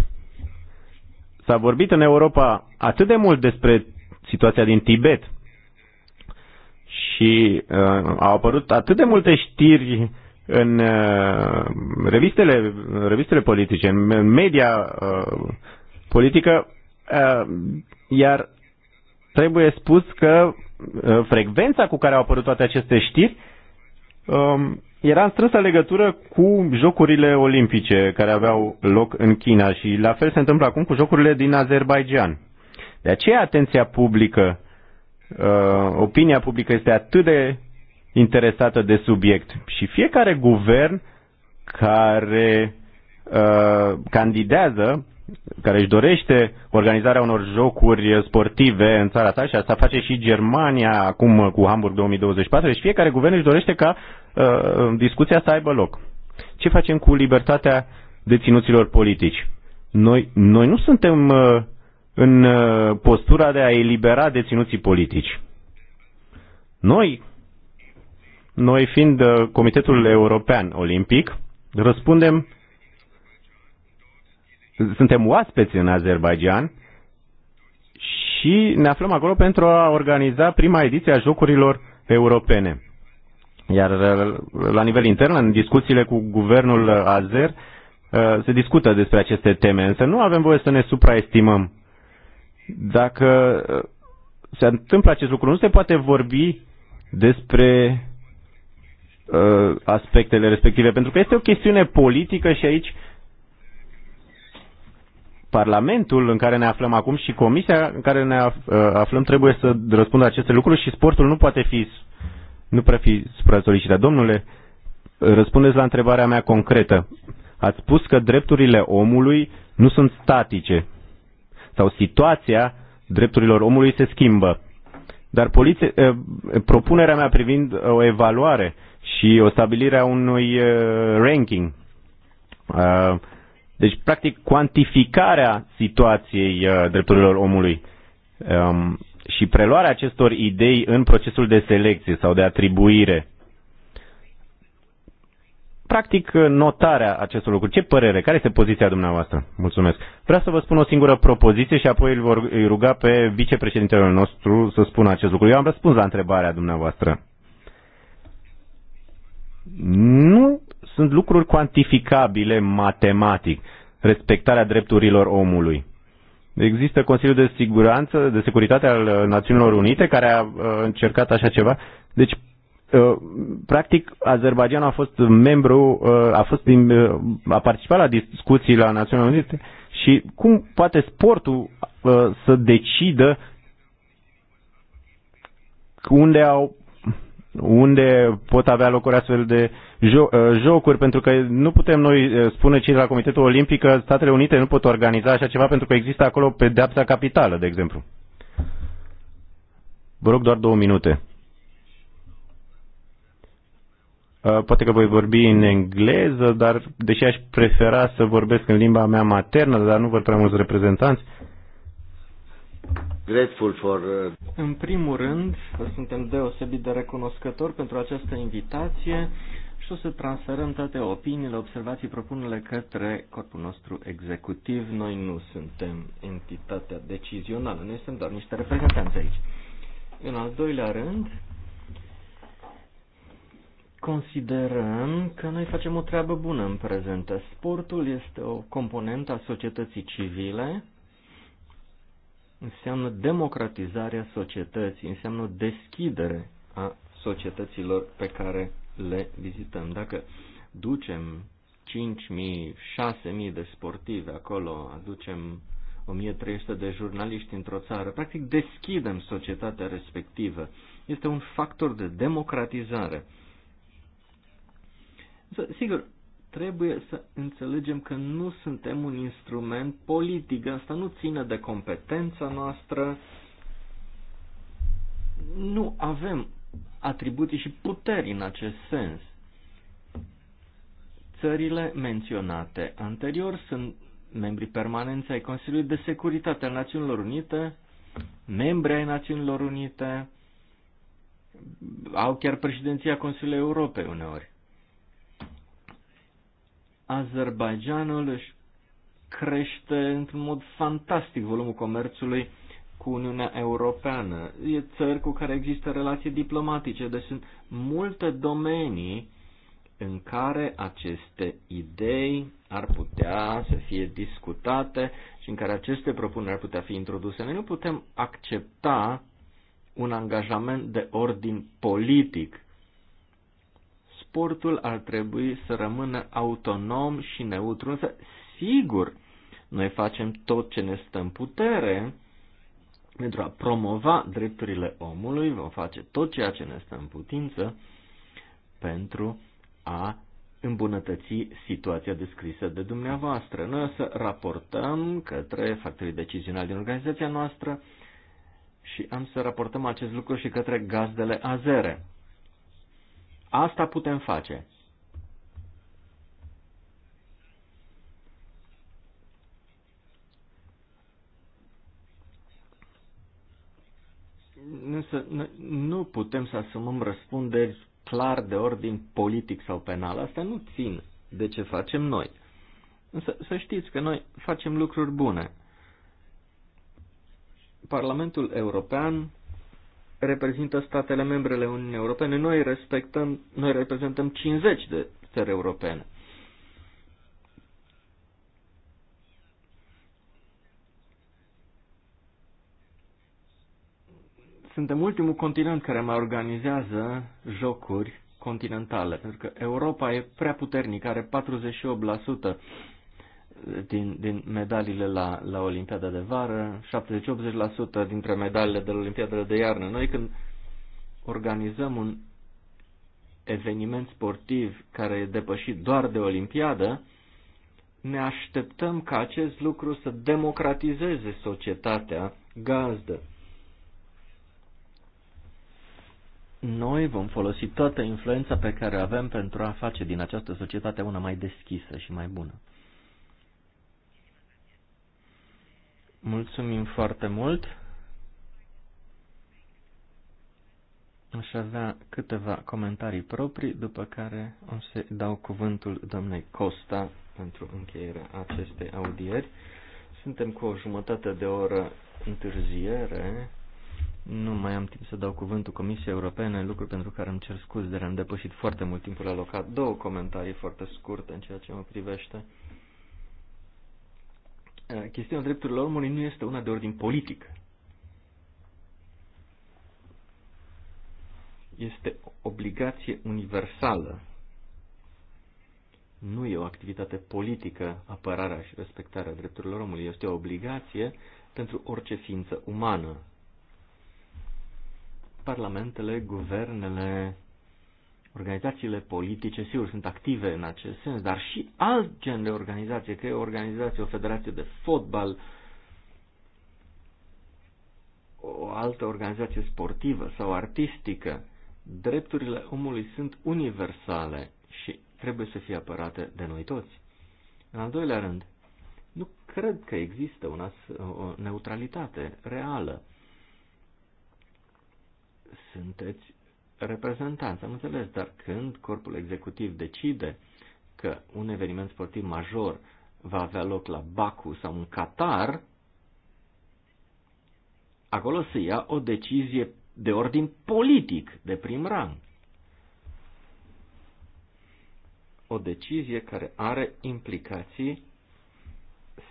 S-a vorbit în Europa atât de mult despre situația din Tibet și uh, au apărut atât de multe știri în uh, revistele, revistele politice, în media uh, politică, uh, iar trebuie spus că uh, frecvența cu care au apărut toate aceste știri um, era în strânsă legătură cu jocurile olimpice care aveau loc în China și la fel se întâmplă acum cu jocurile din Azerbaijan. De aceea atenția publică, uh, opinia publică este atât de interesată de subiect și fiecare guvern care uh, candidează care își dorește organizarea unor jocuri sportive în țara sa și asta face și Germania acum cu Hamburg 2024 și deci fiecare guvern își dorește ca uh, discuția să aibă loc. Ce facem cu libertatea deținuților politici? Noi, noi nu suntem uh, în uh, postura de a elibera deținuții politici. Noi, noi fiind uh, Comitetul European Olimpic, răspundem suntem oaspeți în Azerbaijan și ne aflăm acolo pentru a organiza prima ediție a Jocurilor Europene. Iar uh, la nivel intern, în discuțiile cu guvernul Azer, uh, se discută despre aceste teme, însă nu avem voie să ne supraestimăm. Dacă uh, se întâmplă acest lucru, nu se poate vorbi despre aspectele respective, pentru că este o chestiune politică și aici Parlamentul în care ne aflăm acum și Comisia în care ne uh, aflăm trebuie să răspundă aceste lucruri și sportul nu poate fi, nu prea fi supra-solicitat. Domnule, răspundeți la întrebarea mea concretă. Ați spus că drepturile omului nu sunt statice sau situația drepturilor omului se schimbă. Dar poliție, uh, propunerea mea privind uh, o evaluare și o stabilire a unui ranking deci, practic, cuantificarea situației uh, drepturilor omului um, și preluarea acestor idei în procesul de selecție sau de atribuire. Practic, notarea acestor lucruri. Ce părere? Care este poziția dumneavoastră? Mulțumesc. Vreau să vă spun o singură propoziție și apoi îl vor ruga pe vicepreședintele nostru să spună acest lucru. Eu am răspuns la întrebarea dumneavoastră. Nu sunt lucruri cuantificabile matematic, respectarea drepturilor omului. Există Consiliul de Siguranță, de Securitate al uh, Națiunilor Unite care a uh, încercat așa ceva. Deci, uh, practic, Azerbaijan a fost membru, a, fost, a participat la discuții la Națiunile Unite și cum poate sportul să decidă unde au unde pot avea loc astfel de jo- uh, jocuri, pentru că nu putem noi uh, spune cei de la Comitetul Olimpic că Statele Unite nu pot organiza așa ceva pentru că există acolo pedeapsa capitală, de exemplu. Vă rog doar două minute. Uh, poate că voi vorbi în engleză, dar deși aș prefera să vorbesc în limba mea maternă, dar nu văd prea mulți reprezentanți, uh, Grateful for... Uh, în primul rând, suntem deosebit de recunoscători pentru această invitație și o să transferăm toate opiniile, observații, propunerile către corpul nostru executiv. Noi nu suntem entitatea decizională, noi suntem doar niște reprezentanți aici. În al doilea rând, considerăm că noi facem o treabă bună în prezent. Sportul este o componentă a societății civile înseamnă democratizarea societății, înseamnă deschidere a societăților pe care le vizităm. Dacă ducem 5.000, 6.000 de sportivi acolo, aducem 1.300 de jurnaliști într-o țară, practic deschidem societatea respectivă. Este un factor de democratizare. Sigur, trebuie să înțelegem că nu suntem un instrument politic. Asta nu ține de competența noastră. Nu avem atribuții și puteri în acest sens. Țările menționate anterior sunt membri permanenți ai Consiliului de Securitate al Națiunilor Unite, membri ai Națiunilor Unite, au chiar președinția Consiliului Europei uneori. Azerbaijanul își crește într-un mod fantastic volumul comerțului cu Uniunea Europeană. E țări cu care există relații diplomatice, deci sunt multe domenii în care aceste idei ar putea să fie discutate și în care aceste propuneri ar putea fi introduse. Noi nu putem accepta un angajament de ordin politic Transportul ar trebui să rămână autonom și neutru, însă sigur, noi facem tot ce ne stă în putere pentru a promova drepturile omului, vom face tot ceea ce ne stă în putință pentru a îmbunătăți situația descrisă de dumneavoastră. Noi o să raportăm către factorii decizionali din organizația noastră și am să raportăm acest lucru și către gazdele azere. Asta putem face. Însă nu putem să asumăm răspunderi clar de ordin politic sau penal. Asta nu țin de ce facem noi. Însă să știți că noi facem lucruri bune. Parlamentul European reprezintă statele membrele Uniunii Europene, noi, respectăm, noi reprezentăm 50 de țări europene. Suntem ultimul continent care mai organizează jocuri continentale, pentru că Europa e prea puternică, are 48% din, din medaliile la, la Olimpiada de vară, 70-80% dintre medaliile de la Olimpiada de iarnă. Noi când organizăm un eveniment sportiv care e depășit doar de Olimpiadă, ne așteptăm ca acest lucru să democratizeze societatea gazdă. Noi vom folosi toată influența pe care o avem pentru a face din această societate una mai deschisă și mai bună. Mulțumim foarte mult. Aș avea câteva comentarii proprii, după care o să dau cuvântul doamnei Costa pentru încheierea acestei audieri. Suntem cu o jumătate de oră întârziere. Nu mai am timp să dau cuvântul Comisiei Europene, lucru pentru care îmi cer scuze, dar am depășit foarte mult timpul alocat. Două comentarii foarte scurte în ceea ce mă privește. Eh, chestiunea drepturilor omului nu este una de ordin politic. Este obligație universală. Nu e o activitate politică apărarea și respectarea drepturilor omului. Este o obligație pentru orice ființă umană. Parlamentele, guvernele, Organizațiile politice, sigur, sunt active în acest sens, dar și alt gen de organizație, că e o organizație, o federație de fotbal, o altă organizație sportivă sau artistică, drepturile omului sunt universale și trebuie să fie apărate de noi toți. În al doilea rând, nu cred că există una, o neutralitate reală. Sunteți reprezentanți. Am înțeles, dar când corpul executiv decide că un eveniment sportiv major va avea loc la Baku sau în Qatar, acolo se ia o decizie de ordin politic de prim rang. O decizie care are implicații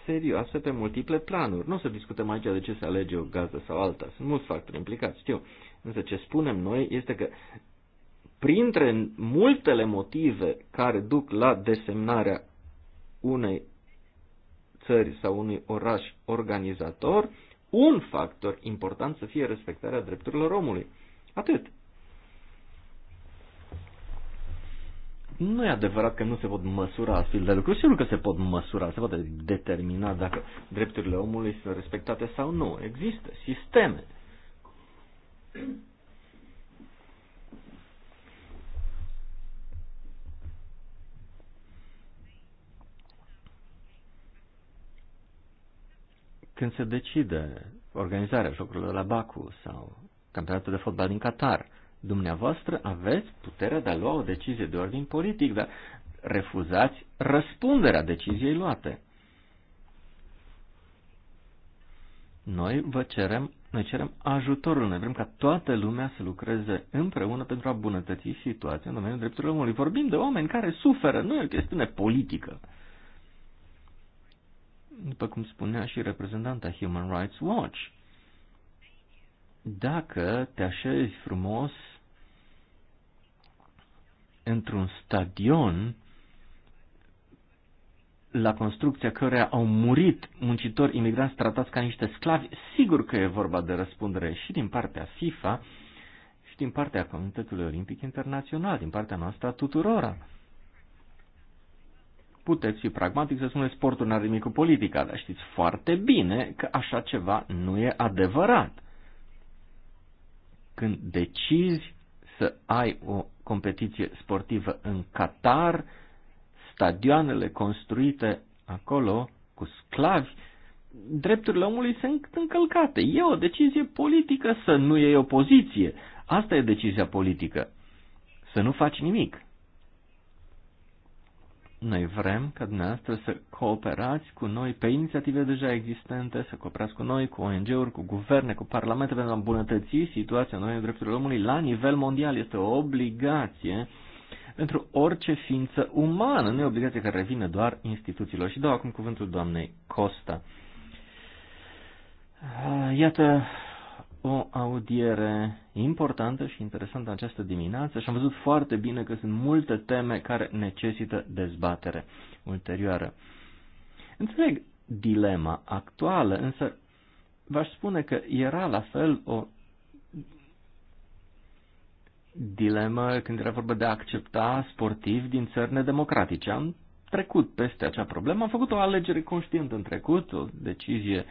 serioase pe multiple planuri. Nu o să discutăm aici de ce se alege o gază sau alta. Sunt mulți factori implicați, știu. Însă ce spunem noi este că printre multele motive care duc la desemnarea unei țări sau unui oraș organizator, un factor important să fie respectarea drepturilor omului. Atât. Nu e adevărat că nu se pot măsura astfel de lucruri. Sigur că se pot măsura, se poate determina dacă drepturile omului sunt respectate sau nu. Există sisteme când se decide organizarea jocurilor de la Baku sau campionatul de fotbal din Qatar, dumneavoastră aveți puterea de a lua o decizie de ordin politic, dar refuzați răspunderea deciziei luate. Noi vă cerem noi cerem ajutorul, noi vrem ca toată lumea să lucreze împreună pentru a bunătăți situația în domeniul drepturilor omului. Vorbim de oameni care suferă, nu e o chestiune politică. După cum spunea și reprezentanta Human Rights Watch, dacă te așezi frumos într-un stadion la construcția căreia au murit muncitori imigranți tratați ca niște sclavi, sigur că e vorba de răspundere și din partea FIFA și din partea Comitetului Olimpic Internațional, din partea noastră a tuturora. Puteți fi pragmatic să spuneți sportul n-are nimic cu politica, dar știți foarte bine că așa ceva nu e adevărat. Când decizi să ai o competiție sportivă în Qatar, stadioanele construite acolo cu sclavi, drepturile omului sunt încălcate. E o decizie politică să nu iei opoziție. Asta e decizia politică. Să nu faci nimic. Noi vrem ca dumneavoastră să cooperați cu noi pe inițiative deja existente, să cooperați cu noi, cu ONG-uri, cu guverne, cu parlamente pentru a îmbunătăți situația noi în drepturile omului la nivel mondial. Este o obligație uh, pentru orice ființă umană. Nu e obligație care revine doar instituțiilor. Și dau acum cuvântul doamnei Costa. Iată o audiere importantă și interesantă această dimineață și am văzut foarte bine că sunt multe teme care necesită dezbatere ulterioară. Înțeleg dilema actuală, însă v-aș spune că era la fel o dilemă când era vorba de a accepta sportivi din țări nedemocratice. Am trecut peste acea problemă, am făcut o alegere conștientă în trecut, o decizie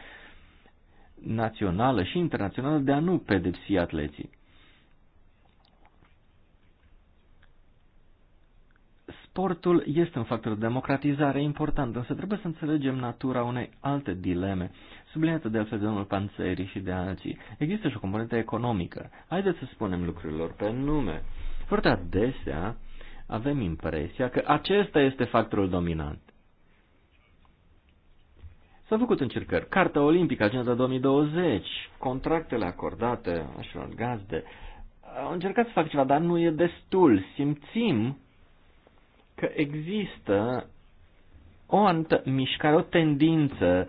națională și internațională de a nu pedepsi atleții. Sportul este un factor de democratizare important, însă trebuie să înțelegem natura unei alte dileme subliniată de altfel de domnul Panțeri și de alții. Există și o componentă economică. Haideți să spunem lucrurilor pe nume. Foarte adesea avem impresia că acesta este factorul dominant. S-au făcut încercări. Carta Olimpică, Agenda 2020, contractele acordate așa, gazde, au încercat să fac ceva, dar nu e destul. Simțim că există o mișcare, o tendință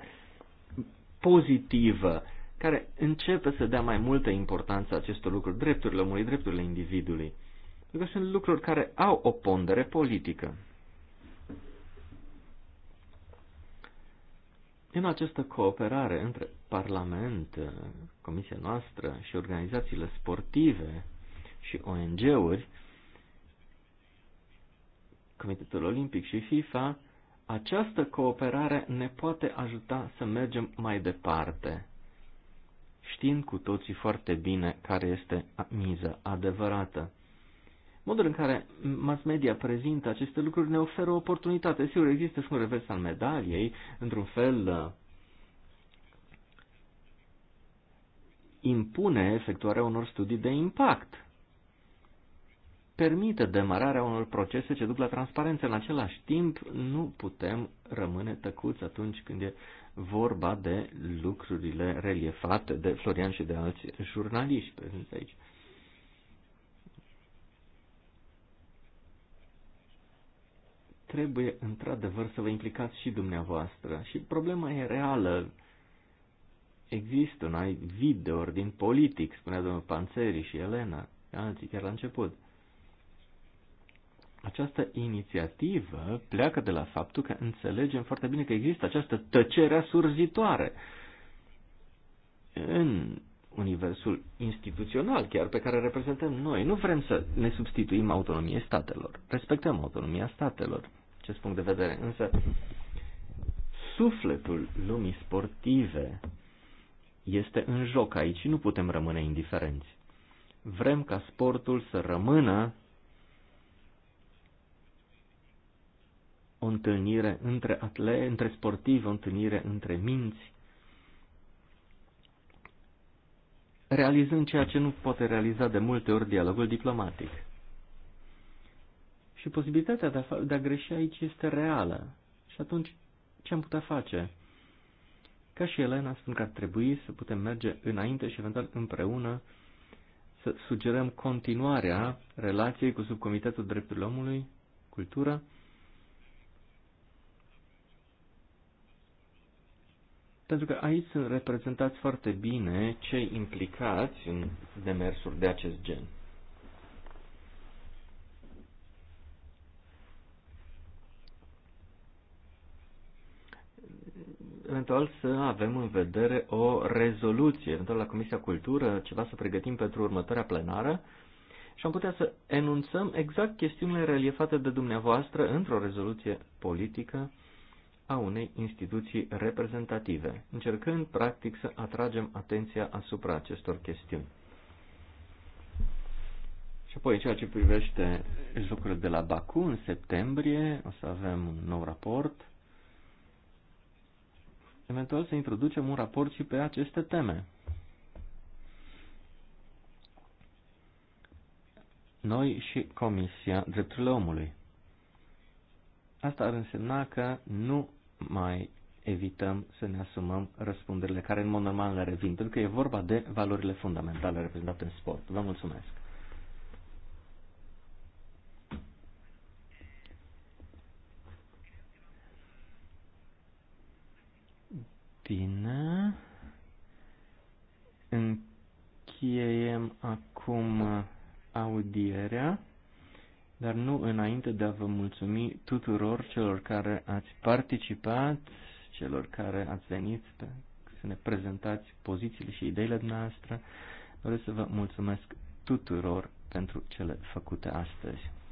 pozitivă care începe să dea mai multă importanță acestor lucruri, drepturile omului, drepturile individului. Pentru că sunt lucruri care au o pondere politică. În această cooperare între Parlament, Comisia noastră și organizațiile sportive și ONG-uri, Comitetul Olimpic și FIFA, această cooperare ne poate ajuta să mergem mai departe, știind cu toții foarte bine care este miza adevărată. Modul în care mass media prezintă aceste lucruri ne oferă o oportunitate. Sigur, există și un revers al medaliei, într-un fel uh, impune efectuarea unor studii de impact permite demararea unor procese ce duc la transparență. În același timp, nu putem rămâne tăcuți atunci când e vorba de lucrurile reliefate de Florian și de alți jurnaliști prezenți aici. Trebuie într-adevăr să vă implicați și dumneavoastră. Și problema e reală. Există un ai vid de ordin politic, spunea domnul Panțeri și Elena, alții chiar la început. Această inițiativă pleacă de la faptul că înțelegem foarte bine că există această tăcere surzitoare în universul instituțional, chiar pe care reprezentăm noi. Nu vrem să ne substituim autonomie statelor. Respectăm autonomia statelor, acest punct de vedere. Însă, sufletul lumii sportive este în joc aici. și Nu putem rămâne indiferenți. Vrem ca sportul să rămână o întâlnire între atlete, între sportivi, o întâlnire între minți, realizând ceea ce nu poate realiza de multe ori dialogul diplomatic. Și posibilitatea de a, de a greși aici este reală. Și atunci, ce am putea face? Ca și Elena, spun că ar trebui să putem merge înainte și eventual împreună să sugerăm continuarea relației cu subcomitetul drepturilor omului, cultură, pentru că aici sunt reprezentați foarte bine cei implicați în demersuri de acest gen. Eventual să avem în vedere o rezoluție, eventual la Comisia Cultură, ceva să pregătim pentru următoarea plenară și am putea să enunțăm exact chestiunile reliefate de dumneavoastră într-o rezoluție politică a unei instituții reprezentative, încercând practic să atragem atenția asupra acestor chestiuni. Și apoi, ceea ce privește jocurile de la Baku, în septembrie o să avem un nou raport. Eventual să introducem un raport și pe aceste teme. Noi și Comisia Drepturile Omului. Asta ar însemna că nu mai evităm să ne asumăm răspunderile care în mod normal le revin, pentru că e vorba de valorile fundamentale reprezentate în sport. Vă mulțumesc! Bine. Încheiem acum audierea dar nu înainte de a vă mulțumi tuturor celor care ați participat, celor care ați venit pe, să ne prezentați pozițiile și ideile noastre. Doresc să vă mulțumesc tuturor pentru cele făcute astăzi.